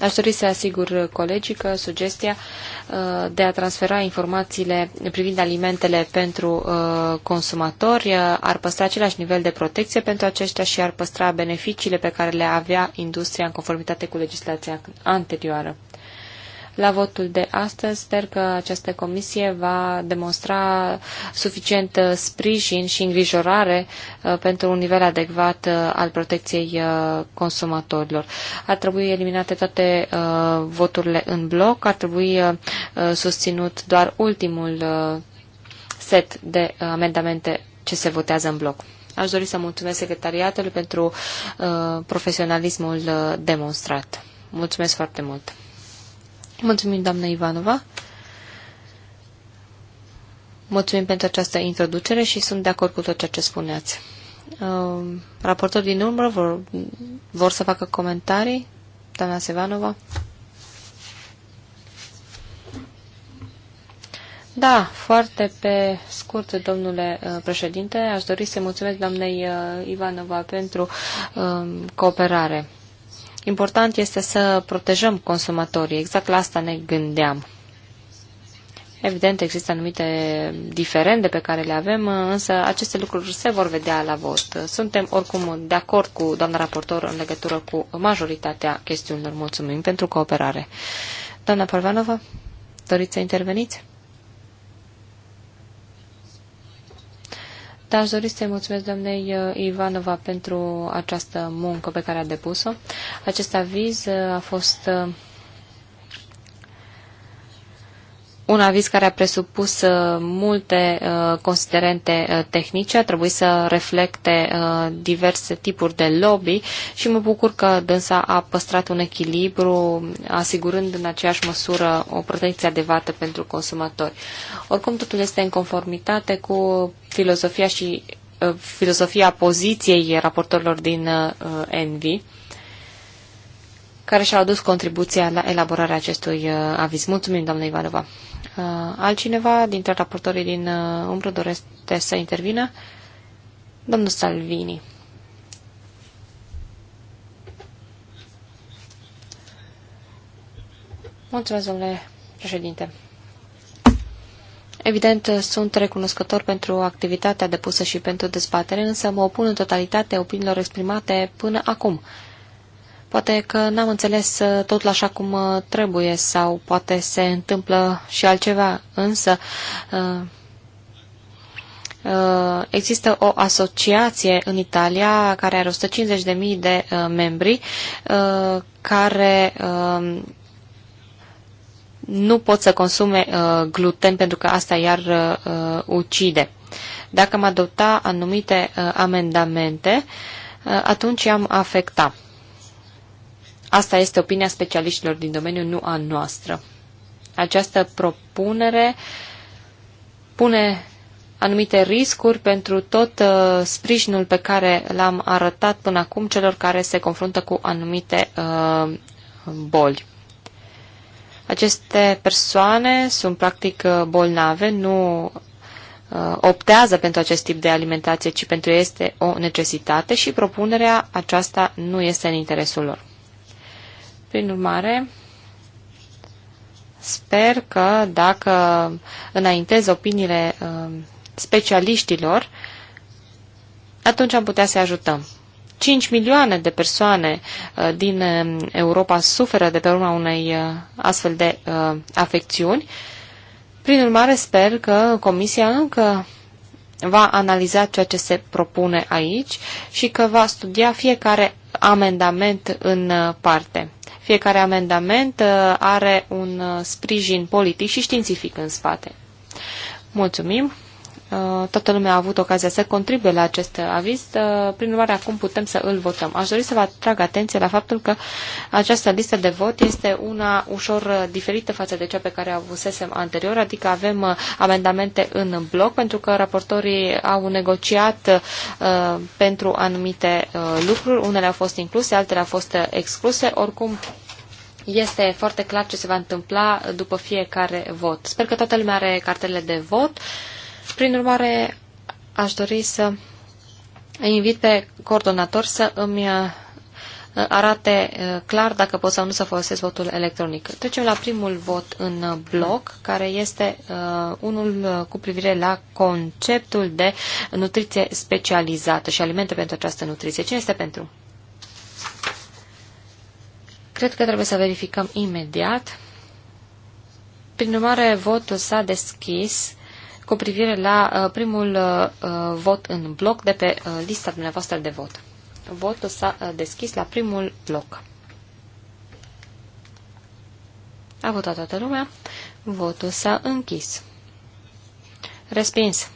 Aș dori să asigur colegii că sugestia uh, de a transfera informațiile privind alimentele pentru uh, consumatori uh, ar păstra același nivel de protecție pentru aceștia și ar păstra beneficiile pe care le avea industria în conformitate cu legislația anterioară la votul de astăzi. Sper că această comisie va demonstra suficient uh, sprijin și îngrijorare uh, pentru un nivel adecvat uh, al protecției consumatorilor. Ar trebui eliminate toate voturile în bloc, ar trebui susținut doar ultimul set de amendamente ce se votează în bloc. Aș dori să mulțumesc secretariatului pentru uh, profesionalismul uh, demonstrat. Mulțumesc foarte mult! Mulțumim, doamna Ivanova. Mulțumim pentru această introducere și sunt de acord cu tot ceea ce spuneați. Uh, um, raportor din urmă vor, vor să facă comentarii? Doamna Sevanova? Da, foarte pe scurt, domnule uh, președinte, aș dori să mulțumesc doamnei uh, Ivanova pentru uh, cooperare. Important este să protejăm consumatorii. Exact la asta ne gândeam. Evident, există anumite diferende pe care le avem, însă aceste lucruri se vor vedea la vot. Suntem oricum de acord cu doamna raportor în legătură cu majoritatea chestiunilor. Mulțumim pentru cooperare. Doamna Parvanova, doriți să interveniți? Dar aș dori să-i mulțumesc doamnei uh, Ivanova pentru această muncă pe care a depus-o. Acest aviz uh, a fost uh, un aviz care a presupus uh, multe uh, considerente uh, tehnice, a trebuit să reflecte diverse tipuri de lobby și mă bucur că dânsa a păstrat un echilibru, asigurând în aceeași măsură o protecție adevată pentru consumatori. Oricum, totul este în conformitate cu filozofia și filozofia poziției raportorilor din Envi care și-au adus contribuția la elaborarea acestui aviz. Mulțumim, doamnă Ivanova. Uh, altcineva dintre raportorii din uh, umbră dorește să intervină? Domnul Salvini. Mulțumesc, domnule președinte. Evident, uh, sunt recunoscător pentru activitatea depusă și pentru dezbatere, însă mă opun în totalitate opiniilor exprimate până acum. Poate că n-am înțeles uh, totul așa cum uh, trebuie sau poate se întâmplă și altceva, însă uh, există o asociație în Italia care are 150.000 de membri care nu pot să consume gluten pentru că asta iar ucide. Dacă am adopta anumite amendamente, atunci am afecta. Asta este opinia specialiștilor din domeniu, nu a noastră. Această propunere pune anumite riscuri pentru tot uh, sprijinul pe care l-am arătat până acum celor care se confruntă cu anumite uh, boli. Aceste persoane sunt practic uh, bolnave, nu uh, optează pentru acest tip de alimentație, ci pentru ei este o necesitate și propunerea aceasta nu este în interesul lor. Prin urmare, sper că dacă înaintez opiniile uh, specialiștilor, atunci am putea să ajutăm. 5 milioane de persoane uh, din uh, Europa suferă de pe urma unei astfel de afecțiuni. Prin urmare, sper că Comisia încă va analiza ceea ce se propune aici și că va studia fiecare amendament în parte. Fiecare amendament uh, are un uh, sprijin politic și științific în spate. Mulțumim! Uh, toată lumea a avut ocazia să contribuie la acest aviz, uh, prin urmare acum putem să îl votăm. Aș dori să vă atrag atenția la faptul că această listă de vot este una ușor uh, diferită față de cea pe care avusesem anterior, adică avem amendamente în bloc pentru că raportorii au negociat pentru anumite lucruri, unele au fost incluse, altele au fost excluse, oricum este foarte clar ce se va întâmpla după fiecare vot. Sper că toată lumea are cartele de vot. Uh, prin urmare, aș dori să invit pe coordonator să îmi uh, arate uh, clar dacă pot sau nu să folosesc votul electronic. Trecem la primul vot în bloc, care este uh, unul cu privire la conceptul de nutriție specializată și alimente pentru această nutriție. Cine este pentru? Cred că trebuie să verificăm imediat. Prin urmare, votul s-a deschis cu privire la uh, primul uh, uh, vot în bloc de pe lista dumneavoastră de vot. Votul s-a deschis la primul bloc. A votat toată lumea. Votul s-a închis. Respins.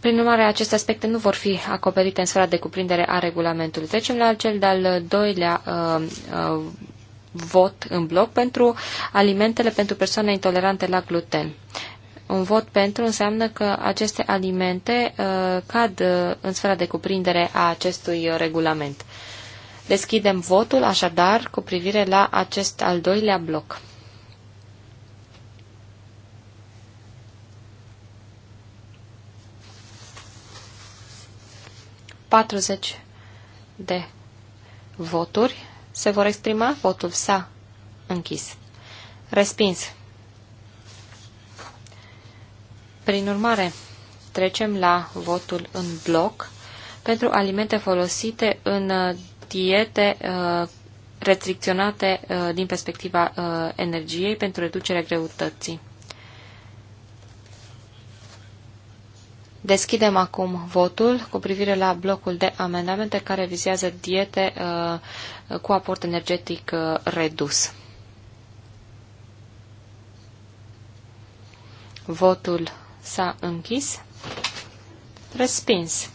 Prin urmare, aceste aspecte nu vor fi acoperite în sfera de cuprindere a regulamentului. Trecem la cel de-al doilea uh, uh, vot în bloc pentru alimentele pentru persoane intolerante la gluten. Un vot pentru înseamnă că aceste alimente uh, cad uh, în sfera de cuprindere a acestui uh, regulament. Deschidem votul, așadar, cu privire la acest al doilea bloc. Patruzeci de voturi se vor exprima, votul sa. închis. Respins. Prin urmare, trecem la votul în bloc pentru alimente folosite în diete uh, restricționate uh, din perspectiva uh, energiei pentru reducerea greutății. Deschidem acum votul cu privire la blocul de amendamente care vizează diete uh, cu aport energetic uh, redus. Votul s-a închis. Respins.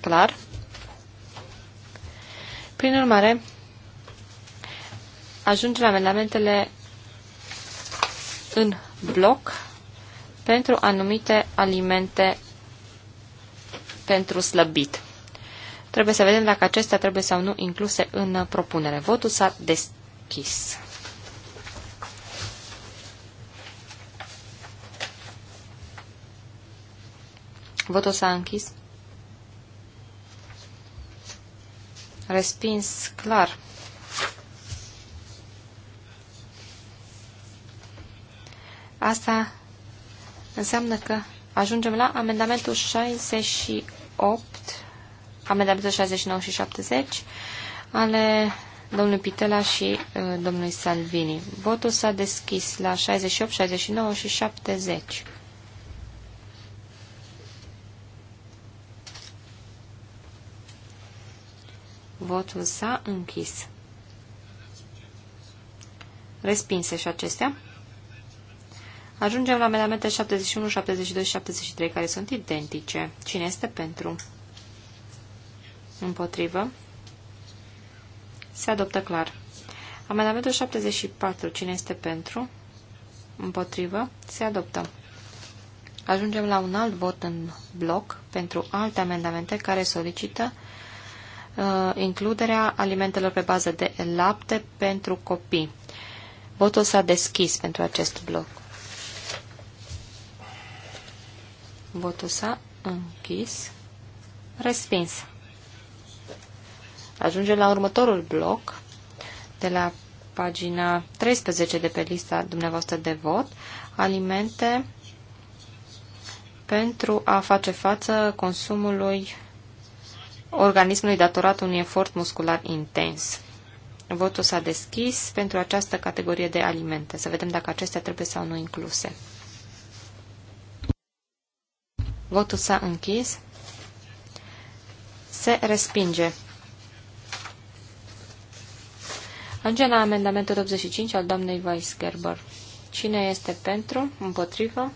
Clar. Prin urmare, ajunge la amendamentele în bloc pentru anumite alimente pentru slăbit. Trebuie să vedem dacă acestea trebuie sau nu incluse în uh, propunere. Votul s-a deschis. Votul s-a închis. Respins clar. Asta înseamnă că ajungem la amendamentul 68 amendamentul 69 și 70 ale domnului Pitela și uh, domnului Salvini. Votul s-a deschis la 68, 69 și 70. Votul s-a închis. Respinse și acestea. Ajungem la amendamente 71, 72 și 73, care sunt identice. Cine este pentru? Pentru. Împotrivă. Se adoptă clar. Amendamentul 74. Cine este pentru? Împotrivă. Se adoptă. Ajungem la un alt vot în bloc pentru alte amendamente care solicită uh, includerea alimentelor pe bază de lapte pentru copii. Votul s-a deschis pentru acest bloc. Votul s-a închis. Respins. Ajungem la următorul bloc, de la pagina 13 de pe lista dumneavoastră de vot, alimente pentru a face față consumului organismului datorat unui efort muscular intens. Votul s-a deschis pentru această categorie de alimente. Să vedem dacă acestea trebuie sau nu incluse. Votul s-a închis. Se respinge Ajungem la amendamentul 85 al doamnei Weisgerber. Cine este pentru? Împotrivă?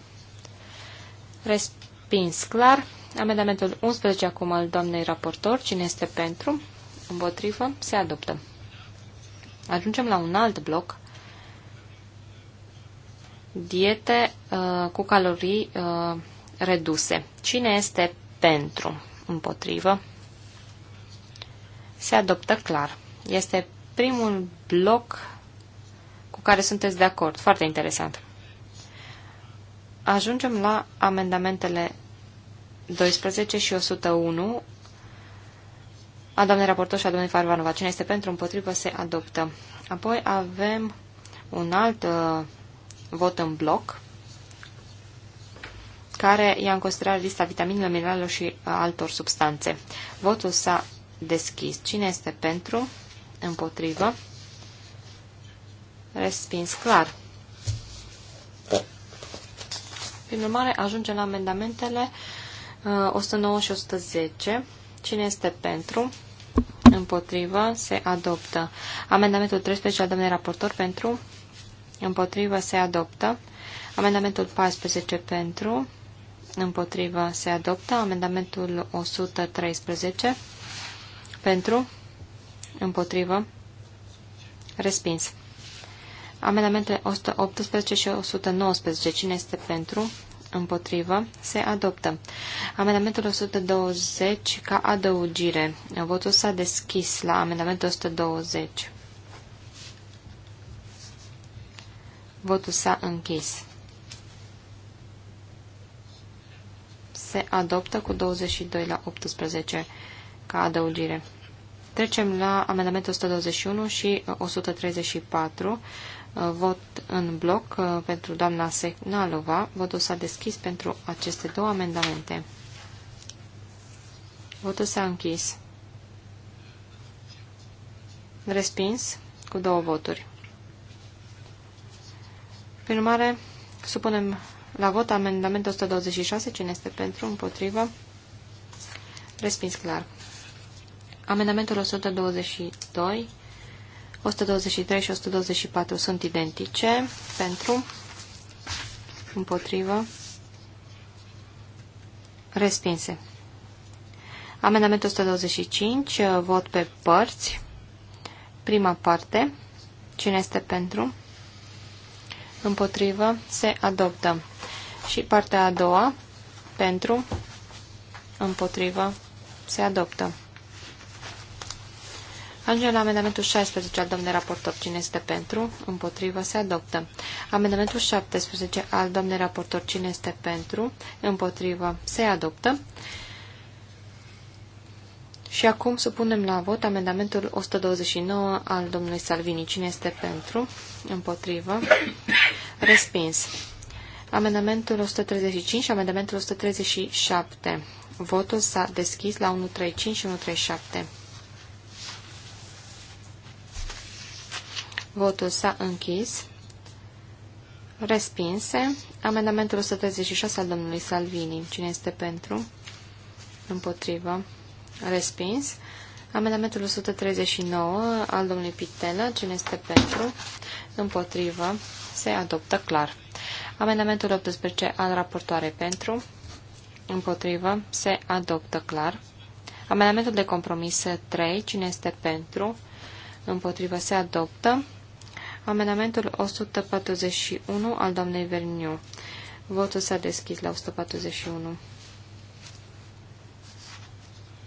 Respins clar. Amendamentul 11 acum al doamnei raportor. Cine este pentru? Împotrivă? Se adoptă. Ajungem la un alt bloc. Diete uh, cu calorii uh, reduse. Cine este pentru? Împotrivă? Se adoptă clar. Este primul bloc cu care sunteți de acord. Foarte interesant. Ajungem la amendamentele 12 și 101 a doamnei raportor și a doamnei Farvanova. Cine este pentru, împotrivă, se adoptă. Apoi avem un alt uh, vot în bloc care ia în considerare lista vitaminelor, mineralelor și uh, altor substanțe. Votul s-a deschis. Cine este pentru? împotrivă, respins clar. Prin urmare, ajungem la amendamentele 109 uh, și 110. Cine este pentru? Împotrivă. Se adoptă. Amendamentul 13 al domnului raportor pentru. Împotrivă. Se adoptă. Amendamentul 14 pentru. Împotrivă. Se adoptă. Amendamentul 113 pentru. Împotrivă. Respins. Amendamentele 118 și 119. Cine este pentru? Împotrivă. Se adoptă. Amendamentul 120 ca adăugire. Votul s-a deschis la amendamentul 120. Votul s-a închis. Se adoptă cu 22 la 18 ca adăugire. Trecem la amendamentul 121 și 134. Uh, uh, vot în bloc uh, pentru doamna Sehnalova. Votul s-a deschis pentru aceste două amendamente. Votul s-a închis. Respins cu două voturi. Prin urmare, supunem la vot amendamentul 126. Cine este pentru? Împotrivă? Respins clar. Amendamentul 122, 123 și 124 sunt identice pentru, împotrivă, respinse. Amendamentul 125, uh, vot pe părți, prima parte, cine este pentru, împotrivă, se adoptă. Și partea a doua, pentru, împotrivă, se adoptă. Ajungem la amendamentul 16 al domnului raportor. Cine este pentru? Împotrivă. Se adoptă. Amendamentul 17 al domnului raportor. Cine este pentru? Împotrivă. Se adoptă. Și acum supunem la vot amendamentul 129 al domnului Salvini. Cine este pentru? Împotrivă. Respins. Amendamentul 135 și amendamentul 137. Votul s-a deschis la 135 și 137. Votul s-a închis. Respinse. Amendamentul 136 al domnului Salvini. Cine este pentru? Împotrivă. Respins. Amendamentul 139 al domnului Pitela. Cine este pentru? Împotrivă. Se adoptă clar. Amendamentul 18 al raportoare pentru. Împotrivă. Se adoptă clar. Amendamentul de compromis 3. Cine este pentru? Împotrivă. Se adoptă. Amendamentul 141 al doamnei Verniu. Votul s-a deschis la 141.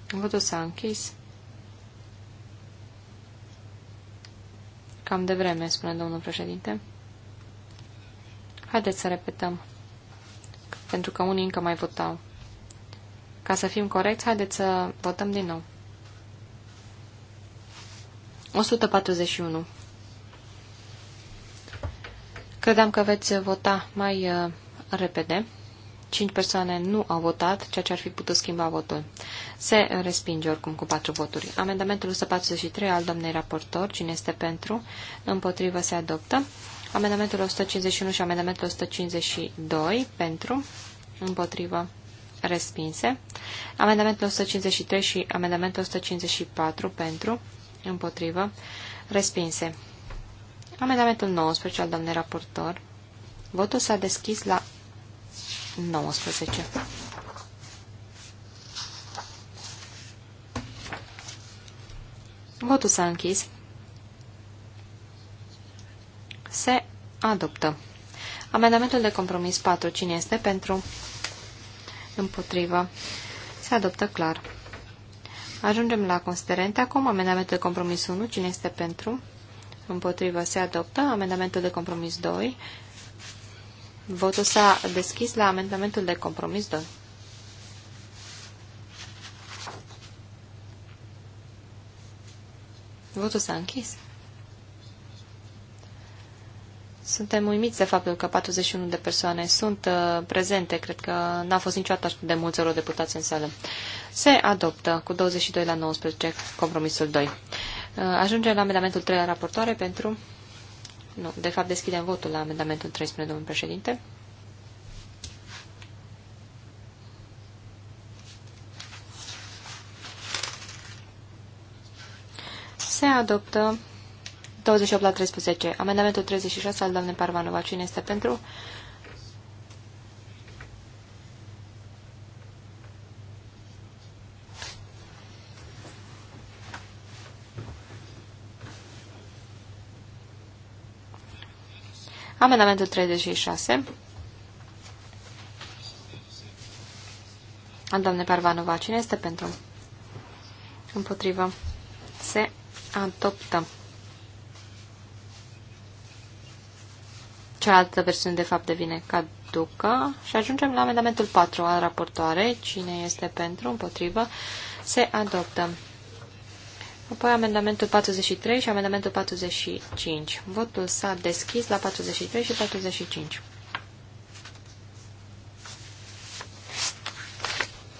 Votul s-a închis. Cam de vreme, spune domnul președinte. Haideți să repetăm, pentru că unii încă mai votau. Ca să fim corecți, haideți să votăm din nou. 141. Credeam că veți vota mai uh, repede. Cinci persoane nu au votat, ceea ce ar fi putut schimba votul. Se respinge oricum cu patru voturi. Amendamentul 143 al domnei raportor, cine este pentru, împotrivă se adoptă. Amendamentul 151 și amendamentul 152 pentru, împotrivă respinse. Amendamentul 153 și amendamentul 154 pentru, împotrivă respinse. Amendamentul 19 al doamnei raportor. Votul s-a deschis la 19. Votul s-a închis. Se adoptă. Amendamentul de compromis 4. Cine este pentru? Împotrivă. Se adoptă clar. Ajungem la considerente. Acum amendamentul de compromis 1. Cine este pentru? împotrivă, se adoptă. Amendamentul de compromis 2. Votul s-a deschis la amendamentul de compromis 2. Votul s-a închis. Suntem uimiți de faptul că 41 de persoane sunt uh, prezente. Cred că n-a fost niciodată așa de mulți eurodeputați în sală. Se adoptă cu 22 la 19 compromisul 2. Uh, ajungem la amendamentul 3 la raportoare pentru... Nu, de fapt deschidem votul la amendamentul 3, spune domnul președinte. Se adoptă 28 la 13. Amendamentul 36 al doamnei Parvanova. Cine este Pentru. Amendamentul 36. Doamne Parvanova, cine este pentru? Împotrivă. Se adoptă. Cealaltă versiune, de fapt, devine caducă. Și ajungem la amendamentul 4 al raportoarei. Cine este pentru? Împotrivă. Se adoptă. Apoi amendamentul 43 și amendamentul 45. Votul s-a deschis la 43 și 45.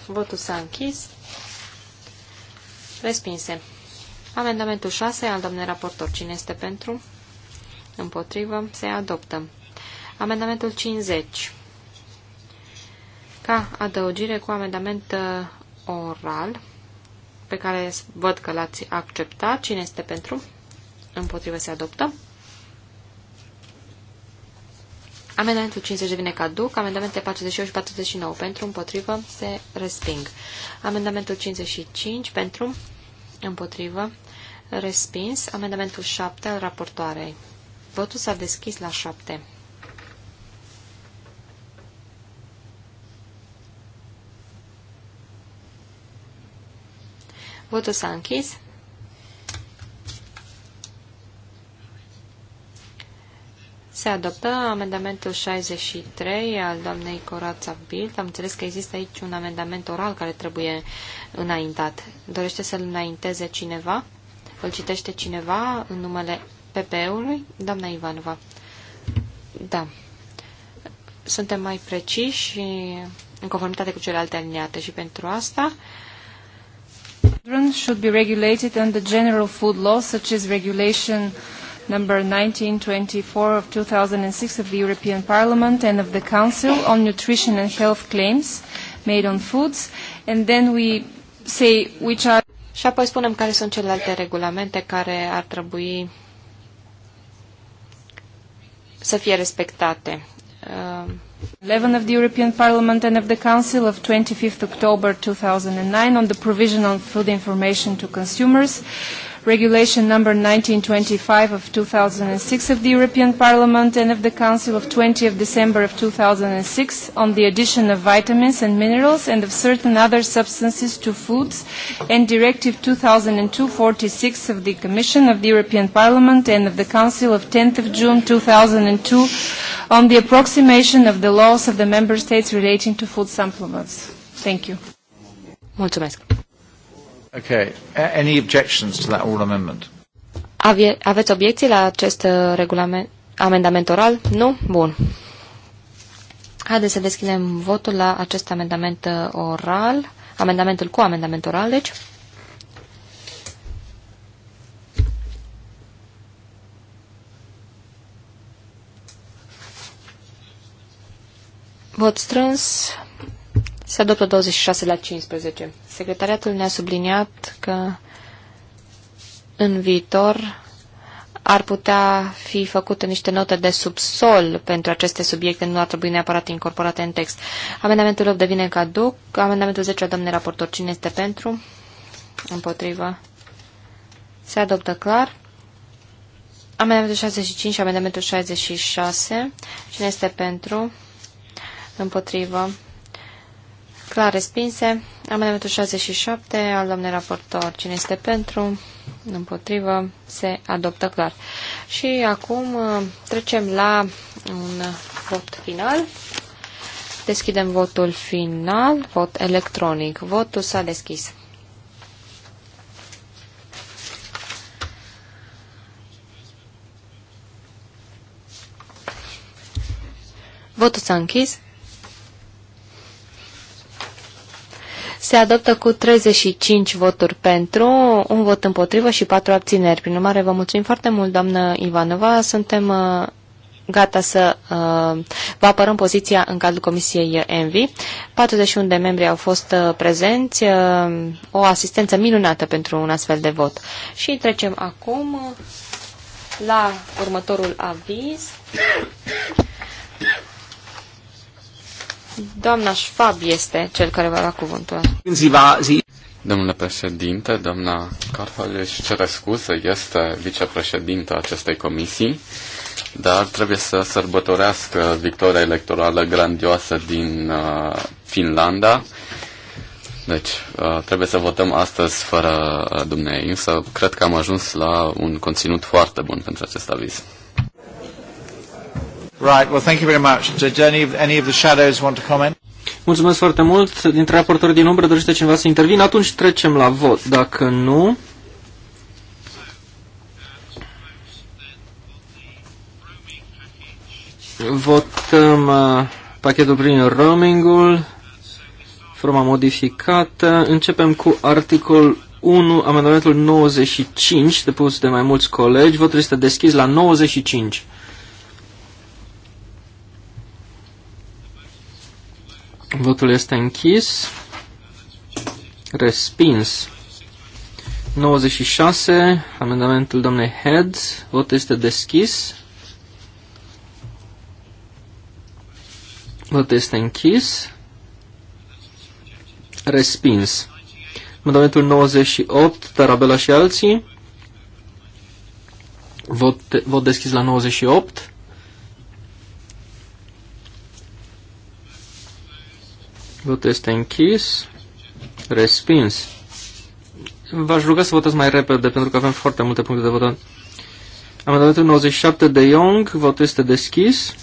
Votul s-a închis. Respinse. Amendamentul 6 al domnului raportor. Cine este pentru? Împotrivă. Se adoptă. Amendamentul 50. Ca adăugire cu amendament uh, oral pe care văd că l-ați acceptat. Cine este pentru? Împotrivă se adoptă. Amendamentul 50 devine caduc. Amendamente 48 și 49 pentru, împotrivă, se resping. Amendamentul 55 pentru, împotrivă, respins. Amendamentul 7 al raportoarei. Votul s-a deschis la 7. Votul s-a închis. Se adoptă amendamentul 63 al doamnei Corața Bild. Am înțeles că există aici un amendament oral care trebuie înaintat. Dorește să-l înainteze cineva? Îl citește cineva în numele PP-ului? Doamna Ivanova. Da. Suntem mai preciși în conformitate cu celelalte aliniate și pentru asta should be regulated under general food law, such as regulation number 1924 of 2006 of the European Parliament and of the Council on nutrition and health claims made on foods, and then we say which are și apoi spunem care sunt celelalte regulamente care ar trebui să fie respectate. 11 uh, of the European Parliament and of the Council of 25 October 2009 on the provision of food information to consumers Regulation number 1925 of 2006 of the European Parliament and of the Council of 20 of December of 2006 on the addition of vitamins and minerals and of certain other substances to foods and Directive 2002-46 of the Commission of the European Parliament and of the Council of 10th of June 2002 on the approximation of the laws of the Member States relating to food supplements. Thank you. Mulțumesc. Ok. Any objections to that oral amendment? Ave aveți obiecții la acest uh, regulament, amendament oral? Nu? Bun. Haideți să deschidem votul la acest amendament uh, oral, amendamentul cu amendament oral, deci. Vot strâns, se adoptă 26 la 15. Secretariatul ne-a subliniat că în viitor ar putea fi făcute niște note de subsol pentru aceste subiecte, nu ar trebui neapărat incorporate în text. Amendamentul 8 devine caduc. Amendamentul 10, domnule raportor, cine este pentru? Împotrivă. Se adoptă clar. Amendamentul 65 și amendamentul 66. Cine este pentru? Împotrivă. Clar respinse. Amendamentul 67 al domnului raportor. Cine este pentru? Împotrivă. Se adoptă clar. Și acum uh, trecem la un vot final. Deschidem votul final, vot electronic. Votul s-a deschis. Votul s-a închis. se adoptă cu 35 voturi pentru, un vot împotrivă și patru abțineri. Prin urmare, vă mulțumim foarte mult, doamnă Ivanova. Suntem uh, gata să uh, vă apărăm poziția în cadrul Comisiei ENVI. 41 de membri au fost uh, prezenți, o asistență minunată pentru un astfel de vot. Și trecem acum la următorul aviz. Doamna Schwab este cel care va lua cuvântul. Domnule președinte, doamna Carfal își cere scuze, este vicepreședinte acestei comisii, dar trebuie să sărbătorească victoria electorală grandioasă din uh, Finlanda. Deci, uh, trebuie să votăm astăzi fără uh, dumneavoastră, însă cred că am ajuns la un conținut foarte bun pentru acest aviz. Right, well thank you very much. Did any, any of the shadows want to comment? Mulțumesc foarte mult. Dintre raportori din umbră dorește cineva să intervină? Atunci trecem la vot. Dacă nu... Votăm uh, pachetul prin roamingul, forma modificată. Începem cu articol 1, amendamentul 95, depus de mai mulți colegi. Votul este deschis la 95. Votul este închis. Respins. 96, amendamentul domnului Head. Votul este deschis. Votul este închis. Respins. Amendamentul 98, Tarabela și alții. Vot, vot deschis la 98. Votul este închis. Respins. V-aș ruga să votați mai repede, pentru că avem foarte multe puncte de votat. Amendamentul 97 de Young, votul este deschis.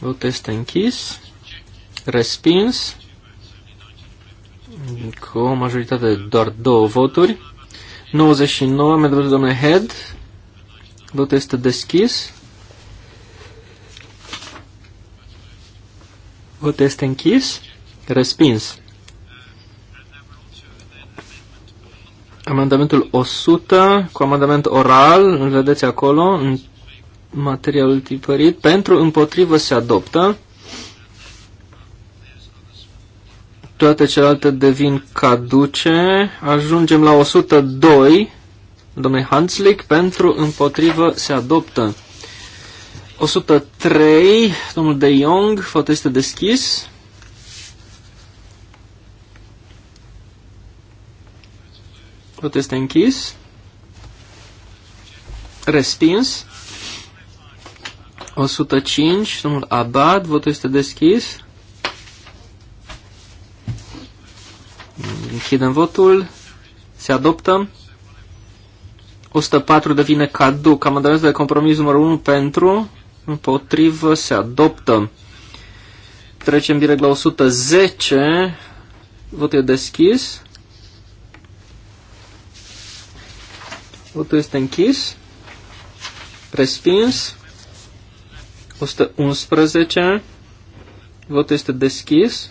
Votul este închis. Respins. Cu o majoritate de doar două voturi. 99, amendamentul domnului Head. Votul este deschis. Vot este închis. Respins. Amendamentul 100 cu amendament oral, îl vedeți acolo, în materialul tipărit. Pentru, împotrivă, se adoptă. Toate celelalte devin caduce. Ajungem la 102. Domnule Hanslick, pentru, împotrivă, se adoptă. 103, domnul De Jong, votul este deschis. Votul este închis. Respins. 105, domnul Abad, votul este deschis. Închidem votul. Se adoptă. 104 devine caduc. Amendamentul de compromis numărul 1 pentru, împotrivă, se adoptă. Trecem direct la 110, votul e deschis. Votul este închis. Respins. 111. Votul este deschis.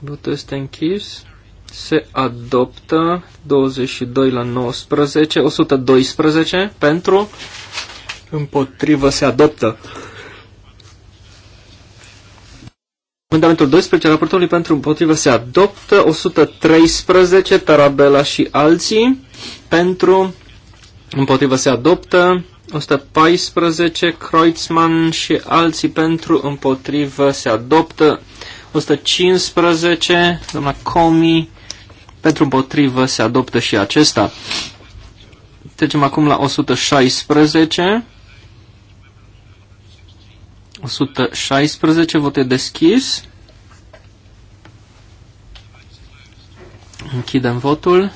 Votul este închis se adoptă 22 la 19, 112 pentru, împotrivă se adoptă. Amendamentul 12 raportului pentru împotrivă se adoptă, 113 Tarabela și alții pentru împotrivă se adoptă, 114 Kreutzmann și alții pentru împotrivă se adoptă, 115 doamna Comi pentru împotrivă se adoptă și acesta. Trecem acum la 116. 116, vot e deschis. Închidem votul.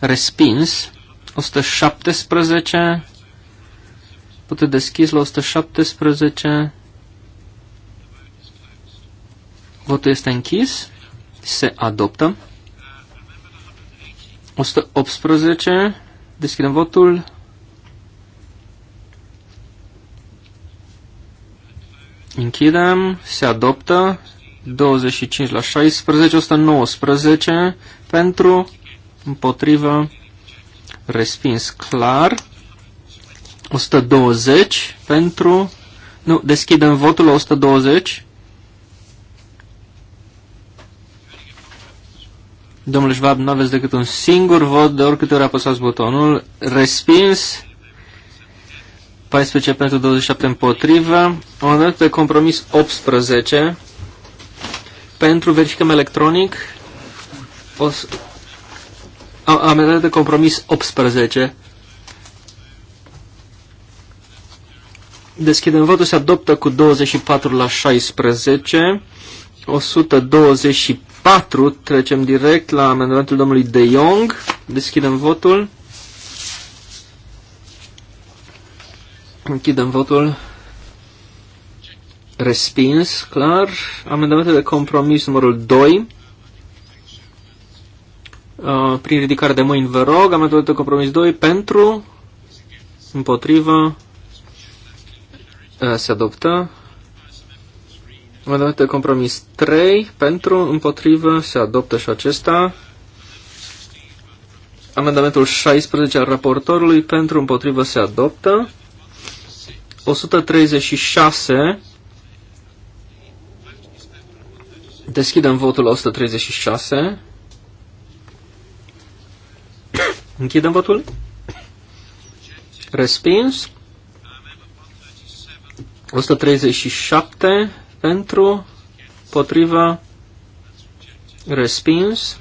Respins. 117. Vot deschis la 117. Votul este închis se adoptă. 118, deschidem votul. Închidem, se adoptă 25 la 16, 119 pentru, împotrivă, respins clar, 120 pentru, nu, deschidem votul la 120, Domnule Schwab, nu aveți decât un singur vot, de oricâte ori apăsați butonul. Respins. 14 pentru 27 împotrivă. dat de compromis 18. Pentru verificăm electronic. O, dat de compromis 18. Deschidem votul, se adoptă cu 24 la 16. 124, trecem direct la amendamentul domnului De Jong. Deschidem votul. Închidem votul. Respins, clar. Amendamentul de compromis numărul 2. Uh, prin ridicare de mâini vă rog, amendamentul de compromis 2 pentru, împotrivă, uh, se adoptă. Amendament de compromis 3 pentru, împotrivă, se adoptă și acesta. Amendamentul 16 al raportorului pentru, împotrivă, se adoptă. 136. Deschidem votul la 136. Închidem votul. Respins. 137 pentru, potriva, respins.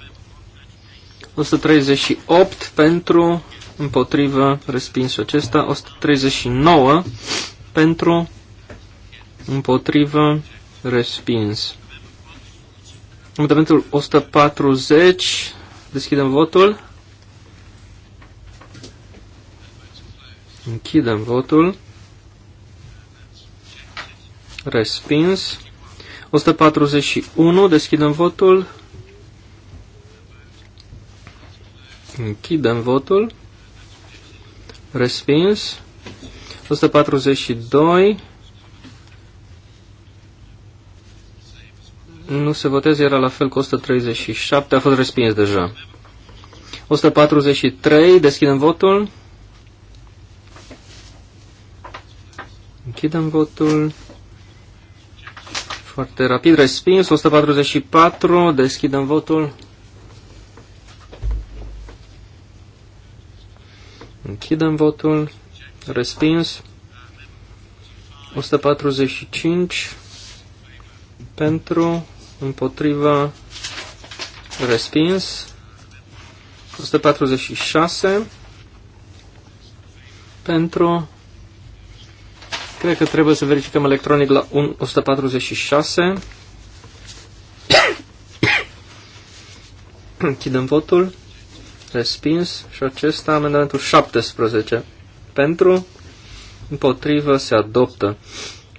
138 pentru, împotriva respinsul acesta. 139 pentru, împotriva respins. Amendamentul 140, deschidem votul. Închidem votul. Respins. 141. Deschidem votul. Închidem votul. Respins. 142. Nu se votează, era la fel cu 137. A fost respins deja. 143. Deschidem votul. Închidem votul. Foarte rapid, respins. 144, deschidem votul. Închidem votul. Respins. 145 pentru, împotriva, respins. 146 pentru, Cred că trebuie să verificăm electronic la 146. [coughs] Închidem votul. Respins. Și acesta amendamentul 17. Pentru. Împotrivă se adoptă.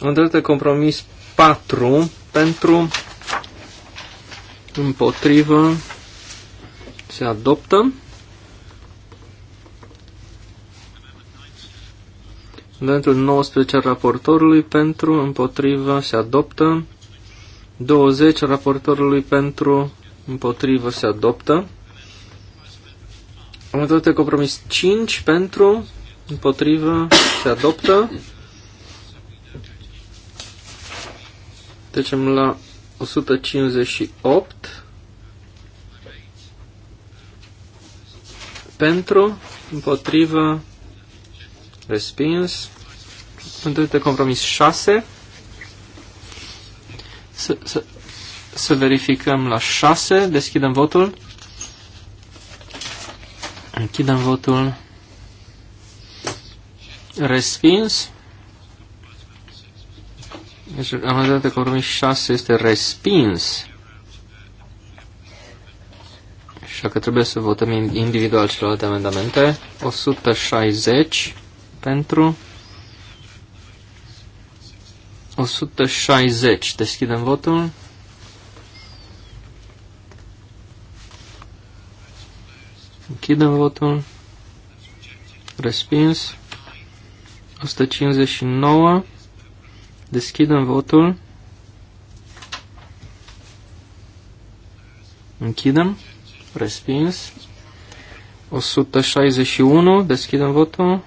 Amendament de compromis 4. Pentru. Împotrivă se adoptă. Amendamentul 19 al raportorului pentru, împotrivă, se adoptă. 20 al raportorului pentru, împotrivă, se adoptă. Am de compromis 5 pentru, împotrivă, se adoptă. Trecem la 158. Pentru, împotrivă, Respins. Întâi de compromis 6. Să, să, să verificăm la 6. Deschidem votul. Închidem votul. Respins. Deci, amendamentul de compromis 6 este respins. Așa că trebuie să votăm individual celelalte amendamente. 160 pentru 160. Deschidem votul. Închidem votul. Respins. 159. Deschidem votul. Închidem. Respins. 161. Deschidem votul.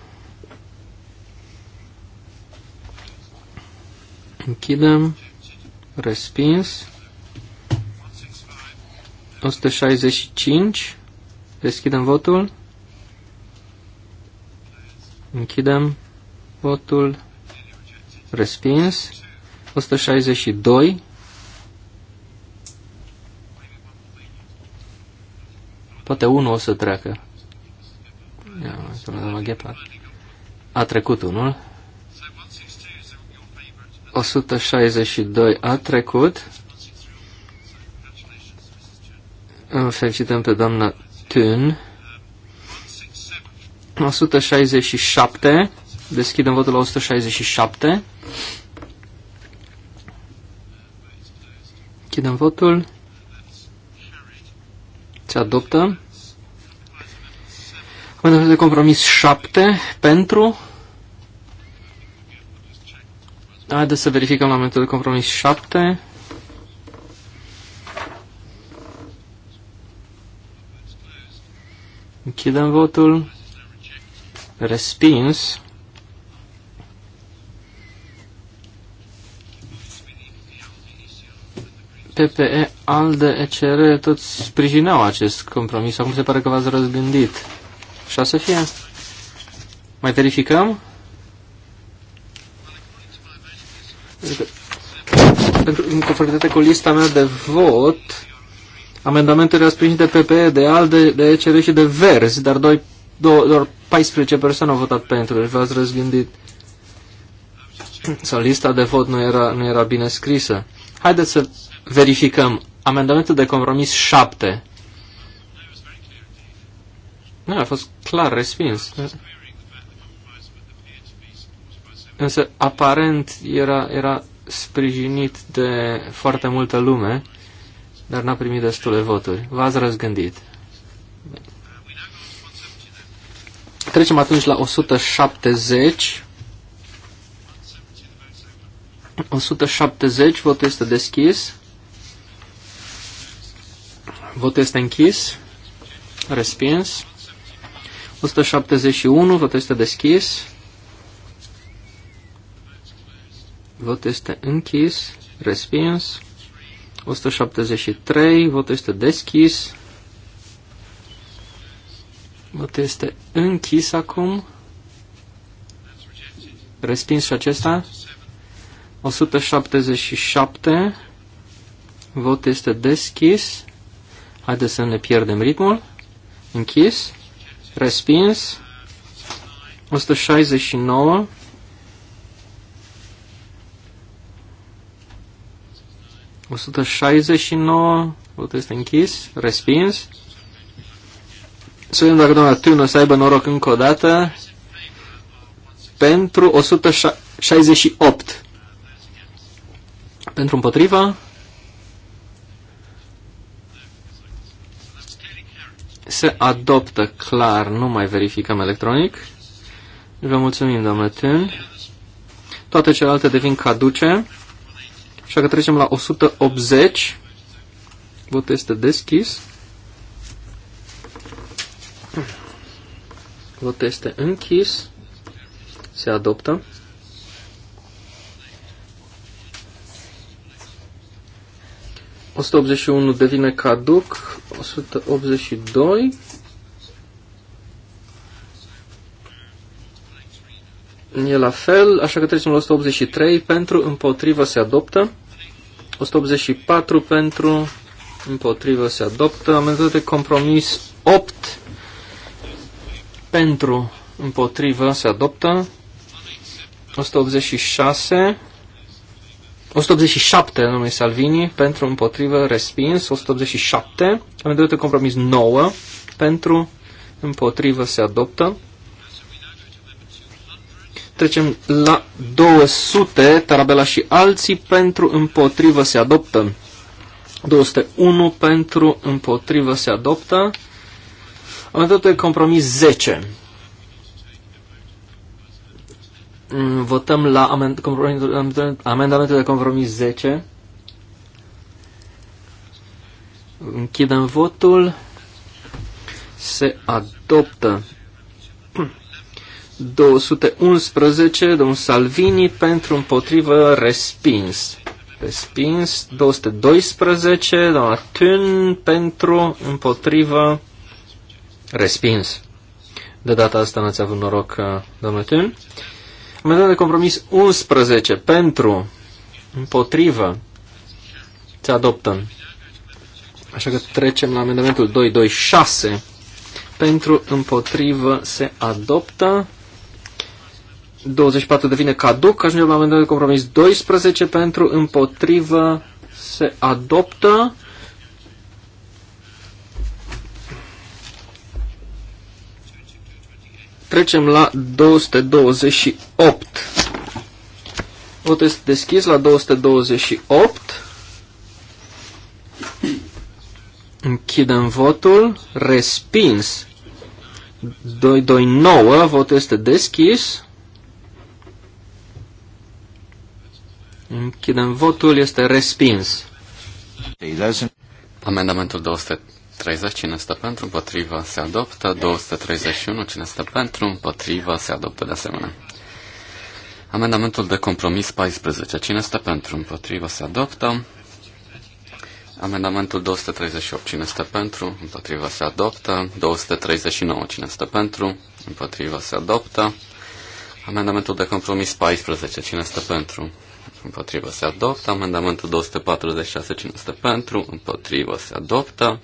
Închidem. Respins. 165. Deschidem votul. Închidem votul. Respins. 162. Poate unul o să treacă. Ia, A trecut unul. 162 a trecut. Îl felicităm pe doamna Tun. 167. Deschidem votul la 167. Închidem votul. Se adoptă. Mă de compromis 7 pentru, Haideți să verificăm la momentul de compromis 7. Închidem votul. Respins. PPE, ALDE, ECR, toți sprijineau acest compromis. Acum se pare că v-ați răzgândit. Așa să fie. Mai verificăm? conformitate cu lista mea de vot, amendamentele au sprijinit de PPE, de ALDE, de ECR și de Verzi, dar doi, do, doar 14 persoane au votat pentru, deci v-ați răzgândit. Sau lista de vot nu era, nu era bine scrisă. Haideți să verificăm. Amendamentul de compromis 7. Nu, a fost clar respins. Însă, aparent, era, era sprijinit de foarte multă lume, dar n-a primit destule voturi. V-ați răzgândit. Trecem atunci la 170. 170, votul este deschis. Votul este închis. Respins. 171, votul este deschis. Vot este închis. Respins. 173. Vot este deschis. Vot este închis acum. Respins și acesta. 177. Vot este deschis. Haideți să ne pierdem ritmul. Închis. Respins. 169. 169, votul este închis, respins. Să vedem dacă doamna Tână să aibă noroc încă o dată. Pentru 168. Pentru împotriva. Se adoptă clar, nu mai verificăm electronic. Vă mulțumim, doamnă Tân. Toate celelalte devin caduce. Așa că trecem la 180. Votul este deschis. Votul este închis. Se adoptă. ...181 devine caduc, 182... e la fel, așa că trecem la 183 pentru, împotrivă se adoptă. 184 pentru, împotrivă se adoptă. Amendamentul de compromis 8 pentru, împotrivă se adoptă. 186 187 numai Salvini pentru împotrivă respins, 187 amendamentul de compromis 9 pentru împotrivă se adoptă. Trecem la 200, Tarabela și alții, pentru împotrivă se adoptă. 201 pentru împotrivă se adoptă. Amendamentul de compromis 10. Mm, votăm la amendamentul de compromis 10. Închidem votul. Se adoptă. 211, domnul Salvini, pentru împotrivă, respins. Respins. 212, doamna Thun, pentru împotrivă, respins. De data asta n-ați avut noroc, uh, domnule Thun. Amendament de compromis 11, pentru împotrivă, se adoptă. Așa că trecem la amendamentul 226. Pentru împotrivă se adoptă. 24 devine caduc, ajungem la amendamentul de compromis 12 pentru împotrivă se adoptă. Trecem la 228. Vot este deschis la 228. Închidem votul. Respins. 229. Votul este deschis. Închidem votul, este respins. Amendamentul 230, cine stă pentru, împotriva, se adoptă. 231, cine stă pentru, împotriva, se adoptă de asemenea. Amendamentul de compromis 14, cine stă pentru, împotriva, se adoptă. Amendamentul 238, cine stă pentru, împotriva, se adoptă. 239, cine stă pentru, împotriva, se adoptă. Amendamentul de compromis 14, cine stă pentru, împotrivă se adoptă. Amendamentul 246, cine pentru, împotrivă se adoptă.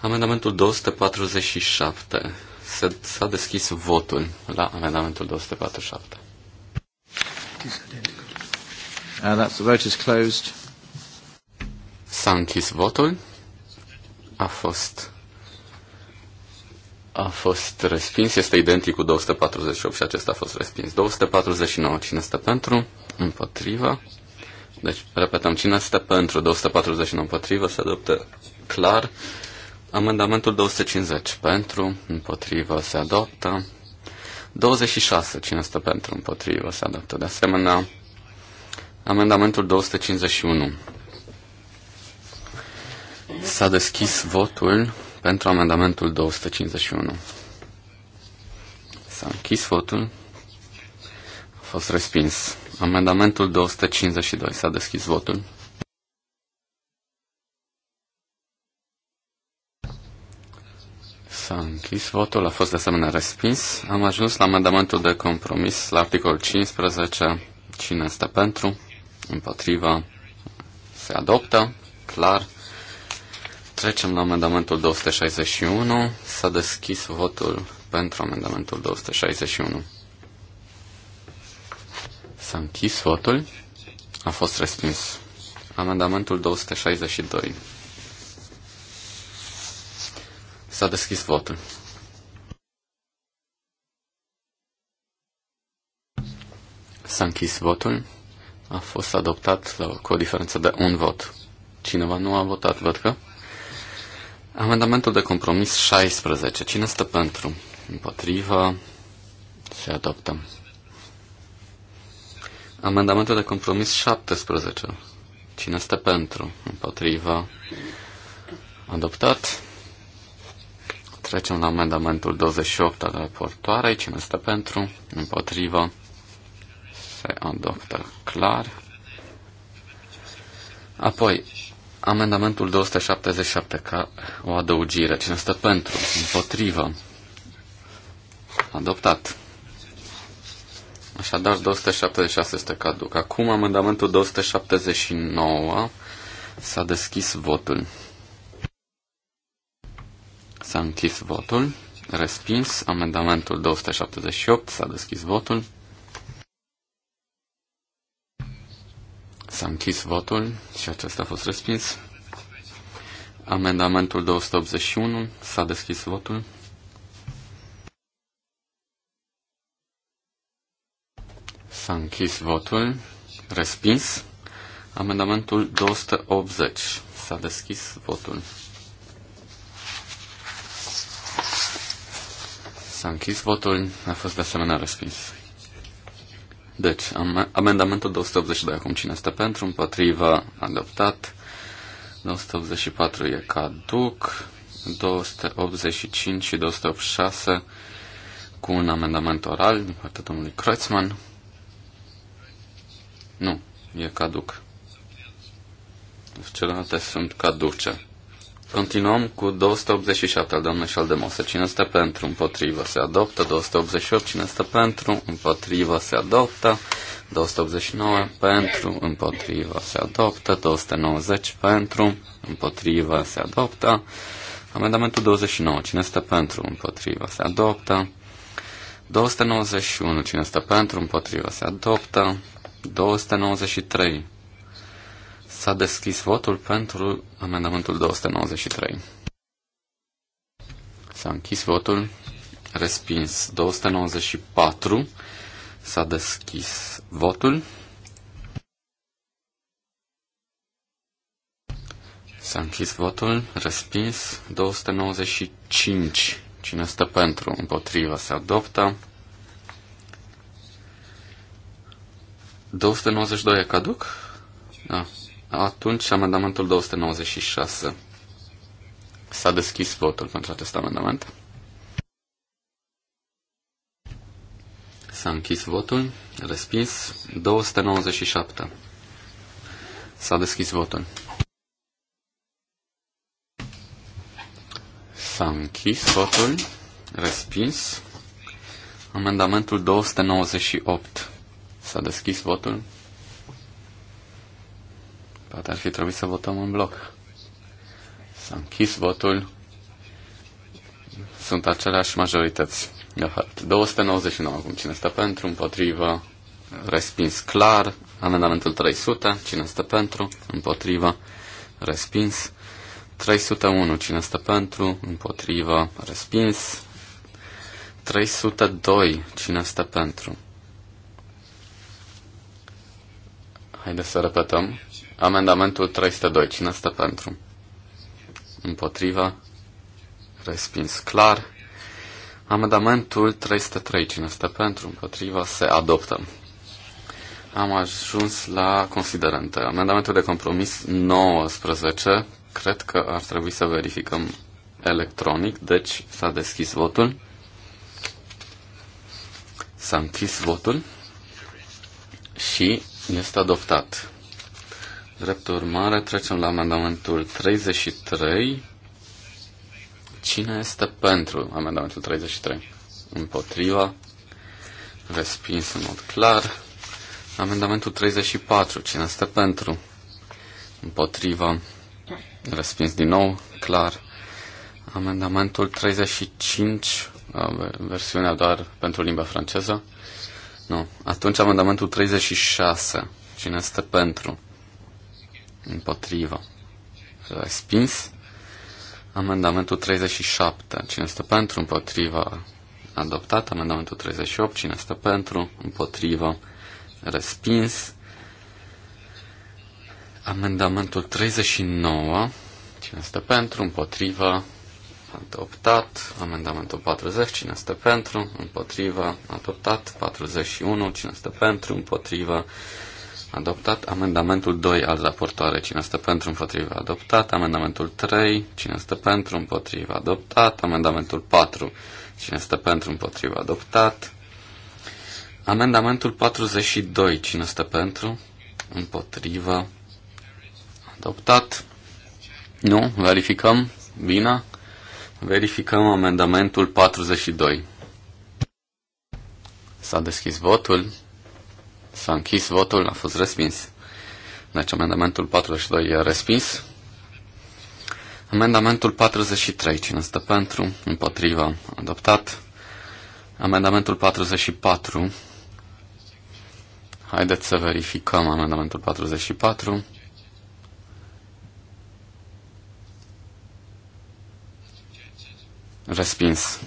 Amendamentul 247. S-a deschis votul la amendamentul 247. And uh, that's, the vote is closed. S-a închis votul. A fost a fost respins, este identic cu 248 și acesta a fost respins. 249, cine este pentru? Împotrivă. Deci, repetăm, cine este pentru 249 împotrivă se adoptă clar. Amendamentul 250 pentru, împotrivă se adoptă. 26, cine este pentru, împotrivă se adoptă. De asemenea, amendamentul 251. S-a deschis votul pentru amendamentul 251. S-a închis votul. A fost respins. Amendamentul 252. S-a deschis votul. S-a închis votul, a fost de asemenea respins. Am ajuns la amendamentul de compromis la articolul 15. Cine este pentru? Împotriva? Se adoptă? Clar. Trecem la amendamentul 261. S-a deschis votul pentru amendamentul 261. S-a închis votul. A fost respins. Amendamentul 262. S-a deschis votul. S-a închis votul. A fost adoptat cu o diferență de un vot. Cineva nu a votat, văd că. Amendamentul de compromis 16. Cine stă pentru? Împotrivă. Se adoptă. Amendamentul de compromis 17. Cine stă pentru? Împotrivă. Adoptat. Trecem la amendamentul 28 al raportoarei. Cine stă pentru? Împotrivă. Se adoptă clar. Apoi, Amendamentul 277 ca o adăugire. Cine stă pentru? Împotrivă? Adoptat. Așadar, 276 este caduc. Acum, amendamentul 279 s-a deschis votul. S-a închis votul. Respins. Amendamentul 278 s-a deschis votul. S-a închis votul și acesta a fost respins. Amendamentul 281. S-a deschis votul. S-a închis votul. Respins. Amendamentul 280. S-a deschis votul. S-a închis votul. A fost de asemenea respins. Deci, am, amendamentul 282 acum cine este pentru, împotriva, adoptat. 284 e caduc. 285 și 286 cu un amendament oral din partea domnului Kreutzmann. Nu, e caduc. Celelalte sunt caduce. Continuăm cu 287 al doamnei Șaldemose. Cine este pentru, împotrivă, se adoptă. 288, cine este pentru, împotrivă, se adoptă. 289 pentru, împotrivă, se adoptă. 290 pentru, împotrivă, se adoptă. Amendamentul 29, cine este pentru, împotrivă, se adoptă. 291, cine este pentru, împotrivă, se adoptă. 293 S-a deschis votul pentru amendamentul 293. S-a închis votul. Respins 294. S-a deschis votul. S-a închis votul. Respins 295. Cine stă pentru? Împotriva se adoptă. 292 e caduc? Da. Atunci, amendamentul 296. S-a deschis votul pentru acest amendament. S-a închis votul. Respins. 297. S-a deschis votul. S-a închis votul. Respins. Amendamentul 298. S-a deschis votul. Poate ar fi trebuit să votăm în bloc. S-a închis votul. Sunt aceleași majorități. De fapt, 299 acum. Cine stă pentru, împotrivă, respins clar. Amendamentul 300. Cine stă pentru, împotrivă, respins. 301. Cine stă pentru, împotrivă, respins. 302. Cine stă pentru? Haideți să repetăm. Amendamentul 302. Cine stă pentru? Împotriva. Respins clar. Amendamentul 303. Cine stă pentru? Împotriva. Se adoptă. Am ajuns la considerente. Amendamentul de compromis 19. Cred că ar trebui să verificăm electronic, deci s-a deschis votul. S-a închis votul și este adoptat. Drept urmare, trecem la amendamentul 33. Cine este pentru amendamentul 33? Împotriva. Respins în mod clar. Amendamentul 34. Cine este pentru? Împotriva. Respins din nou. Clar. Amendamentul 35. Versiunea doar pentru limba franceză. Nu. Atunci amendamentul 36. Cine este pentru? împotrivă, respins. Amendamentul 37, cine este pentru, împotrivă, adoptat. Amendamentul 38, cine este pentru, împotrivă, respins. Amendamentul 39, cine este pentru, împotrivă, adoptat. Amendamentul 40, cine este pentru, împotrivă, adoptat. 41, cine este pentru, împotrivă, adoptat adoptat. Amendamentul 2 al raportoare, cine stă pentru, împotriva, adoptat. Amendamentul 3, cine stă pentru, împotriva, adoptat. Amendamentul 4, cine stă pentru, împotriva, adoptat. Amendamentul 42, cine stă pentru, împotriva, adoptat. Nu, verificăm, bine. Verificăm amendamentul 42. S-a deschis votul. S-a închis votul, a fost respins. Deci amendamentul 42 e respins. Amendamentul 43, cine stă pentru, împotriva, adoptat. Amendamentul 44, haideți să verificăm amendamentul 44. Respins.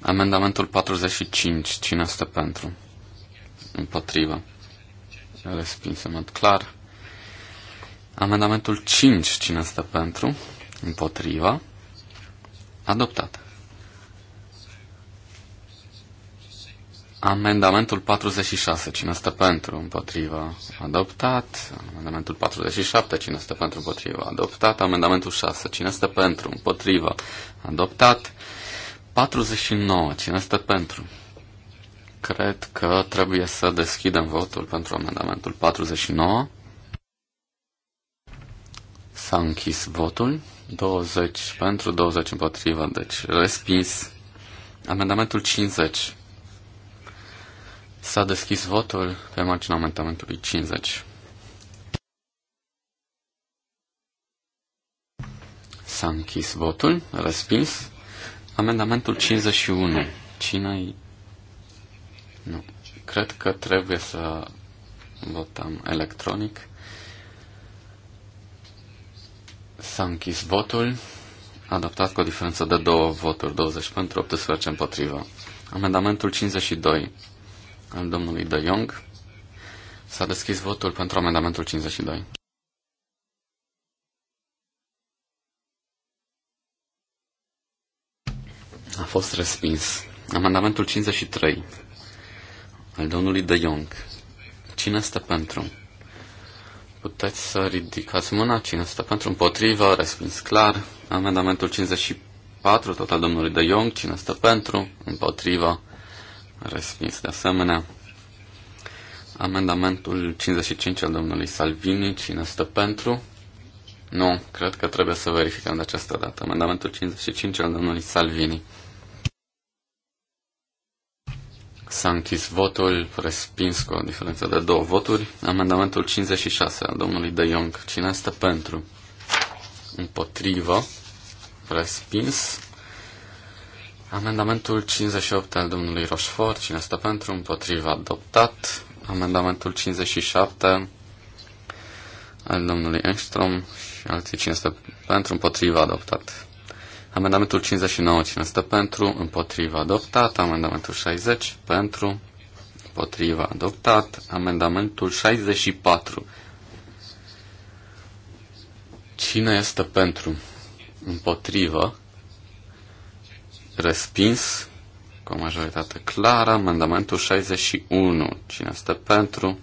Amendamentul 45, cine stă pentru? împotrivă. Respins în mod clar. Amendamentul 5, cine stă pentru, împotriva, adoptat. Amendamentul 46, cine stă pentru, împotriva, adoptat. Amendamentul 47, cine stă pentru, împotriva, adoptat. Amendamentul 6, cine stă pentru, împotriva, adoptat. 49, cine stă pentru, Cred că trebuie să deschidem votul pentru amendamentul 49. S-a închis votul. 20 pentru, 20 împotriva, deci respins. Amendamentul 50. S-a deschis votul pe marginea amendamentului 50. S-a închis votul, respins. Amendamentul 51. Cine-i nu. Cred că trebuie să votăm electronic. S-a închis votul, adoptat cu o diferență de două voturi, 20 pentru, 18 împotrivă. Amendamentul 52 al domnului De Jong. S-a deschis votul pentru amendamentul 52. A fost respins. Amendamentul 53 al domnului De Jong. Cine este pentru? Puteți să ridicați mâna. Cine este pentru? Împotriva? Respins clar. Amendamentul 54, tot al domnului De Jong. Cine este pentru? Împotriva? Respins de asemenea. Amendamentul 55 al domnului Salvini. Cine este pentru? Nu, cred că trebuie să verificăm de această dată. Amendamentul 55 al domnului Salvini. S-a închis votul, respins cu o diferență de două voturi. Amendamentul 56 al domnului De Jong. Cine este pentru? Împotrivă. Respins. Amendamentul 58 al domnului Rochefort. Cine este pentru? Împotrivă. Adoptat. Amendamentul 57 al domnului Engstrom și alții 500 pentru împotriva adoptat. Amendamentul 59, cine stă pentru, împotriva adoptat. Amendamentul 60, pentru, împotriva adoptat. Amendamentul 64. Cine este pentru? Împotrivă. Respins. Cu o majoritate clară. Amendamentul 61. Cine este pentru?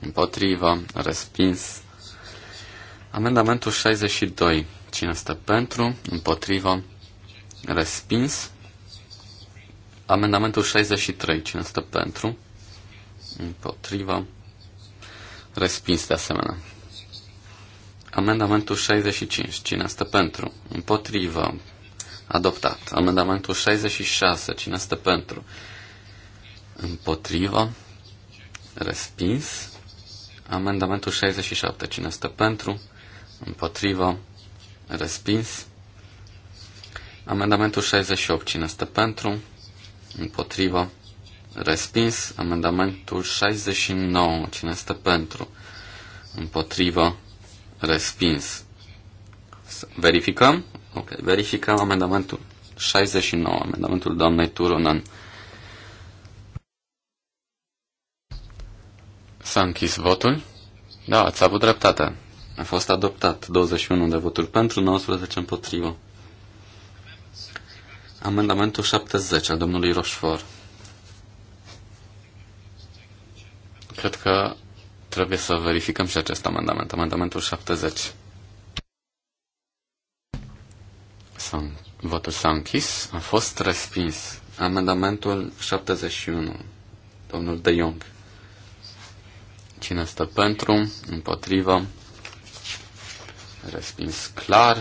împotriva Respins. Amendamentul 62. Cine stă pentru? Împotrivă? Respins. Amendamentul 63. Cine stă pentru? Împotrivă? Respins de asemenea. Amendamentul 65. Cine stă pentru? Împotrivă? Adoptat. Amendamentul 66. Cine stă pentru? Împotrivă? Respins. Amendamentul 67. Cine stă pentru? Împotrivă? Respins. Amendamentul 68. Cine stă pentru? Împotrivă. Respins. Amendamentul 69. Cine stă pentru? Împotrivă. Respins. Verificăm? Ok, verificăm amendamentul 69, amendamentul doamnei Turunen. S-a închis votul? Da, ați avut dreptate. A fost adoptat 21 de voturi pentru, 19 împotrivă. Amendamentul 70 al domnului Roșfor. Cred că trebuie să verificăm și acest amendament. Amendamentul 70. votul s-a închis. A fost respins. Amendamentul 71. Domnul De Jong. Cine stă pentru? Împotrivă? Respins clar.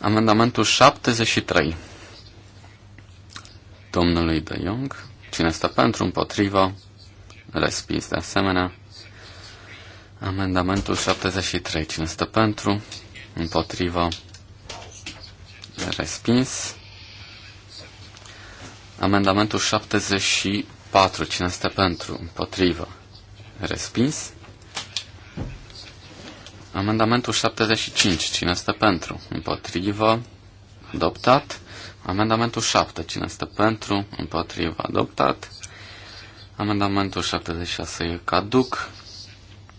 Amendamentul 73. Domnului De Jong. Cine stă pentru, împotrivă? Respins de asemenea. Amendamentul 73. Cine stă pentru? Împotrivă? Respins. Amendamentul 74. Cine stă pentru? Împotrivă? Respins. Amendamentul 75. Cine este pentru? Împotrivă. Adoptat. Amendamentul 7. Cine este pentru? Împotrivă. Adoptat. Amendamentul 76 e caduc.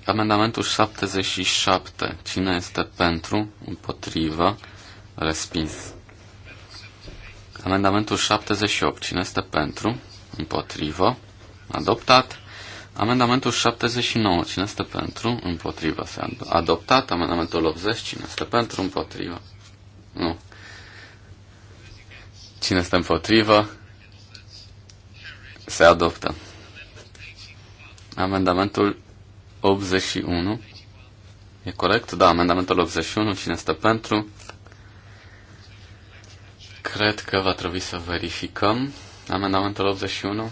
Amendamentul 77. Cine este pentru? Împotrivă. Respins. Amendamentul 78. Cine este pentru? Împotrivă. Adoptat. Amendamentul 79, cine este pentru? Împotriva. S-a adoptat amendamentul 80, cine este pentru? Împotriva. Nu. Cine este împotriva? Se adoptă. Amendamentul 81. E corect? Da, amendamentul 81. Cine este pentru? Cred că va trebui să verificăm amendamentul 81.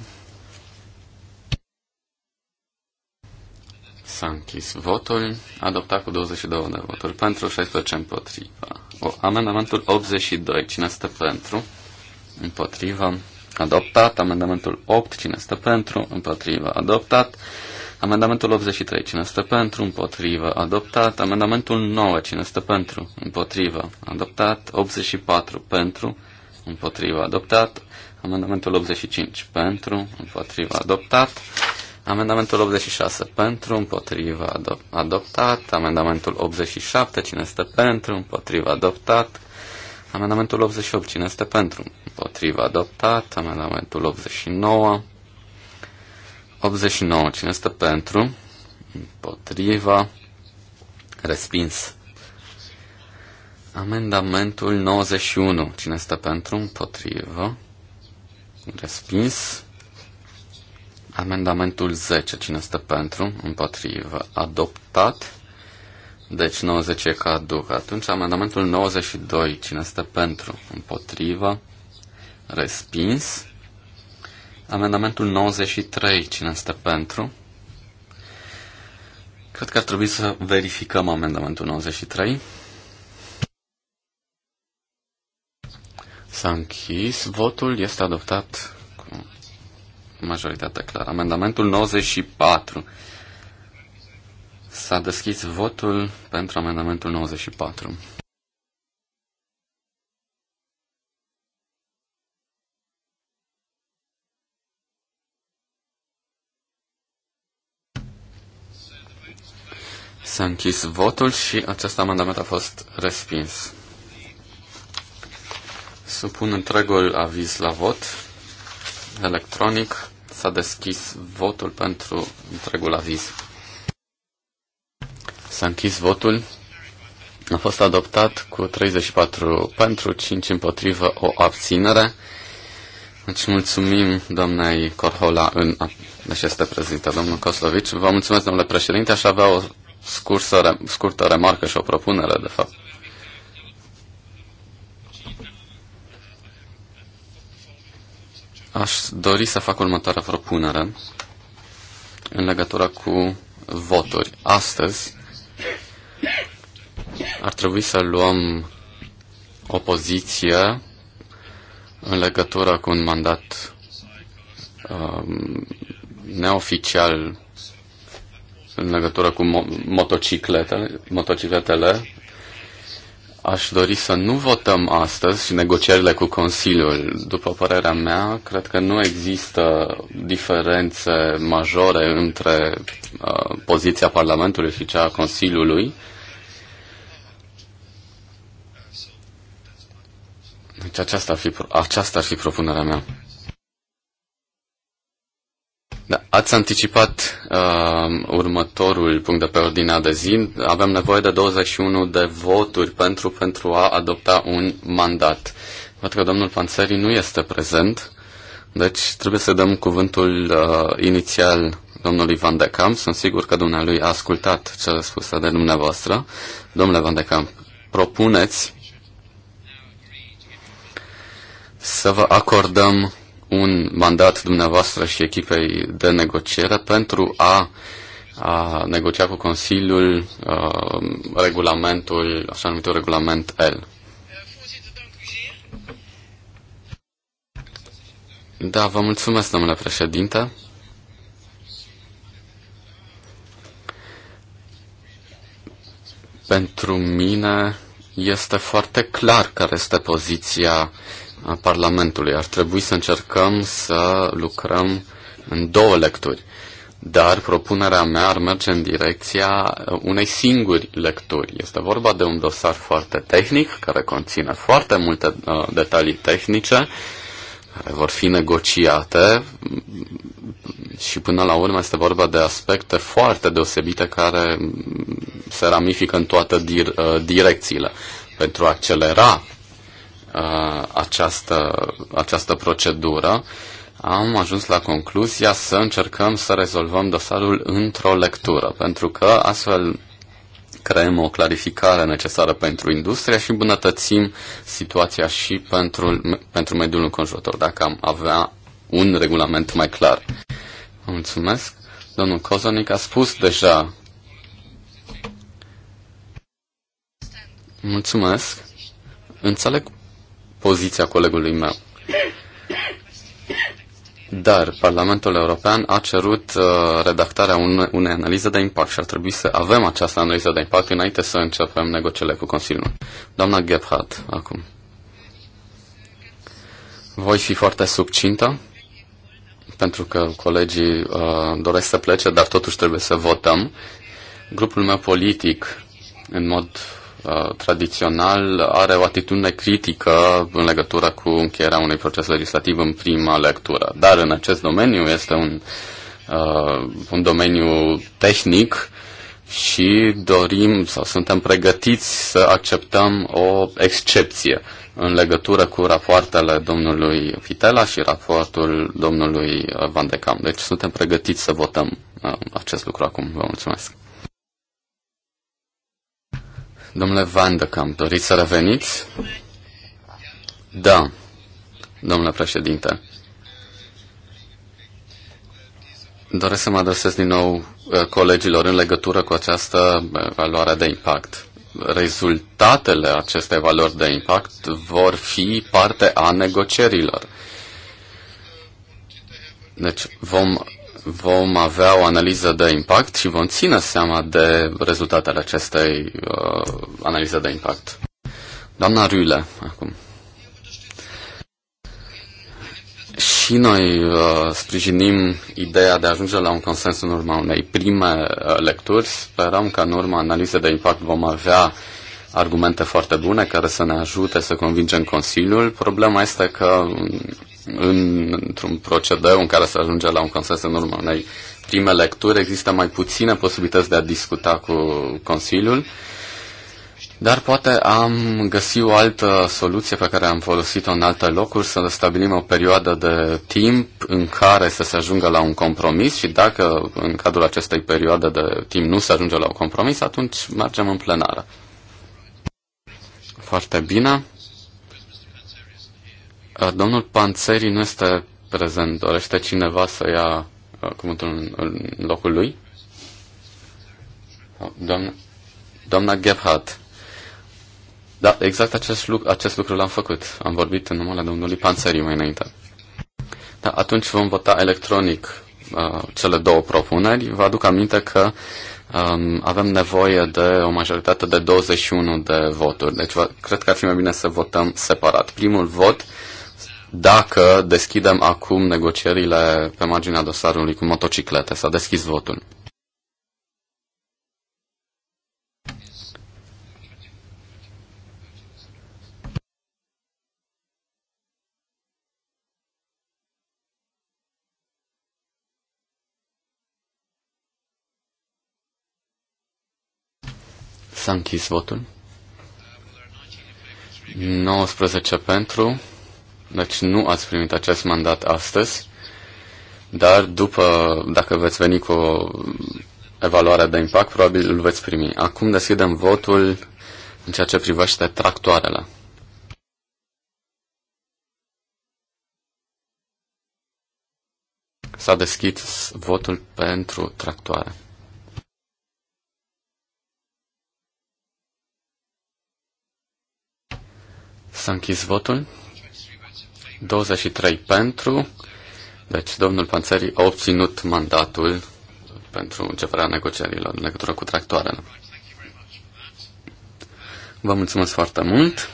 S-a închis votul, adoptat cu 22 de voturi pentru, 16 împotriva. O, amendamentul 82, cine stă pentru? Împotriva. Adoptat. Amendamentul 8, cine stă pentru? Împotriva. Adoptat. Amendamentul 83, cine stă pentru? Împotriva. Adoptat. Amendamentul 9, cine stă pentru? Împotriva. Adoptat. 84, pentru? Împotriva. Adoptat. Amendamentul 85, pentru? Împotriva. Adoptat. Amendamentul 86 pentru, împotriva, adoptat. Amendamentul 87, cine este pentru, împotriva, adoptat. Amendamentul 88, cine este pentru, împotriva, adoptat. Amendamentul 89, 89, cine este pentru, împotriva, respins. Amendamentul 91, cine este pentru, împotriva, respins. Amendamentul 10, cine stă pentru, împotrivă, adoptat. Deci 90 e caduc. Atunci amendamentul 92, cine stă pentru, împotrivă, respins. Amendamentul 93, cine stă pentru? Cred că ar trebui să verificăm amendamentul 93. S-a închis. Votul este adoptat Majoritatea clară. Amendamentul 94. S-a deschis votul pentru amendamentul 94. S-a închis votul și acest amendament a fost respins. Supun întregul aviz la vot electronic. S-a deschis votul pentru întregul aviz. S-a închis votul. A fost adoptat cu 34 pentru, 5 împotrivă, o abținere. Deci mulțumim doamnei Corhola în... această deci prezintă domnul Koslovici. Vă mulțumesc, domnule președinte. Aș avea o scursă, scurtă remarcă și o propunere, de fapt. Aș dori să fac următoarea propunere în legătură cu voturi. Astăzi ar trebui să luăm o poziție în legătură cu un mandat um, neoficial în legătură cu mo- motocicletele, motocicletele Aș dori să nu votăm astăzi și negocierile cu Consiliul. După părerea mea, cred că nu există diferențe majore între uh, poziția Parlamentului și cea a Consiliului. Deci aceasta ar fi, aceasta ar fi propunerea mea. Da, ați anticipat uh, următorul punct de pe ordinea de zi. Avem nevoie de 21 de voturi pentru, pentru a adopta un mandat. Văd că domnul Panțării nu este prezent, deci trebuie să dăm cuvântul uh, inițial domnului Van de Camp. Sunt sigur că dumnealui a ascultat ce a spus de dumneavoastră. Domnule Van de Camp, propuneți să vă acordăm un mandat dumneavoastră și echipei de negociere pentru a, a negocia cu Consiliul uh, regulamentul, așa numitul regulament L. Da, vă mulțumesc, domnule președinte. Pentru mine este foarte clar care este poziția uh, a Parlamentului. Ar trebui să încercăm să lucrăm în două lecturi, dar propunerea mea ar merge în direcția uh, unei singuri lecturi. Este vorba de un dosar foarte tehnic, care conține foarte multe uh, detalii tehnice, care vor fi negociate și până la urmă este vorba de aspecte foarte deosebite care mm, se ramifică în toate dir- uh, direcțiile. Pentru a accelera Uh, această, această procedură, am ajuns la concluzia să încercăm să rezolvăm dosarul într-o lectură, pentru că astfel creăm o clarificare necesară pentru industria și îmbunătățim situația și pentru, pentru mediul înconjurător, dacă am avea un regulament mai clar. mulțumesc. Domnul Cozonic a spus deja. Mulțumesc. Înțeleg poziția colegului meu. Dar Parlamentul European a cerut uh, redactarea une, unei analize de impact și ar trebui să avem această analiză de impact înainte să începem negocierile cu Consiliul. Doamna Gebhardt, acum. Voi fi foarte subcintă, pentru că colegii uh, doresc să plece, dar totuși trebuie să votăm. Grupul meu politic, în mod Uh, tradițional are o atitudine critică în legătură cu încheierea unui proces legislativ în prima lectură. Dar în acest domeniu este un, uh, un domeniu tehnic și dorim sau suntem pregătiți să acceptăm o excepție în legătură cu rapoartele domnului Vitela și raportul domnului Van de Cam. Deci suntem pregătiți să votăm uh, acest lucru acum. Vă mulțumesc. Domnule Van doriți să reveniți? Da, domnule președinte. Doresc să mă adresez din nou uh, colegilor în legătură cu această evaluare de impact. Rezultatele acestei valori de impact vor fi parte a negocierilor. Deci vom vom avea o analiză de impact și vom ține seama de rezultatele acestei uh, analize de impact. Doamna Rüle, acum. Și noi uh, sprijinim ideea de a ajunge la un consens în urma unei prime uh, lecturi. Sperăm că în urma analizei de impact vom avea argumente foarte bune care să ne ajute să convingem Consiliul. Problema este că în, într-un procedeu în care se ajunge la un consens în urma unei prime lecturi, există mai puține posibilități de a discuta cu Consiliul, dar poate am găsit o altă soluție pe care am folosit-o în alte locuri, să stabilim o perioadă de timp în care să se ajungă la un compromis și dacă în cadrul acestei perioade de timp nu se ajunge la un compromis, atunci mergem în plenară. Foarte bine. Uh, domnul Panțeri nu este prezent. Dorește cineva să ia uh, cuvântul în locul lui? Uh, doamna, doamna Gebhardt. Da, exact acest lucru, acest lucru l-am făcut. Am vorbit în numele domnului Panțeri mai înainte. Da, atunci vom vota electronic uh, cele două propuneri. Vă aduc aminte că um, avem nevoie de o majoritate de 21 de voturi. Deci va, cred că ar fi mai bine să votăm separat. Primul vot uh, dacă deschidem acum negocierile pe marginea dosarului cu motociclete. S-a deschis votul. S-a închis votul. 19 pentru, deci nu ați primit acest mandat astăzi, dar după, dacă veți veni cu evaluarea de impact, probabil îl veți primi. Acum deschidem votul în ceea ce privește tractoarele. S-a deschis votul pentru tractoare. S-a închis votul. 23 pentru. Deci domnul Panțeri a obținut mandatul pentru începerea negocierilor în legătură cu tractoarele. Vă mulțumesc foarte mult.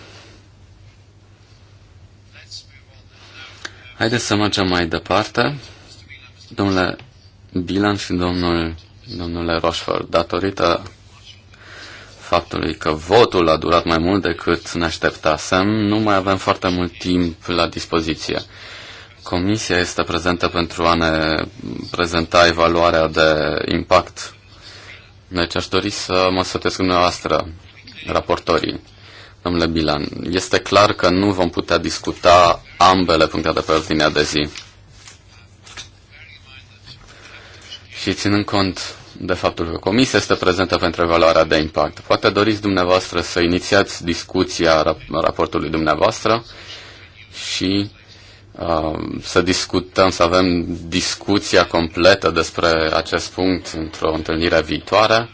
Haideți să mergem mai departe. Domnule Bilan și domnul, domnule Rochefort, datorită faptului că votul a durat mai mult decât ne așteptasem, nu mai avem foarte mult timp la dispoziție. Comisia este prezentă pentru a ne prezenta evaluarea de impact. Deci aș dori să mă sătesc dumneavoastră, raportorii. Domnule Bilan, este clar că nu vom putea discuta ambele puncte de pe ordinea de zi. Și ținând cont de faptul că comisia este prezentă pentru evaluarea de impact. Poate doriți dumneavoastră să inițiați discuția raportului dumneavoastră și uh, să discutăm, să avem discuția completă despre acest punct într-o întâlnire viitoare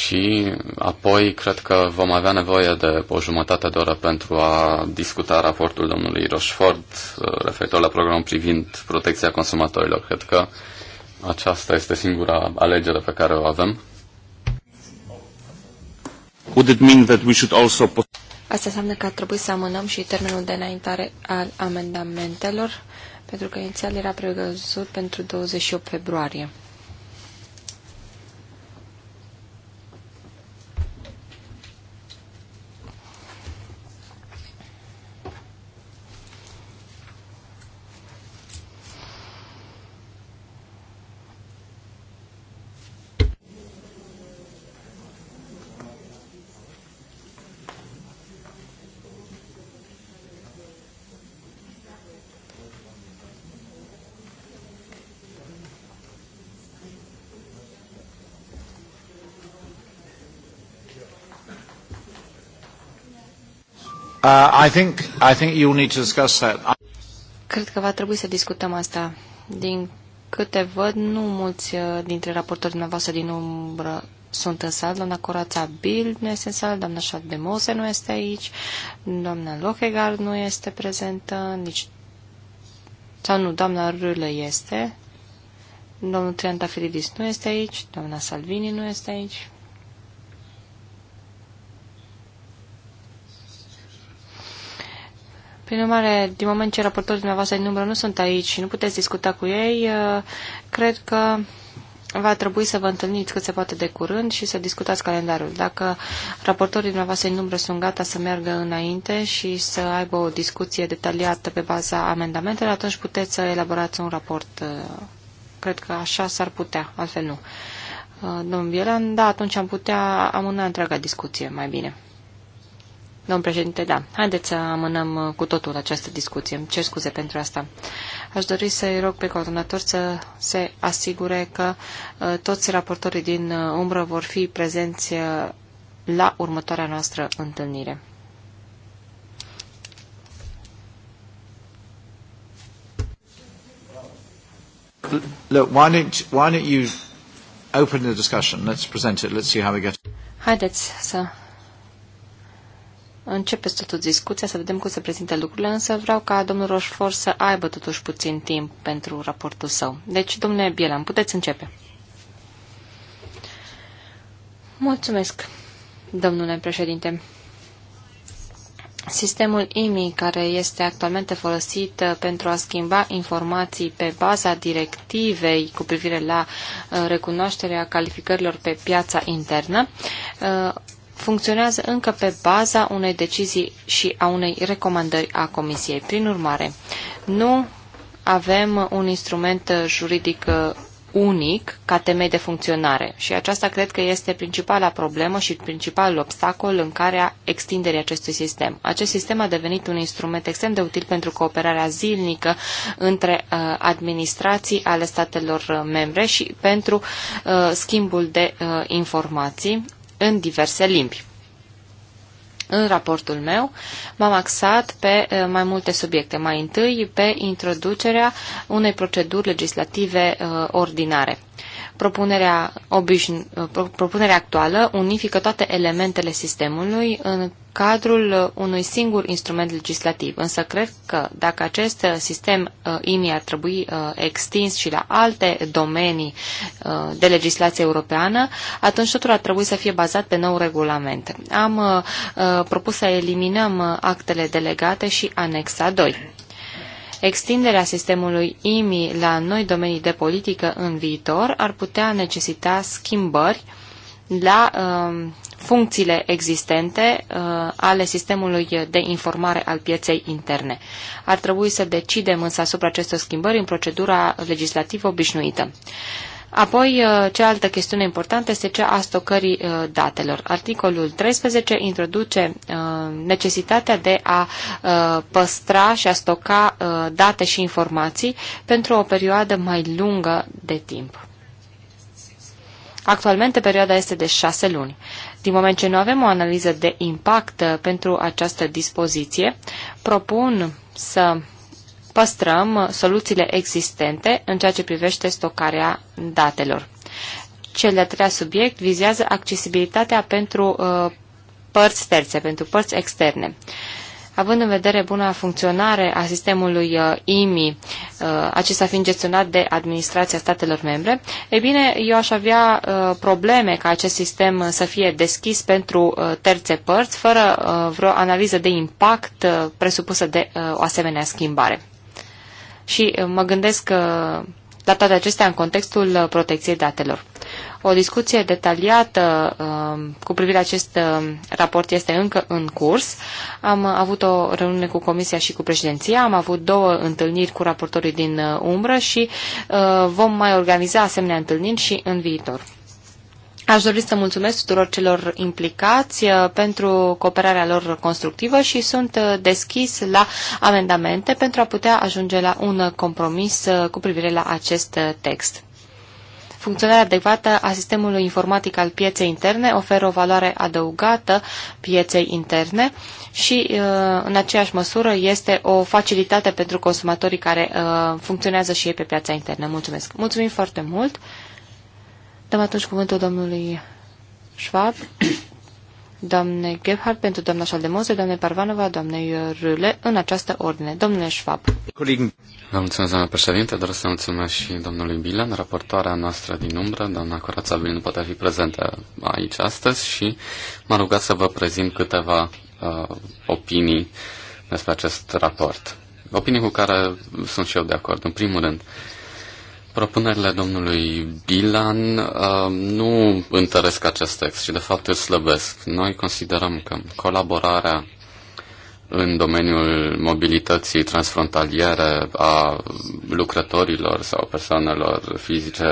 și apoi cred că vom avea nevoie de o jumătate de oră pentru a discuta raportul domnului Rochefort uh, referitor la programul privind protecția consumatorilor. Cred că aceasta este singura alegere pe care o avem. Would it mean that we should also Asta înseamnă că ar trebui să amânăm și termenul de înaintare al amendamentelor, pentru că inițial era prevăzut pentru 28 februarie. Uh, I think, I think you need to discuss that. Cred că va trebui să discutăm asta. Din câte văd, nu mulți uh, dintre raportorii dumneavoastră din umbră sunt în sală. Doamna Corața Bild nu este în sală, doamna Șat de Mose nu este aici, doamna Lochegar nu este prezentă, nici... sau nu, doamna Râlă este, domnul Filidis nu este aici, doamna Salvini nu este aici. Prin urmare, din moment ce raportorii dumneavoastră din numără, nu sunt aici și nu puteți discuta cu ei, uh, cred că va trebui să vă întâlniți cât se poate de curând și să discutați calendarul. Dacă raportorii dumneavoastră în umbră sunt gata să meargă înainte și să aibă o discuție detaliată pe baza amendamentelor, atunci puteți să elaborați un raport. Uh, cred că așa s-ar putea, altfel nu. Uh, domnul Bielan, da, atunci am putea amâna întreaga discuție mai bine. Domn președinte, da. Haideți să amânăm uh, cu totul această discuție. Îmi cer scuze pentru asta. Aș dori să-i rog pe coordonator să se asigure că uh, toți raportorii din uh, umbră vor fi prezenți la următoarea noastră întâlnire. Look, why don't, why don't you open the discussion? Let's present it. Let's see how we get. Haideți să începeți totuși discuția, să vedem cum se prezintă lucrurile, însă vreau ca domnul Roșfor să aibă totuși puțin timp pentru raportul său. Deci, domnule Bielan, puteți începe. Mulțumesc, domnule președinte. Sistemul IMI, care este actualmente folosit uh, pentru a schimba informații pe baza directivei cu privire la uh, recunoașterea calificărilor pe piața internă, uh, funcționează încă pe baza unei decizii și a unei recomandări a Comisiei. Prin urmare, nu avem un instrument juridic uh, unic ca temei de funcționare și aceasta cred că este principala problemă și principalul obstacol în care extinderii acestui sistem. Acest sistem a devenit un instrument extrem de util pentru cooperarea zilnică între uh, administrații ale statelor uh, membre și pentru uh, schimbul de uh, informații în diverse limbi. În raportul meu m-am axat pe eh, mai multe subiecte. Mai întâi pe introducerea unei proceduri legislative eh, ordinare. Propunerea, obișn... propunerea actuală unifică toate elementele sistemului în cadrul uh, unui singur instrument legislativ, însă cred că dacă acest uh, sistem uh, IMI ar trebui extins și la alte domenii de legislație europeană, atunci totul ar trebui să fie bazat pe nou regulament. Am propus să eliminăm actele delegate și anexa 2. Extinderea sistemului IMI la noi domenii de politică în viitor ar putea necesita schimbări la uh, funcțiile existente uh, ale sistemului de informare al pieței interne. Ar trebui să decidem însă asupra acestor schimbări în procedura legislativă obișnuită. Uh, Apoi, uh, cealaltă chestiune importantă este cea a stocării uh, datelor. Articolul 13 introduce uh, necesitatea de a păstra și a stoca date și informații pentru o perioadă mai lungă de timp. Actualmente perioada este de șase luni. Din moment ce nu avem o analiză de impact pentru această dispoziție, propun să păstrăm soluțiile existente în ceea ce privește stocarea datelor. Cel de-al treia subiect vizează accesibilitatea pentru uh, părți terțe, pentru părți externe. Având în vedere buna funcționare a sistemului uh, IMI, uh, acesta fiind gestionat de administrația statelor membre, e bine, eu aș avea uh, probleme ca acest sistem uh, să fie deschis pentru uh, terțe părți, fără uh, vreo analiză de impact uh, presupusă de uh, o asemenea schimbare și uh, mă gândesc că uh, la toate acestea în contextul uh, protecției datelor. O discuție detaliată cu privire la acest raport este încă în curs. Am avut o reuniune cu Comisia și cu președinția, am avut două întâlniri cu raportorii din umbră și vom mai organiza asemenea întâlniri și în viitor. Aș dori să mulțumesc tuturor celor implicați uh, pentru cooperarea lor constructivă și sunt uh, deschis la amendamente pentru a putea ajunge la un compromis uh, cu privire la acest text. Funcționarea adecvată a sistemului informatic al pieței interne oferă o valoare adăugată pieței interne și, în aceeași măsură, este o facilitate pentru consumatorii care funcționează și ei pe piața internă. Mulțumesc! Mulțumim foarte mult! Dăm atunci cuvântul domnului Schwab, doamnei Gebhardt pentru doamna Șaldemose, doamne Parvanova, doamnei Râle, în această ordine. Domnule Schwab. Coleg. Vă mulțumesc, doamna președinte, doar să mulțumesc și domnului Bilan, raportoarea noastră din umbră, doamna Corața Bilan nu poate fi prezentă aici astăzi și m-a rugat să vă prezint câteva uh, opinii despre acest raport. Opinii cu care sunt și eu de acord. În primul rând, uh, Propunerile domnului Bilan uh, nu întăresc acest text și de fapt îl slăbesc. Noi considerăm că colaborarea în domeniul mobilității transfrontaliere a lucrătorilor sau persoanelor fizice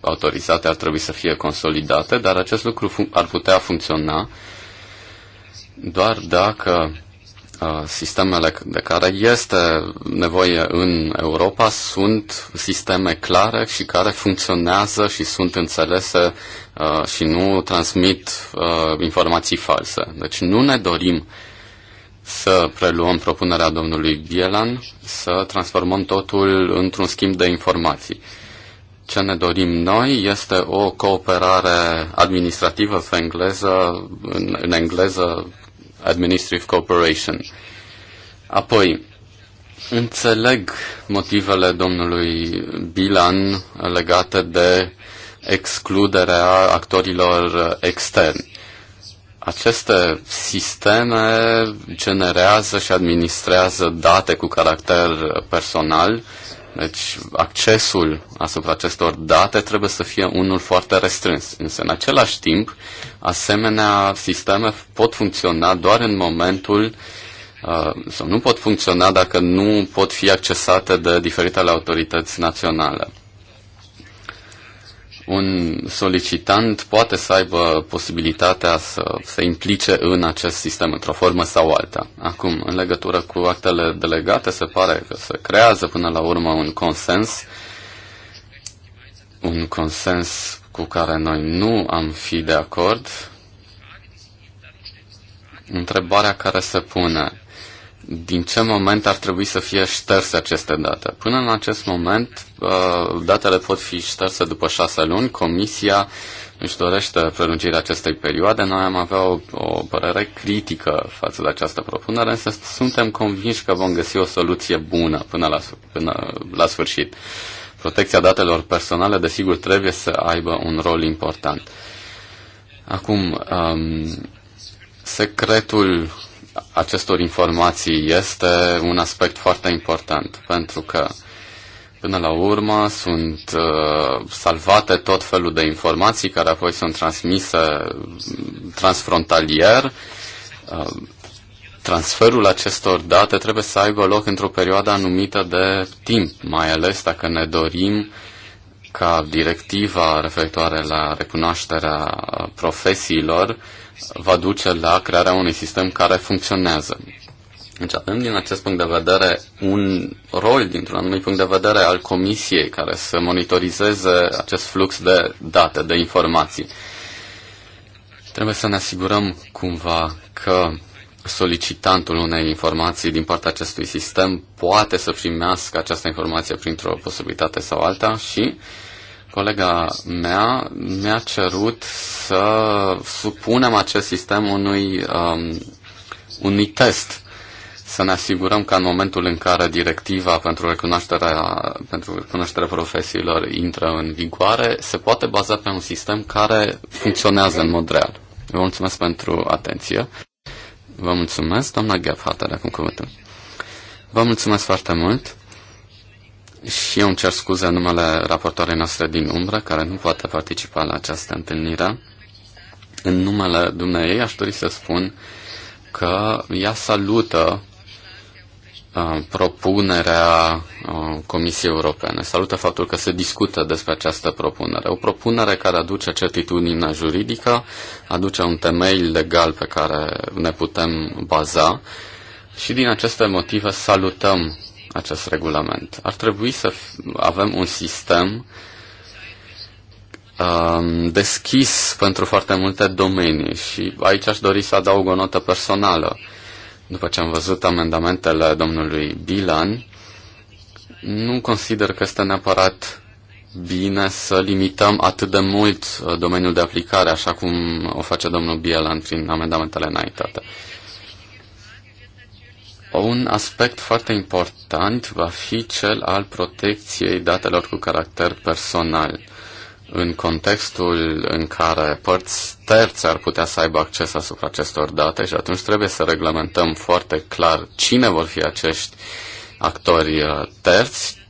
autorizate ar trebui să fie consolidate, dar acest lucru ar putea funcționa doar dacă Uh, sistemele de care este nevoie în Europa sunt sisteme clare și care funcționează și sunt înțelese uh, și nu transmit uh, informații false. Deci nu ne dorim să preluăm propunerea domnului Bielan, să transformăm totul într-un schimb de informații. Ce ne dorim noi este o cooperare administrativă pe engleză, în, în engleză Administrative Corporation. Apoi, înțeleg motivele domnului Bilan legate de excluderea actorilor externi. Aceste sisteme generează și administrează date cu caracter personal deci accesul asupra acestor date trebuie să fie unul foarte restrâns. Însă, în același timp, asemenea sisteme pot funcționa doar în momentul uh, sau nu pot funcționa dacă nu pot fi accesate de diferitele autorități naționale un solicitant poate să aibă posibilitatea să se implice în acest sistem într-o formă sau alta. Acum, în legătură cu actele delegate, se pare că se creează până la urmă un consens, un consens cu care noi nu am fi de acord. Întrebarea care se pune din ce moment ar trebui să fie șterse aceste date. Până în acest moment, uh, datele pot fi șterse după șase luni. Comisia își dorește prelungirea acestei perioade. Noi am avea o, o părere critică față de această propunere, însă suntem convinși că vom găsi o soluție bună până la, până la sfârșit. Protecția datelor personale, desigur, trebuie să aibă un rol important. Acum, um, secretul acestor informații este un aspect foarte important, pentru că până la urmă sunt uh, salvate tot felul de informații care apoi sunt transmise transfrontalier. Uh, transferul acestor date trebuie să aibă loc într-o perioadă anumită de timp, mai ales dacă ne dorim ca directiva referitoare la recunoașterea profesiilor uh, va duce la crearea unui sistem care funcționează. Deci avem din acest punct de vedere un rol, dintr-un anumit punct de vedere, al comisiei care să monitorizeze acest flux de date, de informații. Trebuie să ne asigurăm cumva că solicitantul unei informații din partea acestui sistem poate să primească această informație printr-o posibilitate sau alta și uh, Colega mea mi-a cerut să supunem acest sistem unui, um, unui test, să ne asigurăm că în momentul în care directiva pentru recunoașterea, pentru recunoașterea profesiilor intră în vigoare, se poate baza pe un sistem care funcționează în mod real. Vă mulțumesc pentru atenție. Vă mulțumesc, doamna Gheafhata, acum cuvântul. Vă mulțumesc foarte mult. Și eu îmi cer scuze în numele raportoarei noastre din umbră, care nu poate participa la această întâlnire. În numele dumneei aș dori să spun că ea salută propunerea Comisiei Europene. Salută faptul că se discută despre această propunere. O propunere care aduce certitudine juridică, aduce un temei legal pe care ne putem baza și din aceste motive salutăm acest regulament. Ar trebui să avem un sistem um, deschis pentru foarte multe domenii și aici aș dori să adaug o notă personală. După ce am văzut amendamentele domnului Bilan, nu consider că este neapărat bine să limităm atât de mult uh, domeniul de aplicare, așa cum o face domnul Bielan prin amendamentele înaintate. Uh, un aspect foarte important va fi cel al protecției datelor cu caracter personal. În contextul în care părți terți ar putea să aibă acces asupra acestor date și atunci trebuie să reglementăm foarte clar cine vor fi acești actori uh, terți,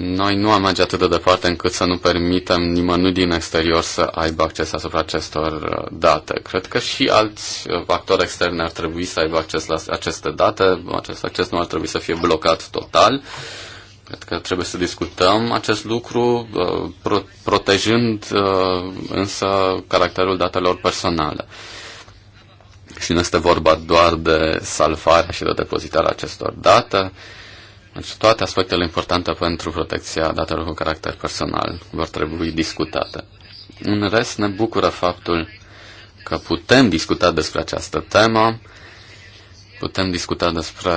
noi nu am merge atât de departe încât să nu permitem nimănui din exterior să aibă acces asupra acestor uh, date. Cred că și alți uh, actori externi ar trebui să aibă acces la aceste date. Acest acces nu ar trebui să fie blocat total. Cred că trebuie să discutăm acest lucru, uh, protejând însă caracterul datelor personale. Și nu este vorba doar de salvarea și de depozitarea acestor date, deci toate aspectele importante pentru protecția datelor cu caracter personal vor trebui discutate. În rest, ne bucură faptul că putem discuta despre această temă, putem discuta despre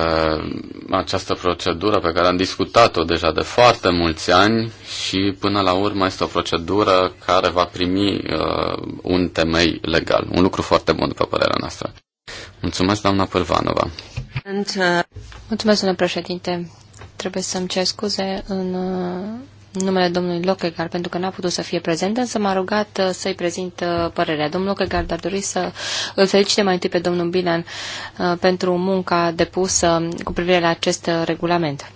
această procedură pe care am discutat-o deja de foarte mulți ani și până la urmă este o procedură care va primi uh, un temei legal. Un lucru foarte bun, după părerea noastră. Mulțumesc, doamna Pârvanova. Mulțumesc, domnule președinte trebuie să-mi cer scuze în uh, numele domnului Lockegar, pentru că n-a putut să fie prezent, însă m-a rugat uh, să-i prezint uh, părerea. Domnul Lockegar ar dori să îl felicite mai întâi pe domnul Bilan pentru munca depusă um, cu privire la acest regulament.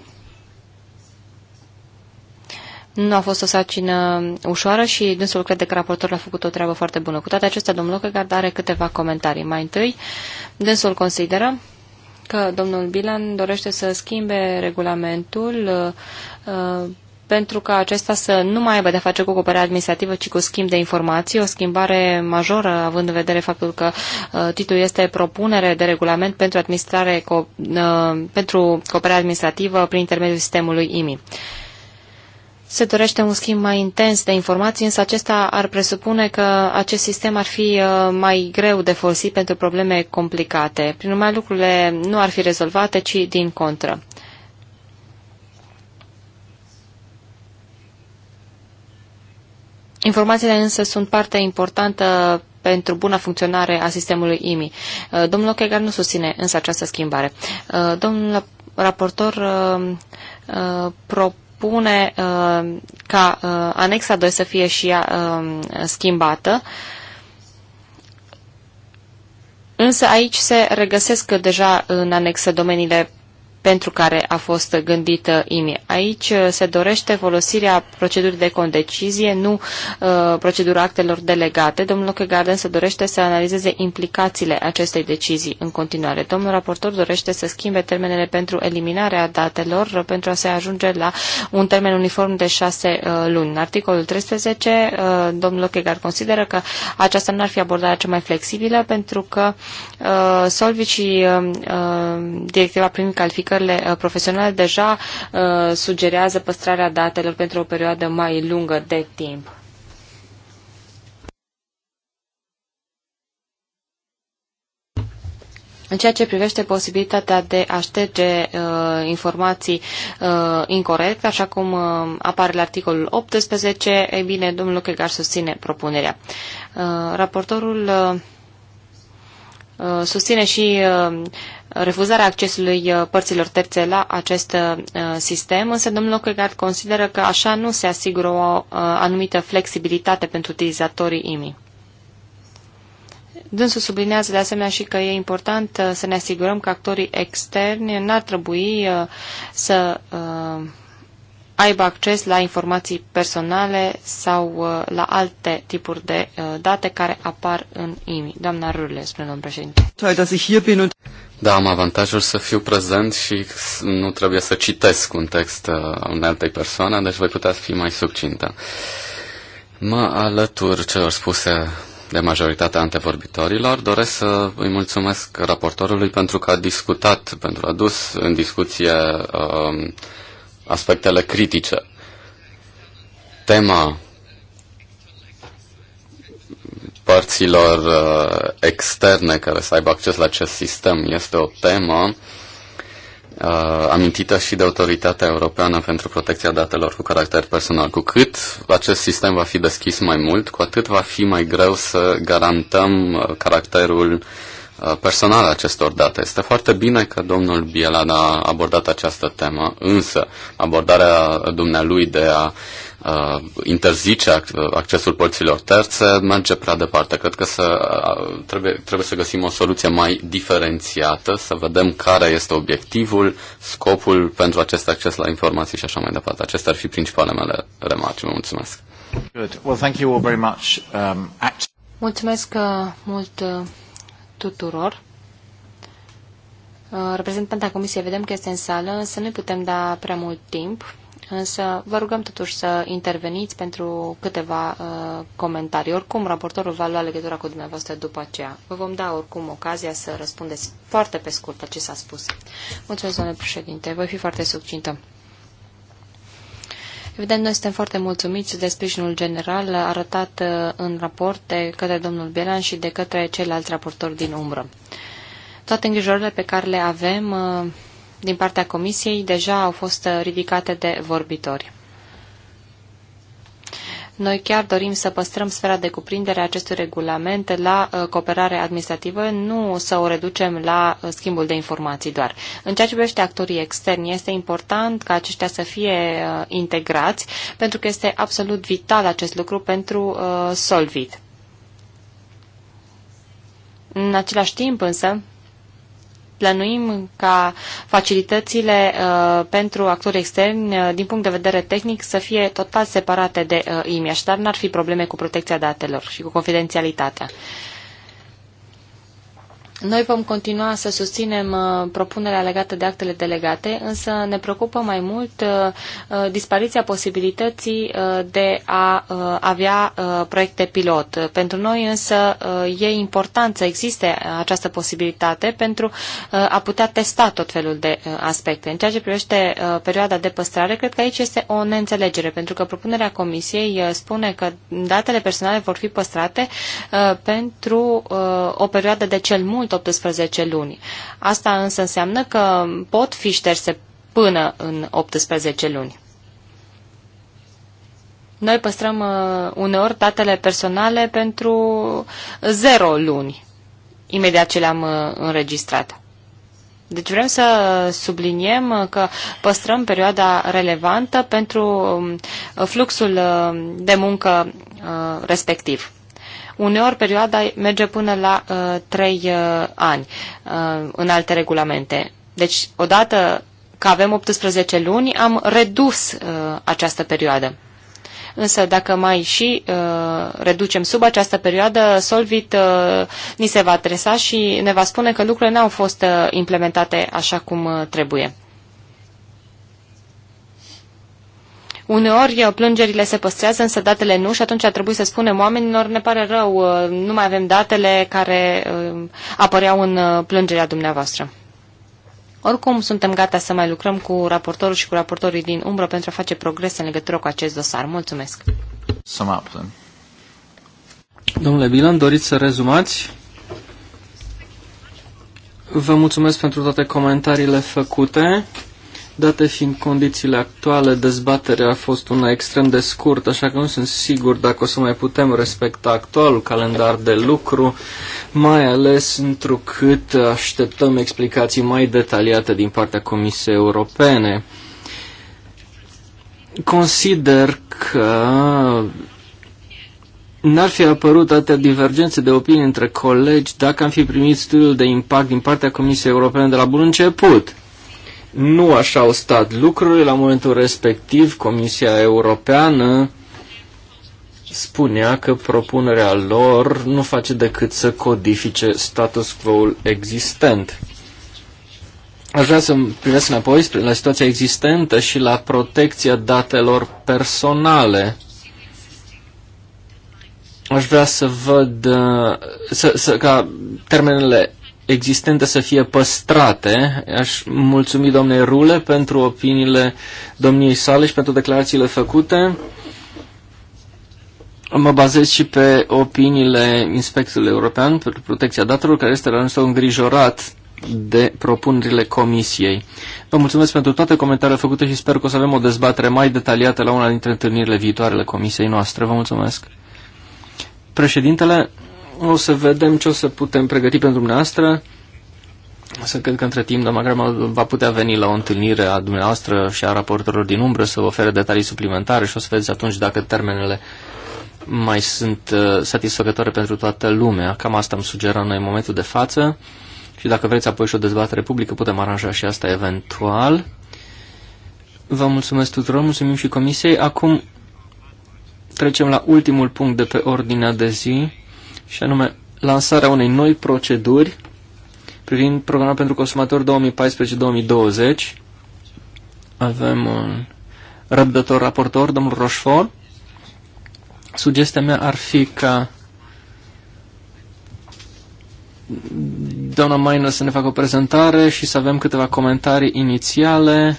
Nu a fost o sacină um, ușoară și dânsul crede că raportorul a făcut o treabă foarte bună. Cu toate acestea, domnul Lockegaard are câteva comentarii. Mai întâi, dânsul consideră că domnul Bilan dorește să schimbe regulamentul uh, uh, pentru ca acesta să nu mai aibă de-a face cu cooperarea administrativă, ci cu schimb de informații, o schimbare majoră, având în vedere faptul că uh, titlul este propunere de regulament pentru, administrare co- uh, pentru cooperarea administrativă prin intermediul sistemului IMI. Uh, se dorește un schimb mai intens de informații, însă acesta ar presupune că acest sistem ar fi uh, mai greu de folosit pentru probleme complicate. Prin urmare, lucrurile nu ar fi rezolvate, ci din contră. Informațiile însă sunt parte importantă pentru buna funcționare a sistemului IMI. Uh, domnul Ochegar nu susține însă această schimbare. Uh, domnul raportor propune propune uh, ca uh, anexa 2 să fie și ea um, schimbată, însă aici se regăsesc deja în anexe domeniile pentru care a fost gândită IMI. Aici uh, se dorește folosirea procedurii de condecizie, nu uh, procedura actelor delegate. Domnul Garden se dorește să analizeze implicațiile acestei decizii în continuare. Domnul raportor dorește să schimbe termenele pentru eliminarea datelor uh, pentru a se ajunge la un termen uniform de șase uh, luni. În articolul 13, uh, domnul Lockegar consideră că aceasta nu ar fi abordarea cea mai flexibilă pentru că uh, Solvit uh, uh, directiva privind calificarea calificările uh, profesionale deja uh, sugerează păstrarea datelor pentru o perioadă mai lungă de timp. În ceea ce privește posibilitatea de a șterge uh, informații uh, incorrecte, așa cum uh, apare la articolul 18, e bine, domnul Chegar susține propunerea. Uh, raportorul uh, uh susține și uh, refuzarea accesului uh, părților terțe la acest uh, sistem, însă domnul Lockhart consideră că așa nu se asigură o uh, anumită flexibilitate pentru utilizatorii IMI. Dânsul sublinează de asemenea și că e important să ne asigurăm că actorii externi n-ar trebui să aibă acces la informații personale sau la alte tipuri de date care apar în IMI. Doamna Râle, spune domnul președinte. Da, am avantajul să fiu prezent și nu trebuie să citesc un text uh, al unei alte persoane, deci voi putea fi mai succintă. Mă alătur celor spuse de majoritatea antevorbitorilor. Doresc să îi mulțumesc raportorului pentru că a discutat, pentru a dus în discuție um, aspectele critice. Tema părților uh, externe care să aibă acces la acest sistem este o temă uh, amintită și de Autoritatea Europeană pentru Protecția Datelor cu caracter personal. Cu cât acest sistem va fi deschis mai mult, cu atât va fi mai greu să garantăm uh, caracterul uh, personal acestor date. Este foarte bine că domnul Bielan a abordat această temă, însă abordarea dumnealui de a uh, interzice ac- uh, accesul părților terțe merge prea departe. Cred că să, uh, trebuie, trebuie să găsim o soluție mai diferențiată, să vedem care este obiectivul, scopul pentru acest acces la informații și așa mai departe. Acestea ar fi principalele mele remarci. Vă mulțumesc. Good. Well, thank you all very much. Um, act- Mulțumesc uh, mult uh, tuturor. Reprezentanta comisiei vedem că este în sală, însă nu putem da prea mult timp Însă vă rugăm totuși să interveniți pentru câteva uh, comentarii. Oricum, raportorul va lua legătura cu dumneavoastră după aceea. Vă vom da oricum ocazia să răspundeți foarte pe scurt la ce s-a spus. Mulțumesc, domnule președinte. Voi fi foarte succintă. Evident, noi suntem foarte mulțumiți de sprijinul general arătat uh, în raport de către domnul Bielan și de către ceilalți raportori din umbră. Toate îngrijorările pe care le avem uh, din partea Comisiei deja au fost uh, ridicate de vorbitori. Noi chiar dorim să păstrăm sfera de cuprindere a acestui regulament la uh, cooperare administrativă, nu să o reducem la uh, schimbul de informații doar. În ceea ce privește actorii externi, este important ca aceștia să fie integrați, pentru că este absolut vital acest lucru pentru Solvit. În același timp, însă, plănuim ca facilitățile uh, pentru actori externi, uh, din punct de vedere tehnic, să fie total separate de uh, IMIAș, dar n-ar fi probleme cu protecția datelor și cu confidențialitatea. Uh, noi vom continua să susținem uh, propunerea legată de actele delegate, însă ne preocupă mai mult uh, uh, dispariția posibilității de a avea proiecte pilot. Pentru noi însă e important să existe această posibilitate pentru a putea testa tot felul de aspecte. În ceea ce privește perioada de păstrare, cred că aici este o neînțelegere, pentru că propunerea Comisiei spune că datele personale vor fi păstrate pentru o perioadă de cel mult decât 18 luni. Asta însă înseamnă că pot fi șterse până în 18 luni. Noi păstrăm uh, uneori datele personale pentru 0 luni, imediat ce le-am uh, înregistrat. Deci vrem să subliniem uh, că păstrăm perioada relevantă pentru um, fluxul uh, de muncă uh, respectiv. Uneori perioada merge până la uh, uh, ani uh, în alte regulamente. Deci, odată că avem 18 luni, am redus uh, această perioadă. Însă dacă mai și uh, reducem sub această perioadă, Solvit uh, ni se va adresa și ne va spune că lucrurile n-au fost uh, implementate așa cum uh, trebuie. Uneori uh, plângerile se păstrează, însă datele nu și atunci ar trebui să spunem oamenilor, ne pare rău, uh, nu mai avem datele care uh, apăreau în plângerea dumneavoastră. Oricum, suntem gata să mai lucrăm cu raportorul și cu raportorii din umbră pentru a face progrese în legătură cu acest dosar. Mulțumesc! Sum up, then. Domnule Bilan, doriți să rezumați? Vă mulțumesc pentru toate comentariile făcute. Date fiind condițiile actuale, dezbaterea a fost una extrem de scurtă, așa că nu sunt sigur dacă o să mai putem respecta actualul calendar de lucru, mai ales întrucât așteptăm explicații mai detaliate din partea Comisiei Europene. Consider că N-ar fi apărut atâtea divergențe de opinie între colegi dacă am fi primit studiul de impact din partea Comisiei Europene de la bun început. Nu așa au stat lucrurile. La momentul respectiv, Comisia Europeană spunea că propunerea lor nu face decât să codifice status quo-ul existent. Aș vrea să privesc înapoi la situația existentă și la protecția datelor personale. Aș vrea să văd uh, să, să, ca termenele existente să fie păstrate. Aș mulțumi doamnei Rule pentru opiniile domniei sale și pentru declarațiile făcute. Mă bazez și pe opiniile Inspectorului European pentru protecția datelor, care este la îngrijorat de propunerile Comisiei. Vă mulțumesc pentru toate comentariile făcute și sper că o să avem o dezbatere mai detaliată la una dintre întâlnirile viitoare ale Comisiei noastre. Vă mulțumesc. Președintele, o să vedem ce o să putem pregăti pentru dumneavoastră. Să cred că între timp doamna Grama va putea veni la o întâlnire a dumneavoastră și a raportorilor din umbră să vă ofere detalii suplimentare și o să vedeți atunci dacă termenele mai sunt uh, satisfăcătoare pentru toată lumea. Cam asta îmi sugerăm noi în momentul de față și dacă vreți apoi și o dezbatere publică putem aranja și asta eventual. Vă mulțumesc tuturor, mulțumim și comisiei. Acum trecem la ultimul punct de pe ordinea de zi și anume lansarea unei noi proceduri privind programul pentru consumatori 2014-2020. Avem un răbdător raportor, domnul Rochefort. Sugestia mea ar fi ca doamna Maină să ne facă o prezentare și să avem câteva comentarii inițiale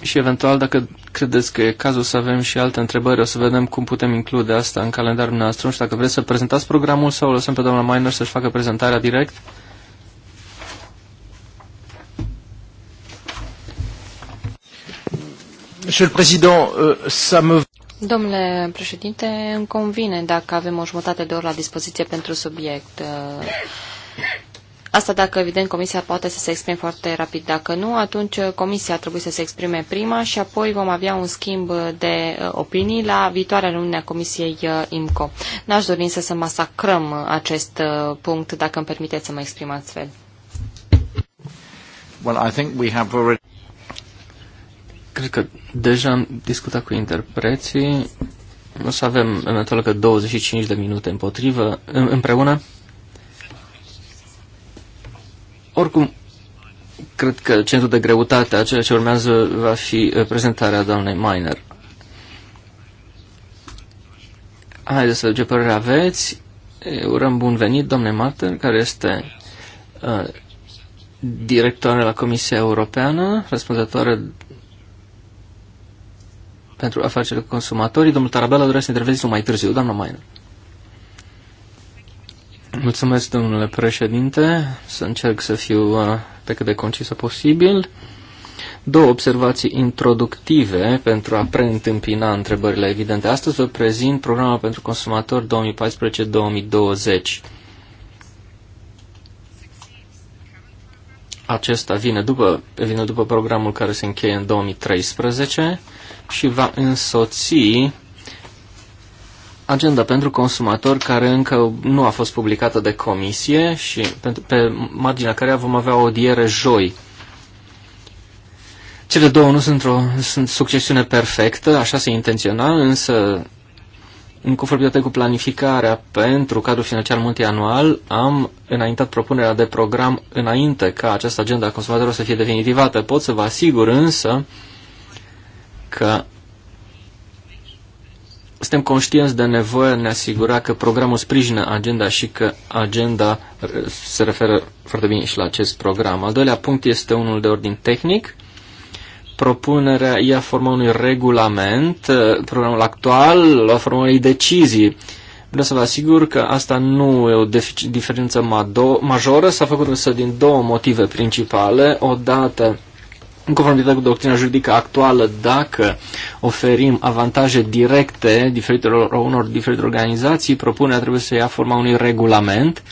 și eventual dacă credeți că e cazul să avem și alte întrebări? O să vedem cum putem include asta în calendarul nostru. Nu știu dacă vreți să prezentați programul sau o lăsăm pe doamna Miner să-și facă prezentarea direct. Euh, Domnule președinte, îmi convine dacă avem o jumătate de oră la dispoziție pentru subiect. Asta dacă, evident, comisia poate să se exprime foarte rapid. Dacă nu, atunci uh, comisia trebuie să se exprime prima și apoi vom avea un schimb uh, de uh, opinii la viitoarea luni a comisiei IMCO. N-aș dori să să masacrăm acest punct, dacă îmi permiteți să mă exprim astfel. Well, I think we have already... Cred că deja am discutat cu interpreții. O să avem, în că 25 de minute împotrivă, împreună. Oricum, cred că centrul de greutate a ceea ce urmează va fi uh, prezentarea doamnei Miner. Haideți să vedem ce părere aveți. Urăm bun venit, domnule Martin, care este uh, directoare la Comisia Europeană, răspunzătoare pentru afacerile consumatorii. Domnul Tarabella doresc să intervenți mai târziu. Doamna Miner. Mulțumesc, domnule președinte. Să încerc să fiu uh, pe cât de concisă posibil. Două observații introductive pentru a preîntâmpina întrebările evidente. Astăzi vă prezint programa pentru consumatori 2014-2020. Acesta vine după, vine după programul care se încheie în 2013 și va însoți agenda pentru consumatori care încă nu a fost publicată de comisie și pe marginea care vom avea o diere joi. Cele două nu sunt, o, sunt succesiune perfectă, așa se intenționa, însă în conformitate cu planificarea pentru cadrul financiar multianual, am înaintat propunerea de program înainte ca această agenda a consumatorilor să fie definitivată. Pot să vă asigur însă că suntem conștienți de nevoia de ne asigura că programul sprijină agenda și că agenda uh, se referă foarte bine și la acest program. Al doilea punct este unul de ordin tehnic. Propunerea ia forma unui regulament, uh, programul actual la forma unei decizii. Vreau să vă asigur că asta nu e o diferență majoră, s-a făcut însă din două motive principale. Odată, în conformitate cu doctrina juridică actuală, dacă oferim avantaje directe diferitelor, unor diferite organizații, propunerea trebuie să ia forma unui regulament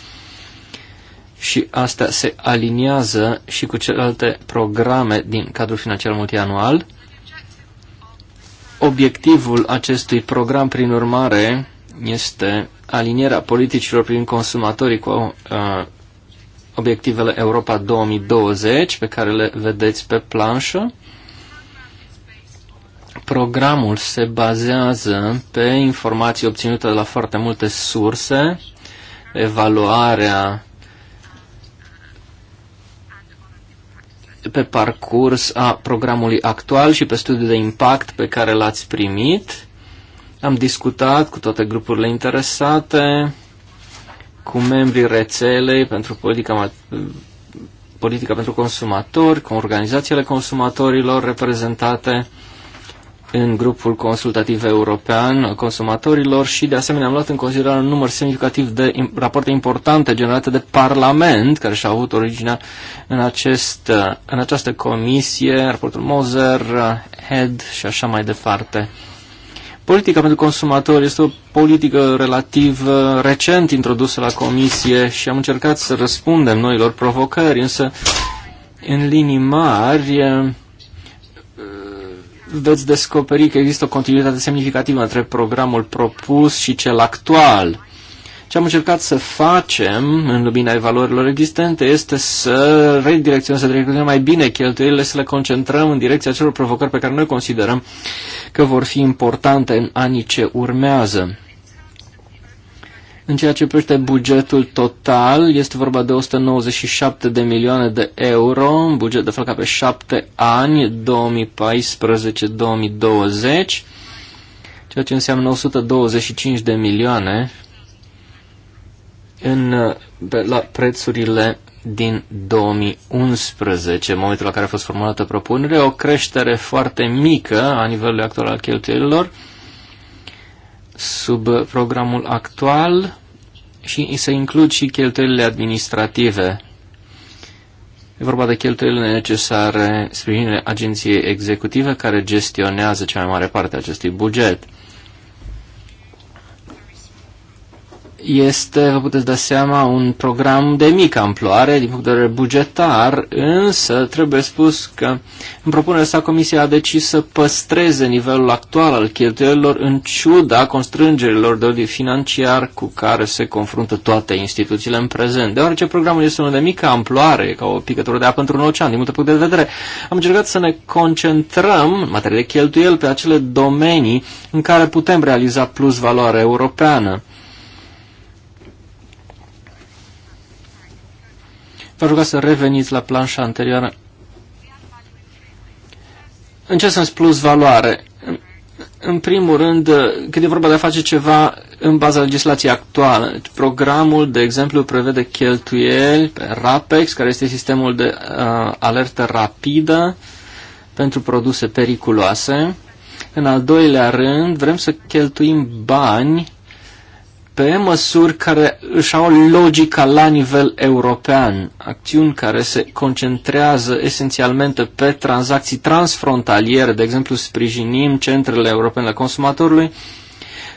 și asta se aliniază și cu celelalte programe din cadrul financiar multianual. Obiectivul acestui program, prin urmare, este alinierea politicilor prin consumatorii cu uh, obiectivele Europa 2020 pe care le vedeți pe planșă. Programul se bazează pe informații obținute de la foarte multe surse, evaluarea pe parcurs a programului actual și pe studiul de impact pe care l-ați primit. Am discutat cu toate grupurile interesate, cu membrii rețelei pentru politica, politica pentru consumatori, cu organizațiile consumatorilor reprezentate în grupul consultativ european al consumatorilor și, de asemenea, am luat în considerare un număr semnificativ de rapoarte importante generate de Parlament, care și-au avut originea în, acest, în această comisie, raportul Moser, Head și așa mai departe. Politica pentru consumatori este o politică relativ uh, recent introdusă la comisie și am încercat să răspundem noilor provocări, însă în linii mari uh, uh, veți descoperi că există o continuitate semnificativă între programul propus și cel actual. Ce am încercat să facem în lumina valorilor existente este să redirecționăm, să redirecționăm mai bine cheltuielile, să le concentrăm în direcția celor provocări pe care noi considerăm că vor fi importante în anii ce urmează. În ceea ce privește bugetul total, este vorba de 197 de milioane de euro, un buget de fel ca pe 7 ani, 2014-2020, ceea ce înseamnă 125 de milioane în, la prețurile din 2011, în momentul la care a fost formulată propunerea, o creștere foarte mică a nivelului actual al cheltuielilor sub programul actual și se includ și cheltuielile administrative. E vorba de cheltuielile necesare sprijinirea agenției executive care gestionează cea mai mare parte a acestui buget. este, vă puteți da seama, un program de mică amploare din punct de vedere bugetar, însă trebuie spus că în propunerea sa Comisia a decis să păstreze nivelul actual al cheltuielilor în ciuda constrângerilor de ordin financiar cu care se confruntă toate instituțiile în prezent. Deoarece programul este unul de mică amploare, ca o picătură de apă într-un ocean, din multe puncte de vedere, am încercat să ne concentrăm în materie de cheltuieli pe acele domenii în care putem realiza plus valoare europeană. Vă ruga să reveniți la planșa anterioară. În ce sens plus valoare? În primul rând, când e vorba de a face ceva în baza legislației actuale, programul, de exemplu, prevede cheltuieli pe RAPEX, care este sistemul de uh, alertă rapidă pentru produse periculoase. În al doilea rând, vrem să cheltuim bani pe măsuri care își au logica la nivel european, acțiuni care se concentrează esențialmente pe tranzacții transfrontaliere, de exemplu sprijinim centrele europene ale consumatorului,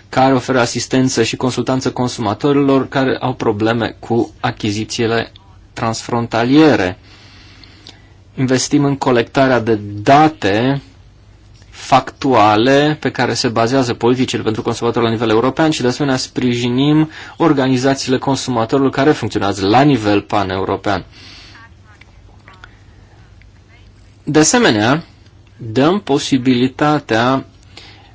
care oferă asistență și consultanță consumatorilor care au probleme cu achizițiile transfrontaliere. Investim în colectarea de date factuale pe care se bazează politicile pentru consumator la nivel european și de asemenea sprijinim organizațiile consumatorilor care funcționează la nivel pan-european. De asemenea, dăm posibilitatea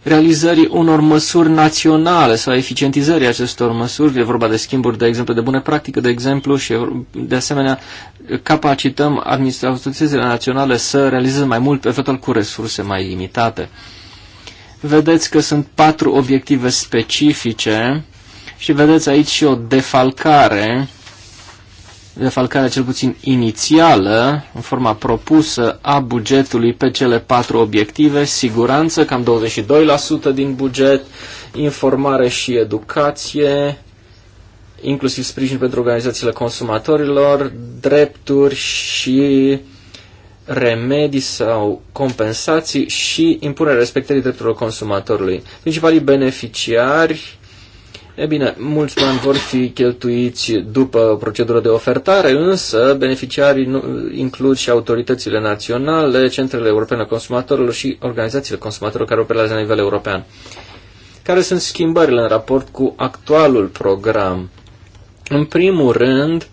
realizării unor măsuri naționale sau eficientizării acestor măsuri. E vorba de schimburi, de exemplu, de bune practică, de exemplu, și de asemenea capacităm administrațiile naționale să realizeze mai mult, eventual cu resurse mai limitate. Vedeți că sunt patru obiective specifice și vedeți aici și o defalcare defalcarea cel puțin inițială, în forma propusă, a bugetului pe cele patru obiective, siguranță, cam 22% din buget, informare și educație, inclusiv sprijin pentru organizațiile consumatorilor, drepturi și remedii sau compensații și impunerea respectării drepturilor consumatorului. Principalii beneficiari E bine, mulți bani vor fi cheltuiți după procedură de ofertare, însă beneficiarii includ și autoritățile naționale, centrele europene consumatorilor și organizațiile consumatorilor care operează la nivel european. Care sunt schimbările în raport cu actualul program? În primul rând,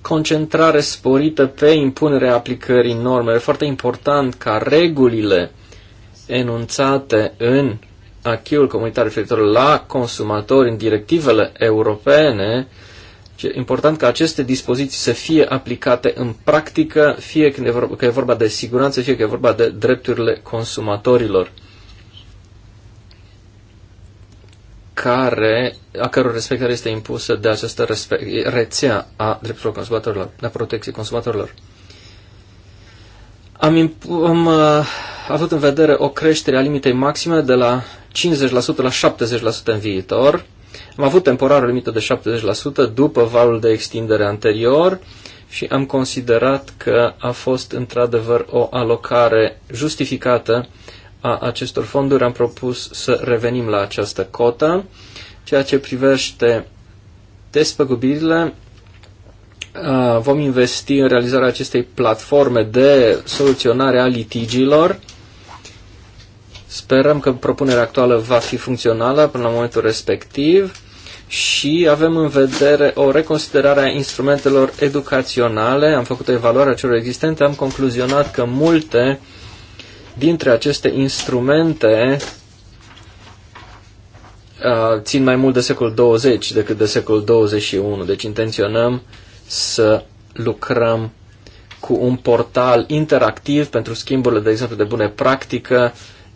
concentrare sporită pe impunerea aplicării normelor. E foarte important ca regulile enunțate în achiul comunitar referitor la consumatori în directivele europene, e important ca aceste dispoziții să fie aplicate în practică, fie când e vorba, că e vorba de siguranță, fie că e vorba de drepturile consumatorilor, care, a căror respectare este impusă de această respect, rețea a drepturilor consumatorilor, de protecție consumatorilor. Am, am uh, avut în vedere o creștere a limitei maxime de la 50% la 70% în viitor. Am avut temporar o limită de 70% după valul de extindere anterior și am considerat că a fost într-adevăr o alocare justificată a acestor fonduri. Am propus să revenim la această cotă. Ceea ce privește despăgubirile, Uh, vom investi în realizarea acestei platforme de soluționare a litigiilor. Sperăm că propunerea actuală va fi funcțională până la momentul respectiv și avem în vedere o reconsiderare a instrumentelor educaționale. Am făcut o evaluare a celor existente, am concluzionat că multe dintre aceste instrumente uh, țin mai mult de secolul 20 decât de secolul 21, deci intenționăm să lucrăm cu un portal interactiv pentru schimburile, de exemplu, de bune practică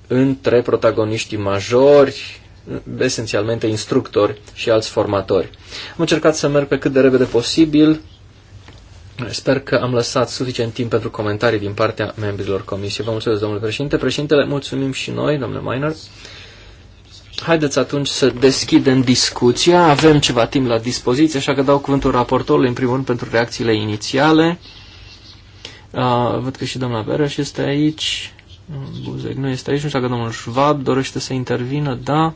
între protagoniștii majori, esențialmente instructori și alți formatori. Am încercat să merg pe cât de repede posibil. Sper că am lăsat suficient timp pentru comentarii din partea membrilor comisiei. Vă mulțumesc, domnule președinte. Președintele, mulțumim și noi, domnule Miner. Haideți atunci să deschidem discuția. Avem ceva timp la dispoziție, așa că dau cuvântul raportorului, în primul rând, pentru reacțiile inițiale. Uh, văd că și doamna Bereș este aici. Buzec nu este aici, nu știu dacă domnul Schwab dorește să intervină, da.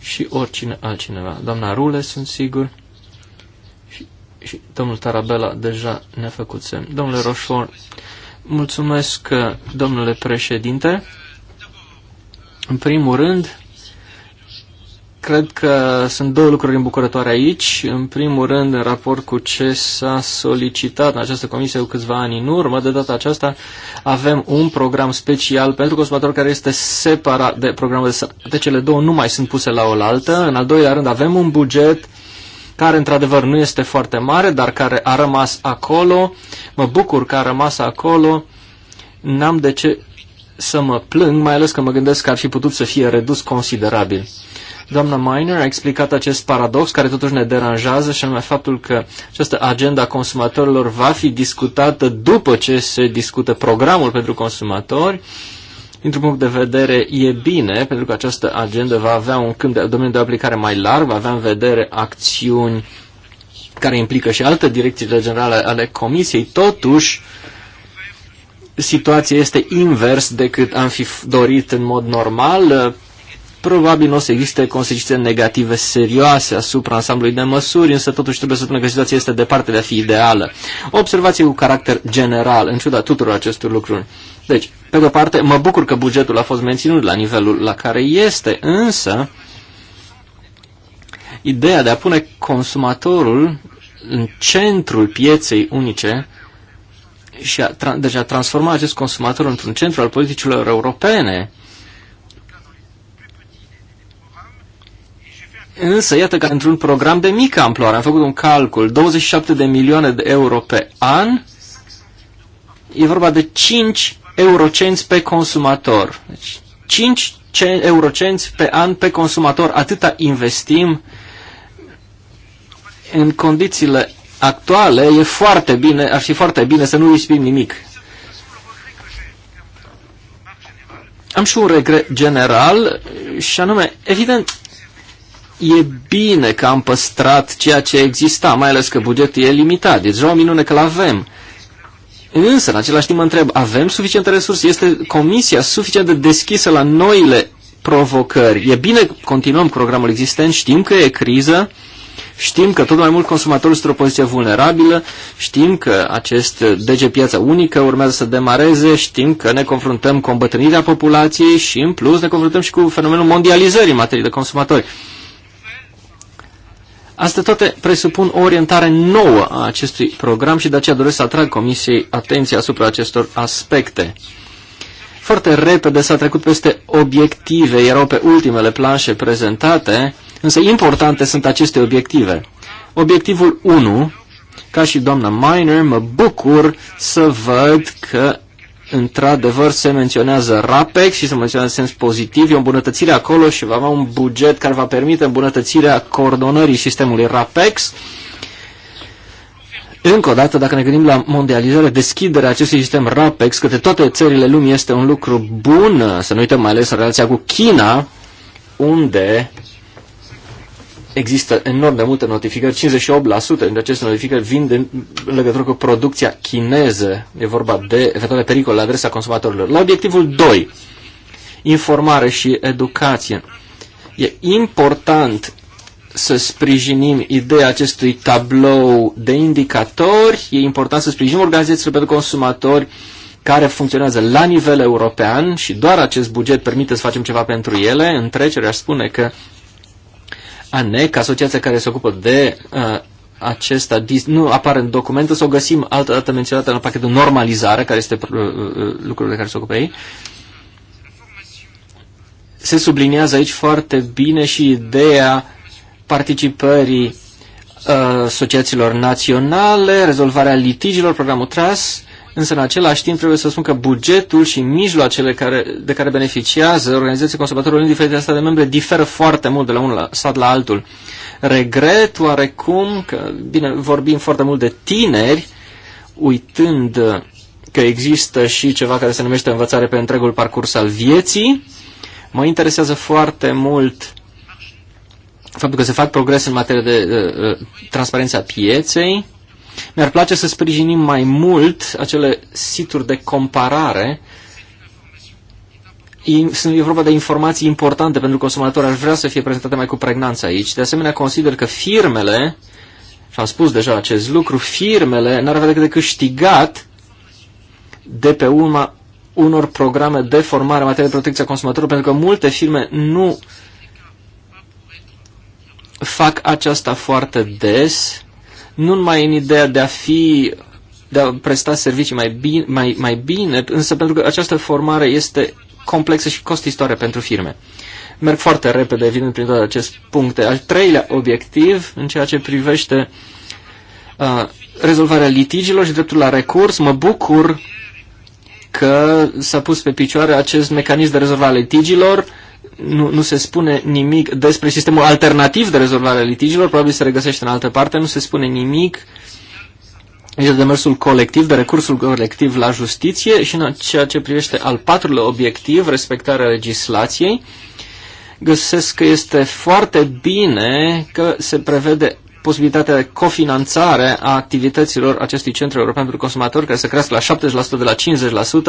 Și oricine altcineva. Doamna Rule, sunt sigur. Și, și domnul Tarabela deja ne-a făcut semn. Domnule Roșor, mulțumesc, domnule președinte. În primul rând, Cred că sunt două lucruri îmbucurătoare aici. În primul rând, în raport cu ce s-a solicitat în această comisie cu câțiva ani în urmă, de data aceasta avem un program special pentru consumator care este separat de programul de sănătate. Cele două nu mai sunt puse la oaltă. În al doilea rând, avem un buget care într-adevăr nu este foarte mare, dar care a rămas acolo. Mă bucur că a rămas acolo. N-am de ce să mă plâng, mai ales că mă gândesc că ar fi putut să fie redus considerabil. Doamna Miner a explicat acest paradox care totuși ne deranjează și anume faptul că această agenda consumatorilor va fi discutată după ce se discută programul pentru consumatori. Dintr-un punct de vedere, e bine, pentru că această agendă va avea un câmp de domeniu de aplicare mai larg, va avea în vedere acțiuni care implică și alte direcții generale ale Comisiei. Totuși, situația este invers decât am fi dorit în mod normal probabil nu o să existe consecințe negative serioase asupra ansamblului de măsuri, însă totuși trebuie să spunem că situația este departe de a fi ideală. O observație cu caracter general, în ciuda tuturor acestor lucruri. Deci, pe de-o parte, mă bucur că bugetul a fost menținut la nivelul la care este, însă ideea de a pune consumatorul în centrul pieței unice și a, deci a transforma acest consumator într-un centru al politicilor europene Însă, iată că într-un program de mică amploare, am făcut un calcul, 27 de milioane de euro pe an, e vorba de 5 eurocenți pe consumator. Deci 5 eurocenți pe an pe consumator, atâta investim în condițiile actuale, e foarte bine, ar fi foarte bine să nu risipim nimic. Am și un regret general și anume, evident, e bine că am păstrat ceea ce exista, mai ales că bugetul e limitat. E deci, deja deci, o minune că l-avem. Însă, în același timp, mă întreb, avem suficiente resurse? Este comisia suficient de deschisă la noile provocări? E bine că continuăm programul existent, știm că e criză, știm că tot mai mult consumatorul este o poziție vulnerabilă, știm că acest DG Piața Unică urmează să demareze, știm că ne confruntăm cu îmbătrânirea populației și, în plus, ne confruntăm și cu fenomenul mondializării în materie de consumatori. Astea toate presupun o orientare nouă a acestui program și de aceea doresc să atrag Comisiei atenția asupra acestor aspecte. Foarte repede s-a trecut peste obiective, erau pe ultimele planșe prezentate, însă importante sunt aceste obiective. Obiectivul 1, ca și doamna Miner, mă bucur să văd că Într-adevăr, se menționează RAPEX și se menționează în sens pozitiv, e o îmbunătățire acolo și va avea un buget care va permite îmbunătățirea coordonării sistemului RAPEX. Încă o dată, dacă ne gândim la mondializare, deschiderea acestui sistem RAPEX către toate țările lumii este un lucru bun, să nu uităm mai ales în relația cu China, unde există enorm de multe notificări, 58% dintre aceste notificări vin de, în legătură cu producția chineză, e vorba de eventuale pericole la adresa consumatorilor. La obiectivul 2, informare și educație. E important să sprijinim ideea acestui tablou de indicatori, e important să sprijinim organizațiile pentru consumatori care funcționează la nivel european și doar acest buget permite să facem ceva pentru ele. În trecere aș spune că ANEC, asociația care se ocupă de uh, acesta, nu apare în documente, să o găsim altă dată menționată în pachetul normalizare, care este uh, uh lucrurile de care se ocupă ei. Se subliniază aici foarte bine și ideea participării uh, asociațiilor naționale, rezolvarea litigilor, programul TRAS, Însă, în același timp, trebuie să spun că bugetul și mijloacele care, de care beneficiază organizații conservatorilor în diferite state membre diferă foarte mult de la unul stat la altul. Regret oarecum că, bine, vorbim foarte mult de tineri, uitând că există și ceva care se numește învățare pe întregul parcurs al vieții. Mă interesează foarte mult faptul că se fac progrese în materie de uh, transparența pieței, mi-ar place să sprijinim mai mult acele situri de comparare. E vorba de informații importante pentru consumatori. Aș vrea să fie prezentate mai cu pregnanță aici. De asemenea, consider că firmele, și am spus deja acest lucru, firmele n-ar avea decât de câștigat de pe urma unor programe de formare în materie de protecție a consumatorilor, pentru că multe firme nu fac aceasta foarte des nu numai în ideea de a fi de a presta servicii mai bine, mai, mai bine, însă pentru că această formare este complexă și costisitoare pentru firme. Merg foarte repede, evident, prin toate aceste puncte. Al treilea obiectiv, în ceea ce privește uh, rezolvarea litigilor și dreptul la recurs, mă bucur că s-a pus pe picioare acest mecanism de rezolvare a litigilor nu, nu se spune nimic despre sistemul alternativ de rezolvare a litigilor, probabil se regăsește în altă parte, nu se spune nimic de demersul colectiv, de recursul colectiv la justiție și în ceea ce privește al patrulea obiectiv, respectarea legislației, găsesc că este foarte bine că se prevede posibilitatea de cofinanțare a activităților acestui centru european pentru consumatori, care să crească la 70% de la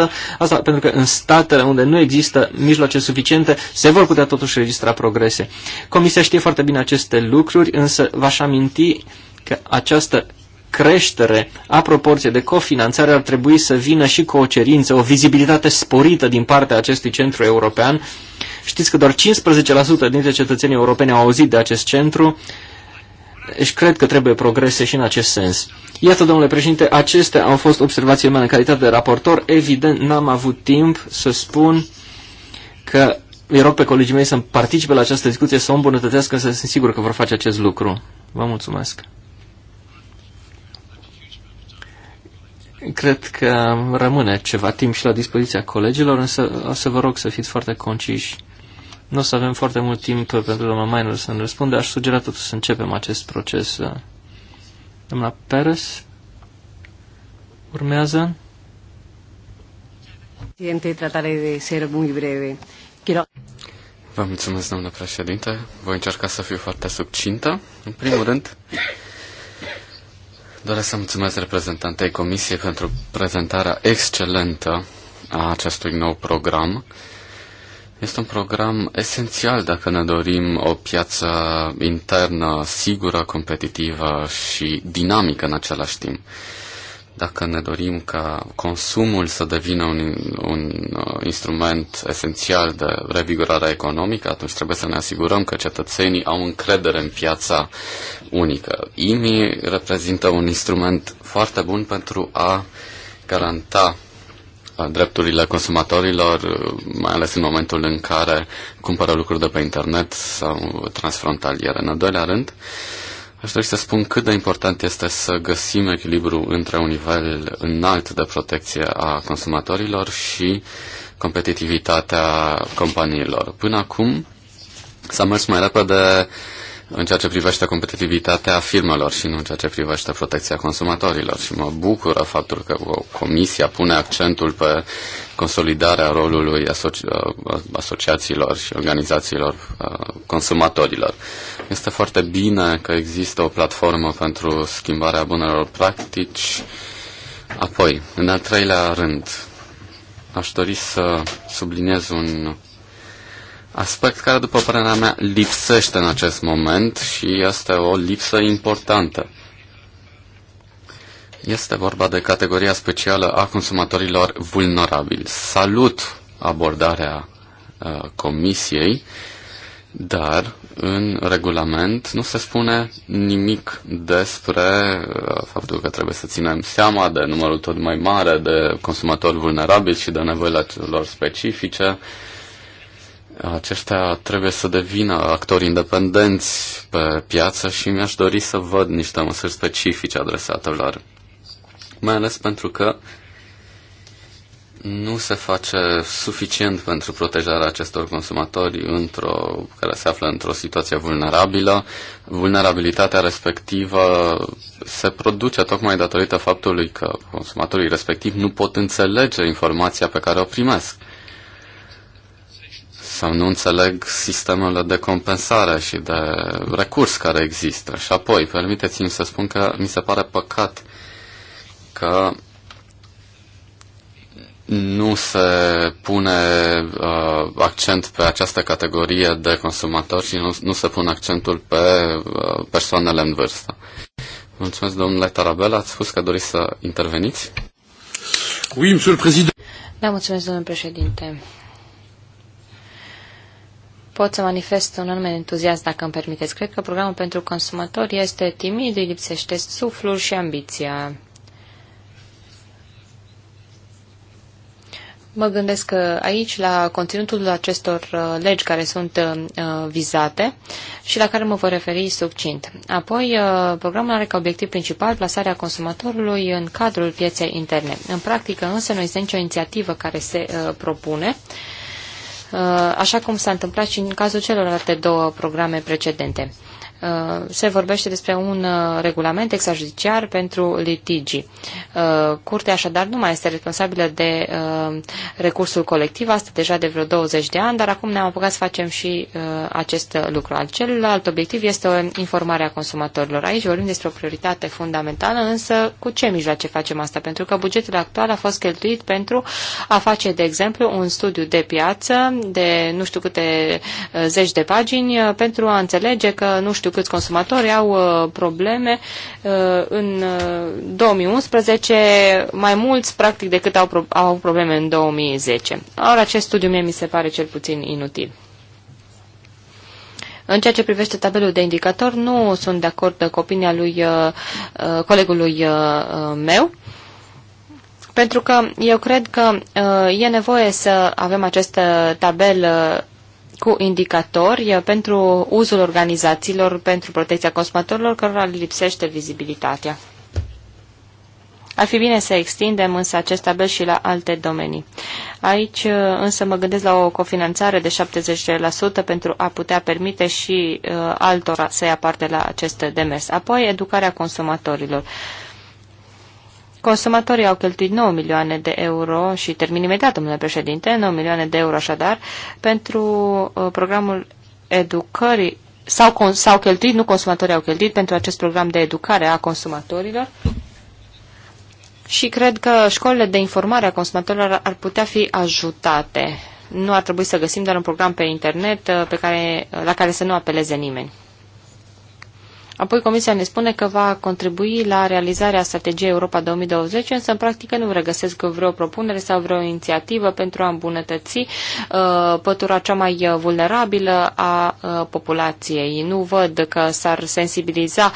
50%, asta pentru că în statele unde nu există mijloace suficiente, se vor putea totuși registra progrese. Comisia știe foarte bine aceste lucruri, însă v-aș aminti că această creștere a proporției de cofinanțare ar trebui să vină și cu o cerință, o vizibilitate sporită din partea acestui centru european. Știți că doar 15% dintre cetățenii europeni au auzit de acest centru și cred că trebuie progrese și în acest sens. Iată, domnule președinte, acestea au fost observațiile mele în calitate de raportor. Evident, n-am avut timp să spun că îi rog pe colegii mei să participe la această discuție, să o îmbunătățească, să sunt sigur că vor face acest lucru. Vă mulțumesc. Cred că rămâne ceva timp și la dispoziția colegilor, însă o să vă rog să fiți foarte conciși. Nu o să avem foarte mult timp pentru doamna Mainer să ne răspunde. Aș sugera totuși să începem acest proces. Uh, doamna Perez urmează. de ser Vă mulțumesc, domnule președinte. Voi încerca să fiu foarte subcintă. În primul rând, doresc să mulțumesc reprezentantei Comisiei pentru prezentarea excelentă a acestui nou program este un program esențial dacă ne dorim o piață internă sigură, competitivă și dinamică în același timp. Dacă ne dorim ca consumul să devină un, un uh, instrument esențial de revigorare economică, atunci trebuie să ne asigurăm că cetățenii au încredere în piața unică. IMI reprezintă un instrument foarte bun pentru a garanta drepturile consumatorilor, mai ales în momentul în care cumpără lucruri de pe internet sau transfrontaliere. În al doilea rând, aș dori să spun cât de important este să găsim echilibru între un nivel înalt de protecție a consumatorilor și competitivitatea companiilor. Până acum s-a mers mai repede uh, în ceea ce privește competitivitatea firmelor și nu în ceea ce privește protecția consumatorilor. Și mă bucură faptul că Comisia pune accentul pe consolidarea rolului asoci- uh, asociațiilor și organizațiilor uh, consumatorilor. Este foarte bine că există o platformă pentru schimbarea bunelor practici. Apoi, în al treilea rând, aș dori să subliniez un aspect care, după părerea mea, lipsește în acest moment și este o lipsă importantă. Este vorba de categoria specială a consumatorilor vulnerabili. Salut abordarea uh, comisiei, dar în regulament nu se spune nimic despre uh, faptul că trebuie să ținem seama de numărul tot mai mare de consumatori vulnerabili și de nevoile lor specifice. Uh, aceștia trebuie să devină actori independenți pe piață și mi-aș dori să văd niște măsuri specifice adresate lor. Mai ales pentru că nu se face suficient pentru protejarea acestor consumatori într-o, care se află într-o situație vulnerabilă. Vulnerabilitatea respectivă se produce tocmai datorită faptului că consumatorii respectivi nu pot înțelege informația pe care o primesc sau nu înțeleg sistemele de compensare și de recurs care există. Și apoi, permiteți-mi să spun că mi se pare păcat că nu se pune uh, accent pe această categorie de consumatori și nu, nu se pune accentul pe uh, persoanele în vârstă. Mulțumesc, domnule Tarabel, Ați spus că doriți să interveniți? Oui, monsieur le président. Da, mulțumesc, domnule președinte pot să manifest un anume entuziasm, dacă îmi permiteți. Cred că programul pentru consumatori este timid, îi lipsește suflul și ambiția. Mă gândesc că aici la conținutul acestor uh, legi care sunt uh, uh, vizate și la care mă voi referi subcint. Apoi, programul are ca obiectiv principal plasarea consumatorului în cadrul pieței interne. În practică, însă, nu este nicio inițiativă care se propune Uh, așa cum s-a întâmplat și în cazul celorlalte două programe precedente. Uh, se vorbește despre un uh, regulament extrajudiciar pentru litigi. Uh, curtea așadar nu mai este responsabilă de recursul colectiv, asta deja de vreo 20 de ani, dar acum ne-am apucat să facem și acest lucru. Al celălalt obiectiv este o informare a consumatorilor. Aici vorbim despre o prioritate fundamentală, însă cu ce mijloace facem asta? Pentru că bugetul actual a fost cheltuit pentru a face, de exemplu, un studiu de piață de nu știu câte zeci de pagini pentru a înțelege că nu știu câți consumatori au uh, probleme. Uh, în 2011, uh, mai mulți, practic, decât au, pro au probleme în 2010. Ori acest studiu mie mi se pare cel puțin inutil. În ceea ce privește tabelul de indicator, nu sunt de acord cu opinia lui colegului meu, pentru că eu cred că uh, e nevoie să avem acest tabel cu indicatori uh, pentru uzul organizațiilor pentru protecția consumatorilor cărora le lipsește vizibilitatea. Ar fi bine să extindem însă acest tabel și la alte domenii. Aici uh, însă mă gândesc la o cofinanțare de 70% pentru a putea permite și uh, altora să ia parte la acest demers. Apoi educarea consumatorilor. Uh, Consumatorii au cheltuit 9 milioane de euro și termin imediat, domnule președinte, 9 milioane de euro așadar, pentru uh, programul educării sau s-au cheltuit, nu consumatorii au cheltuit, pentru acest program de educare a consumatorilor. Și cred că școlile de informare a consumatorilor ar putea fi ajutate. Nu ar trebui să găsim doar un program pe internet uh, pe care, uh, la care să nu apeleze nimeni. Apoi Comisia ne spune că va contribui la realizarea strategiei Europa 2020, însă în practică nu regăsesc vreo propunere sau vreo inițiativă pentru a îmbunătăți uh, pătura cea mai vulnerabilă a uh, populației. Nu văd că s-ar sensibiliza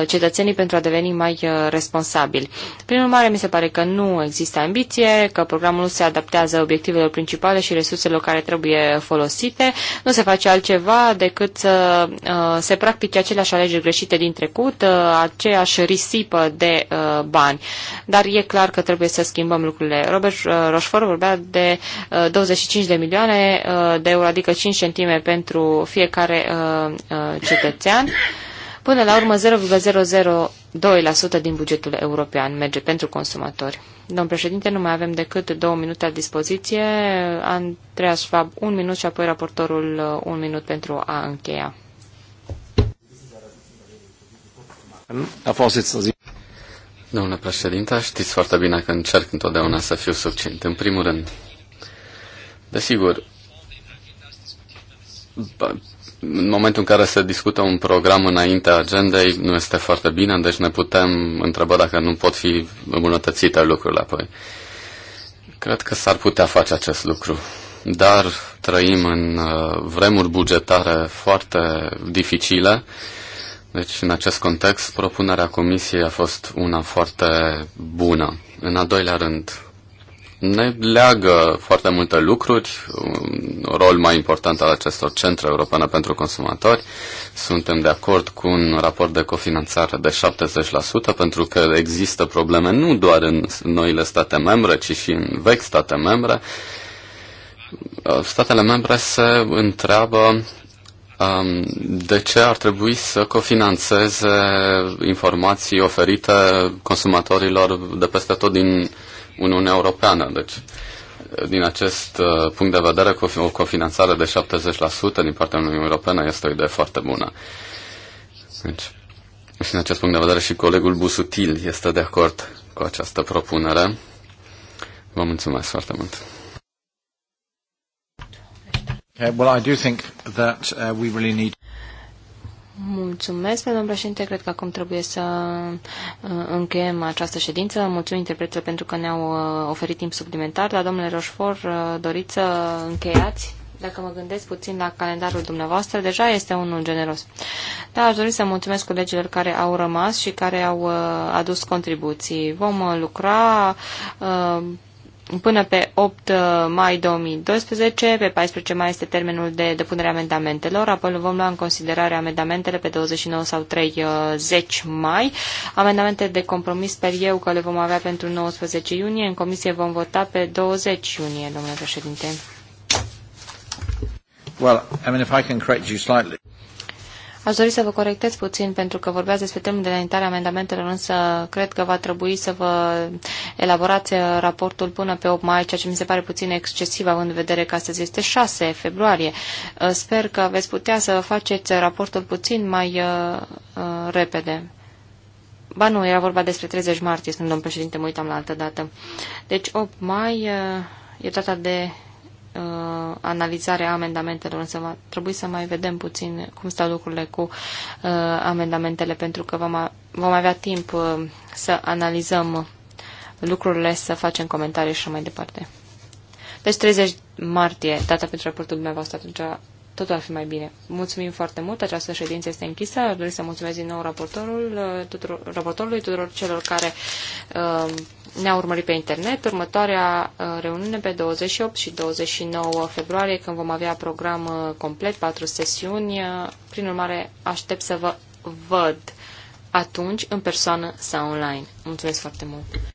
uh, cetățenii pentru a deveni mai uh, responsabili. Prin urmare, mi se pare că nu există ambiție, că programul nu se adaptează obiectivelor principale și resurselor care trebuie folosite, nu se face altceva decât să uh, se practice aceleași alegeri greșite greșite din trecut, uh, aceeași risipă de uh, bani. Dar e clar că trebuie să schimbăm lucrurile. Robert uh, Rochefort vorbea de 25 de milioane de euro, adică 5 centime pentru fiecare cetățean. Până la urmă, 0,002% din bugetul european merge pentru consumatori. Domn președinte, nu mai avem decât două minute la dispoziție. Andreea Schwab, un minut și apoi raportorul un minut pentru a încheia. Domnule președinte, știți foarte bine că încerc întotdeauna să fiu succint. În primul rând, desigur, în momentul în care se discută un program înaintea agendei, nu este foarte bine, deci ne putem întreba dacă nu pot fi îmbunătățite lucrurile apoi. Cred că s-ar putea face acest lucru. Dar trăim în uh, vremuri bugetare foarte dificile deci, în acest context, propunerea Comisiei a fost una foarte bună. În al doilea rând, ne leagă foarte multe lucruri, un rol mai important al acestor centre europene pentru consumatori. Suntem de acord cu un raport de cofinanțare de 70% pentru că există probleme nu doar în noile state membre, ci și în vechi state membre. Statele membre se întreabă de ce ar trebui să cofinanțeze informații oferite consumatorilor de peste tot din Uniunea Europeană? Deci, din acest uh, punct de vedere, o cofinanțare de 70% din partea Uniunii Europene este o idee foarte bună. Deci, și din acest punct de vedere și colegul Busutil este de acord cu această propunere. Vă mulțumesc foarte mult! Uh, well, I do think that uh, we really need... Mulțumesc, domnul președinte. Cred că acum trebuie să uh, încheiem această ședință. Mulțumim interpreților pentru că ne-au uh, oferit timp suplimentar. Dar, domnule Roșfor, doriți să încheiați? Dacă mă gândesc puțin la calendarul dumneavoastră, deja este unul generos. Da, aș dori să mulțumesc colegilor care au rămas și care au adus contribuții. Vom lucra până pe 8 uh, mai 2012. Pe 14 mai este termenul de depunere a amendamentelor, apoi vom lua în considerare amendamentele pe 29 sau 30 mai. Amendamente de compromis sper eu că le vom avea pentru 19 iunie. În comisie vom vota pe 20 iunie, domnule președinte. Well, I mean, if I can correct you slightly. Aș dori să vă corectez puțin pentru că vorbeați despre termenul de înaintare a amendamentelor, însă cred că va trebui să vă elaborați uh, raportul până pe 8 mai, ceea ce mi se pare puțin excesiv având în vedere că astăzi este 6 februarie. Uh, sper că veți putea să faceți uh, raportul puțin mai uh, repede. Ba nu, era vorba despre 30 martie, sunt domn președinte, mă uitam la altă dată. Deci 8 mai uh, e data de uh, analizarea amendamentelor, însă va trebui să mai vedem puțin cum stau lucrurile cu uh, amendamentele, pentru că vom, vom avea timp uh, să analizăm lucrurile, să facem comentarii și mai departe. Deci 30 martie, data pentru raportul dumneavoastră, atunci totul ar fi mai bine. Mulțumim foarte mult, această ședință este închisă. Aș dori să mulțumesc din nou raportorul, uh, tuturor, raportorului, tuturor celor care uh, ne-a urmărit pe internet. Următoarea uh, reuniune pe 28 și 29 februarie, când vom avea program uh, complet, patru sesiuni. Uh, prin urmare, aștept să vă văd atunci, în persoană sau online. Mulțumesc foarte mult!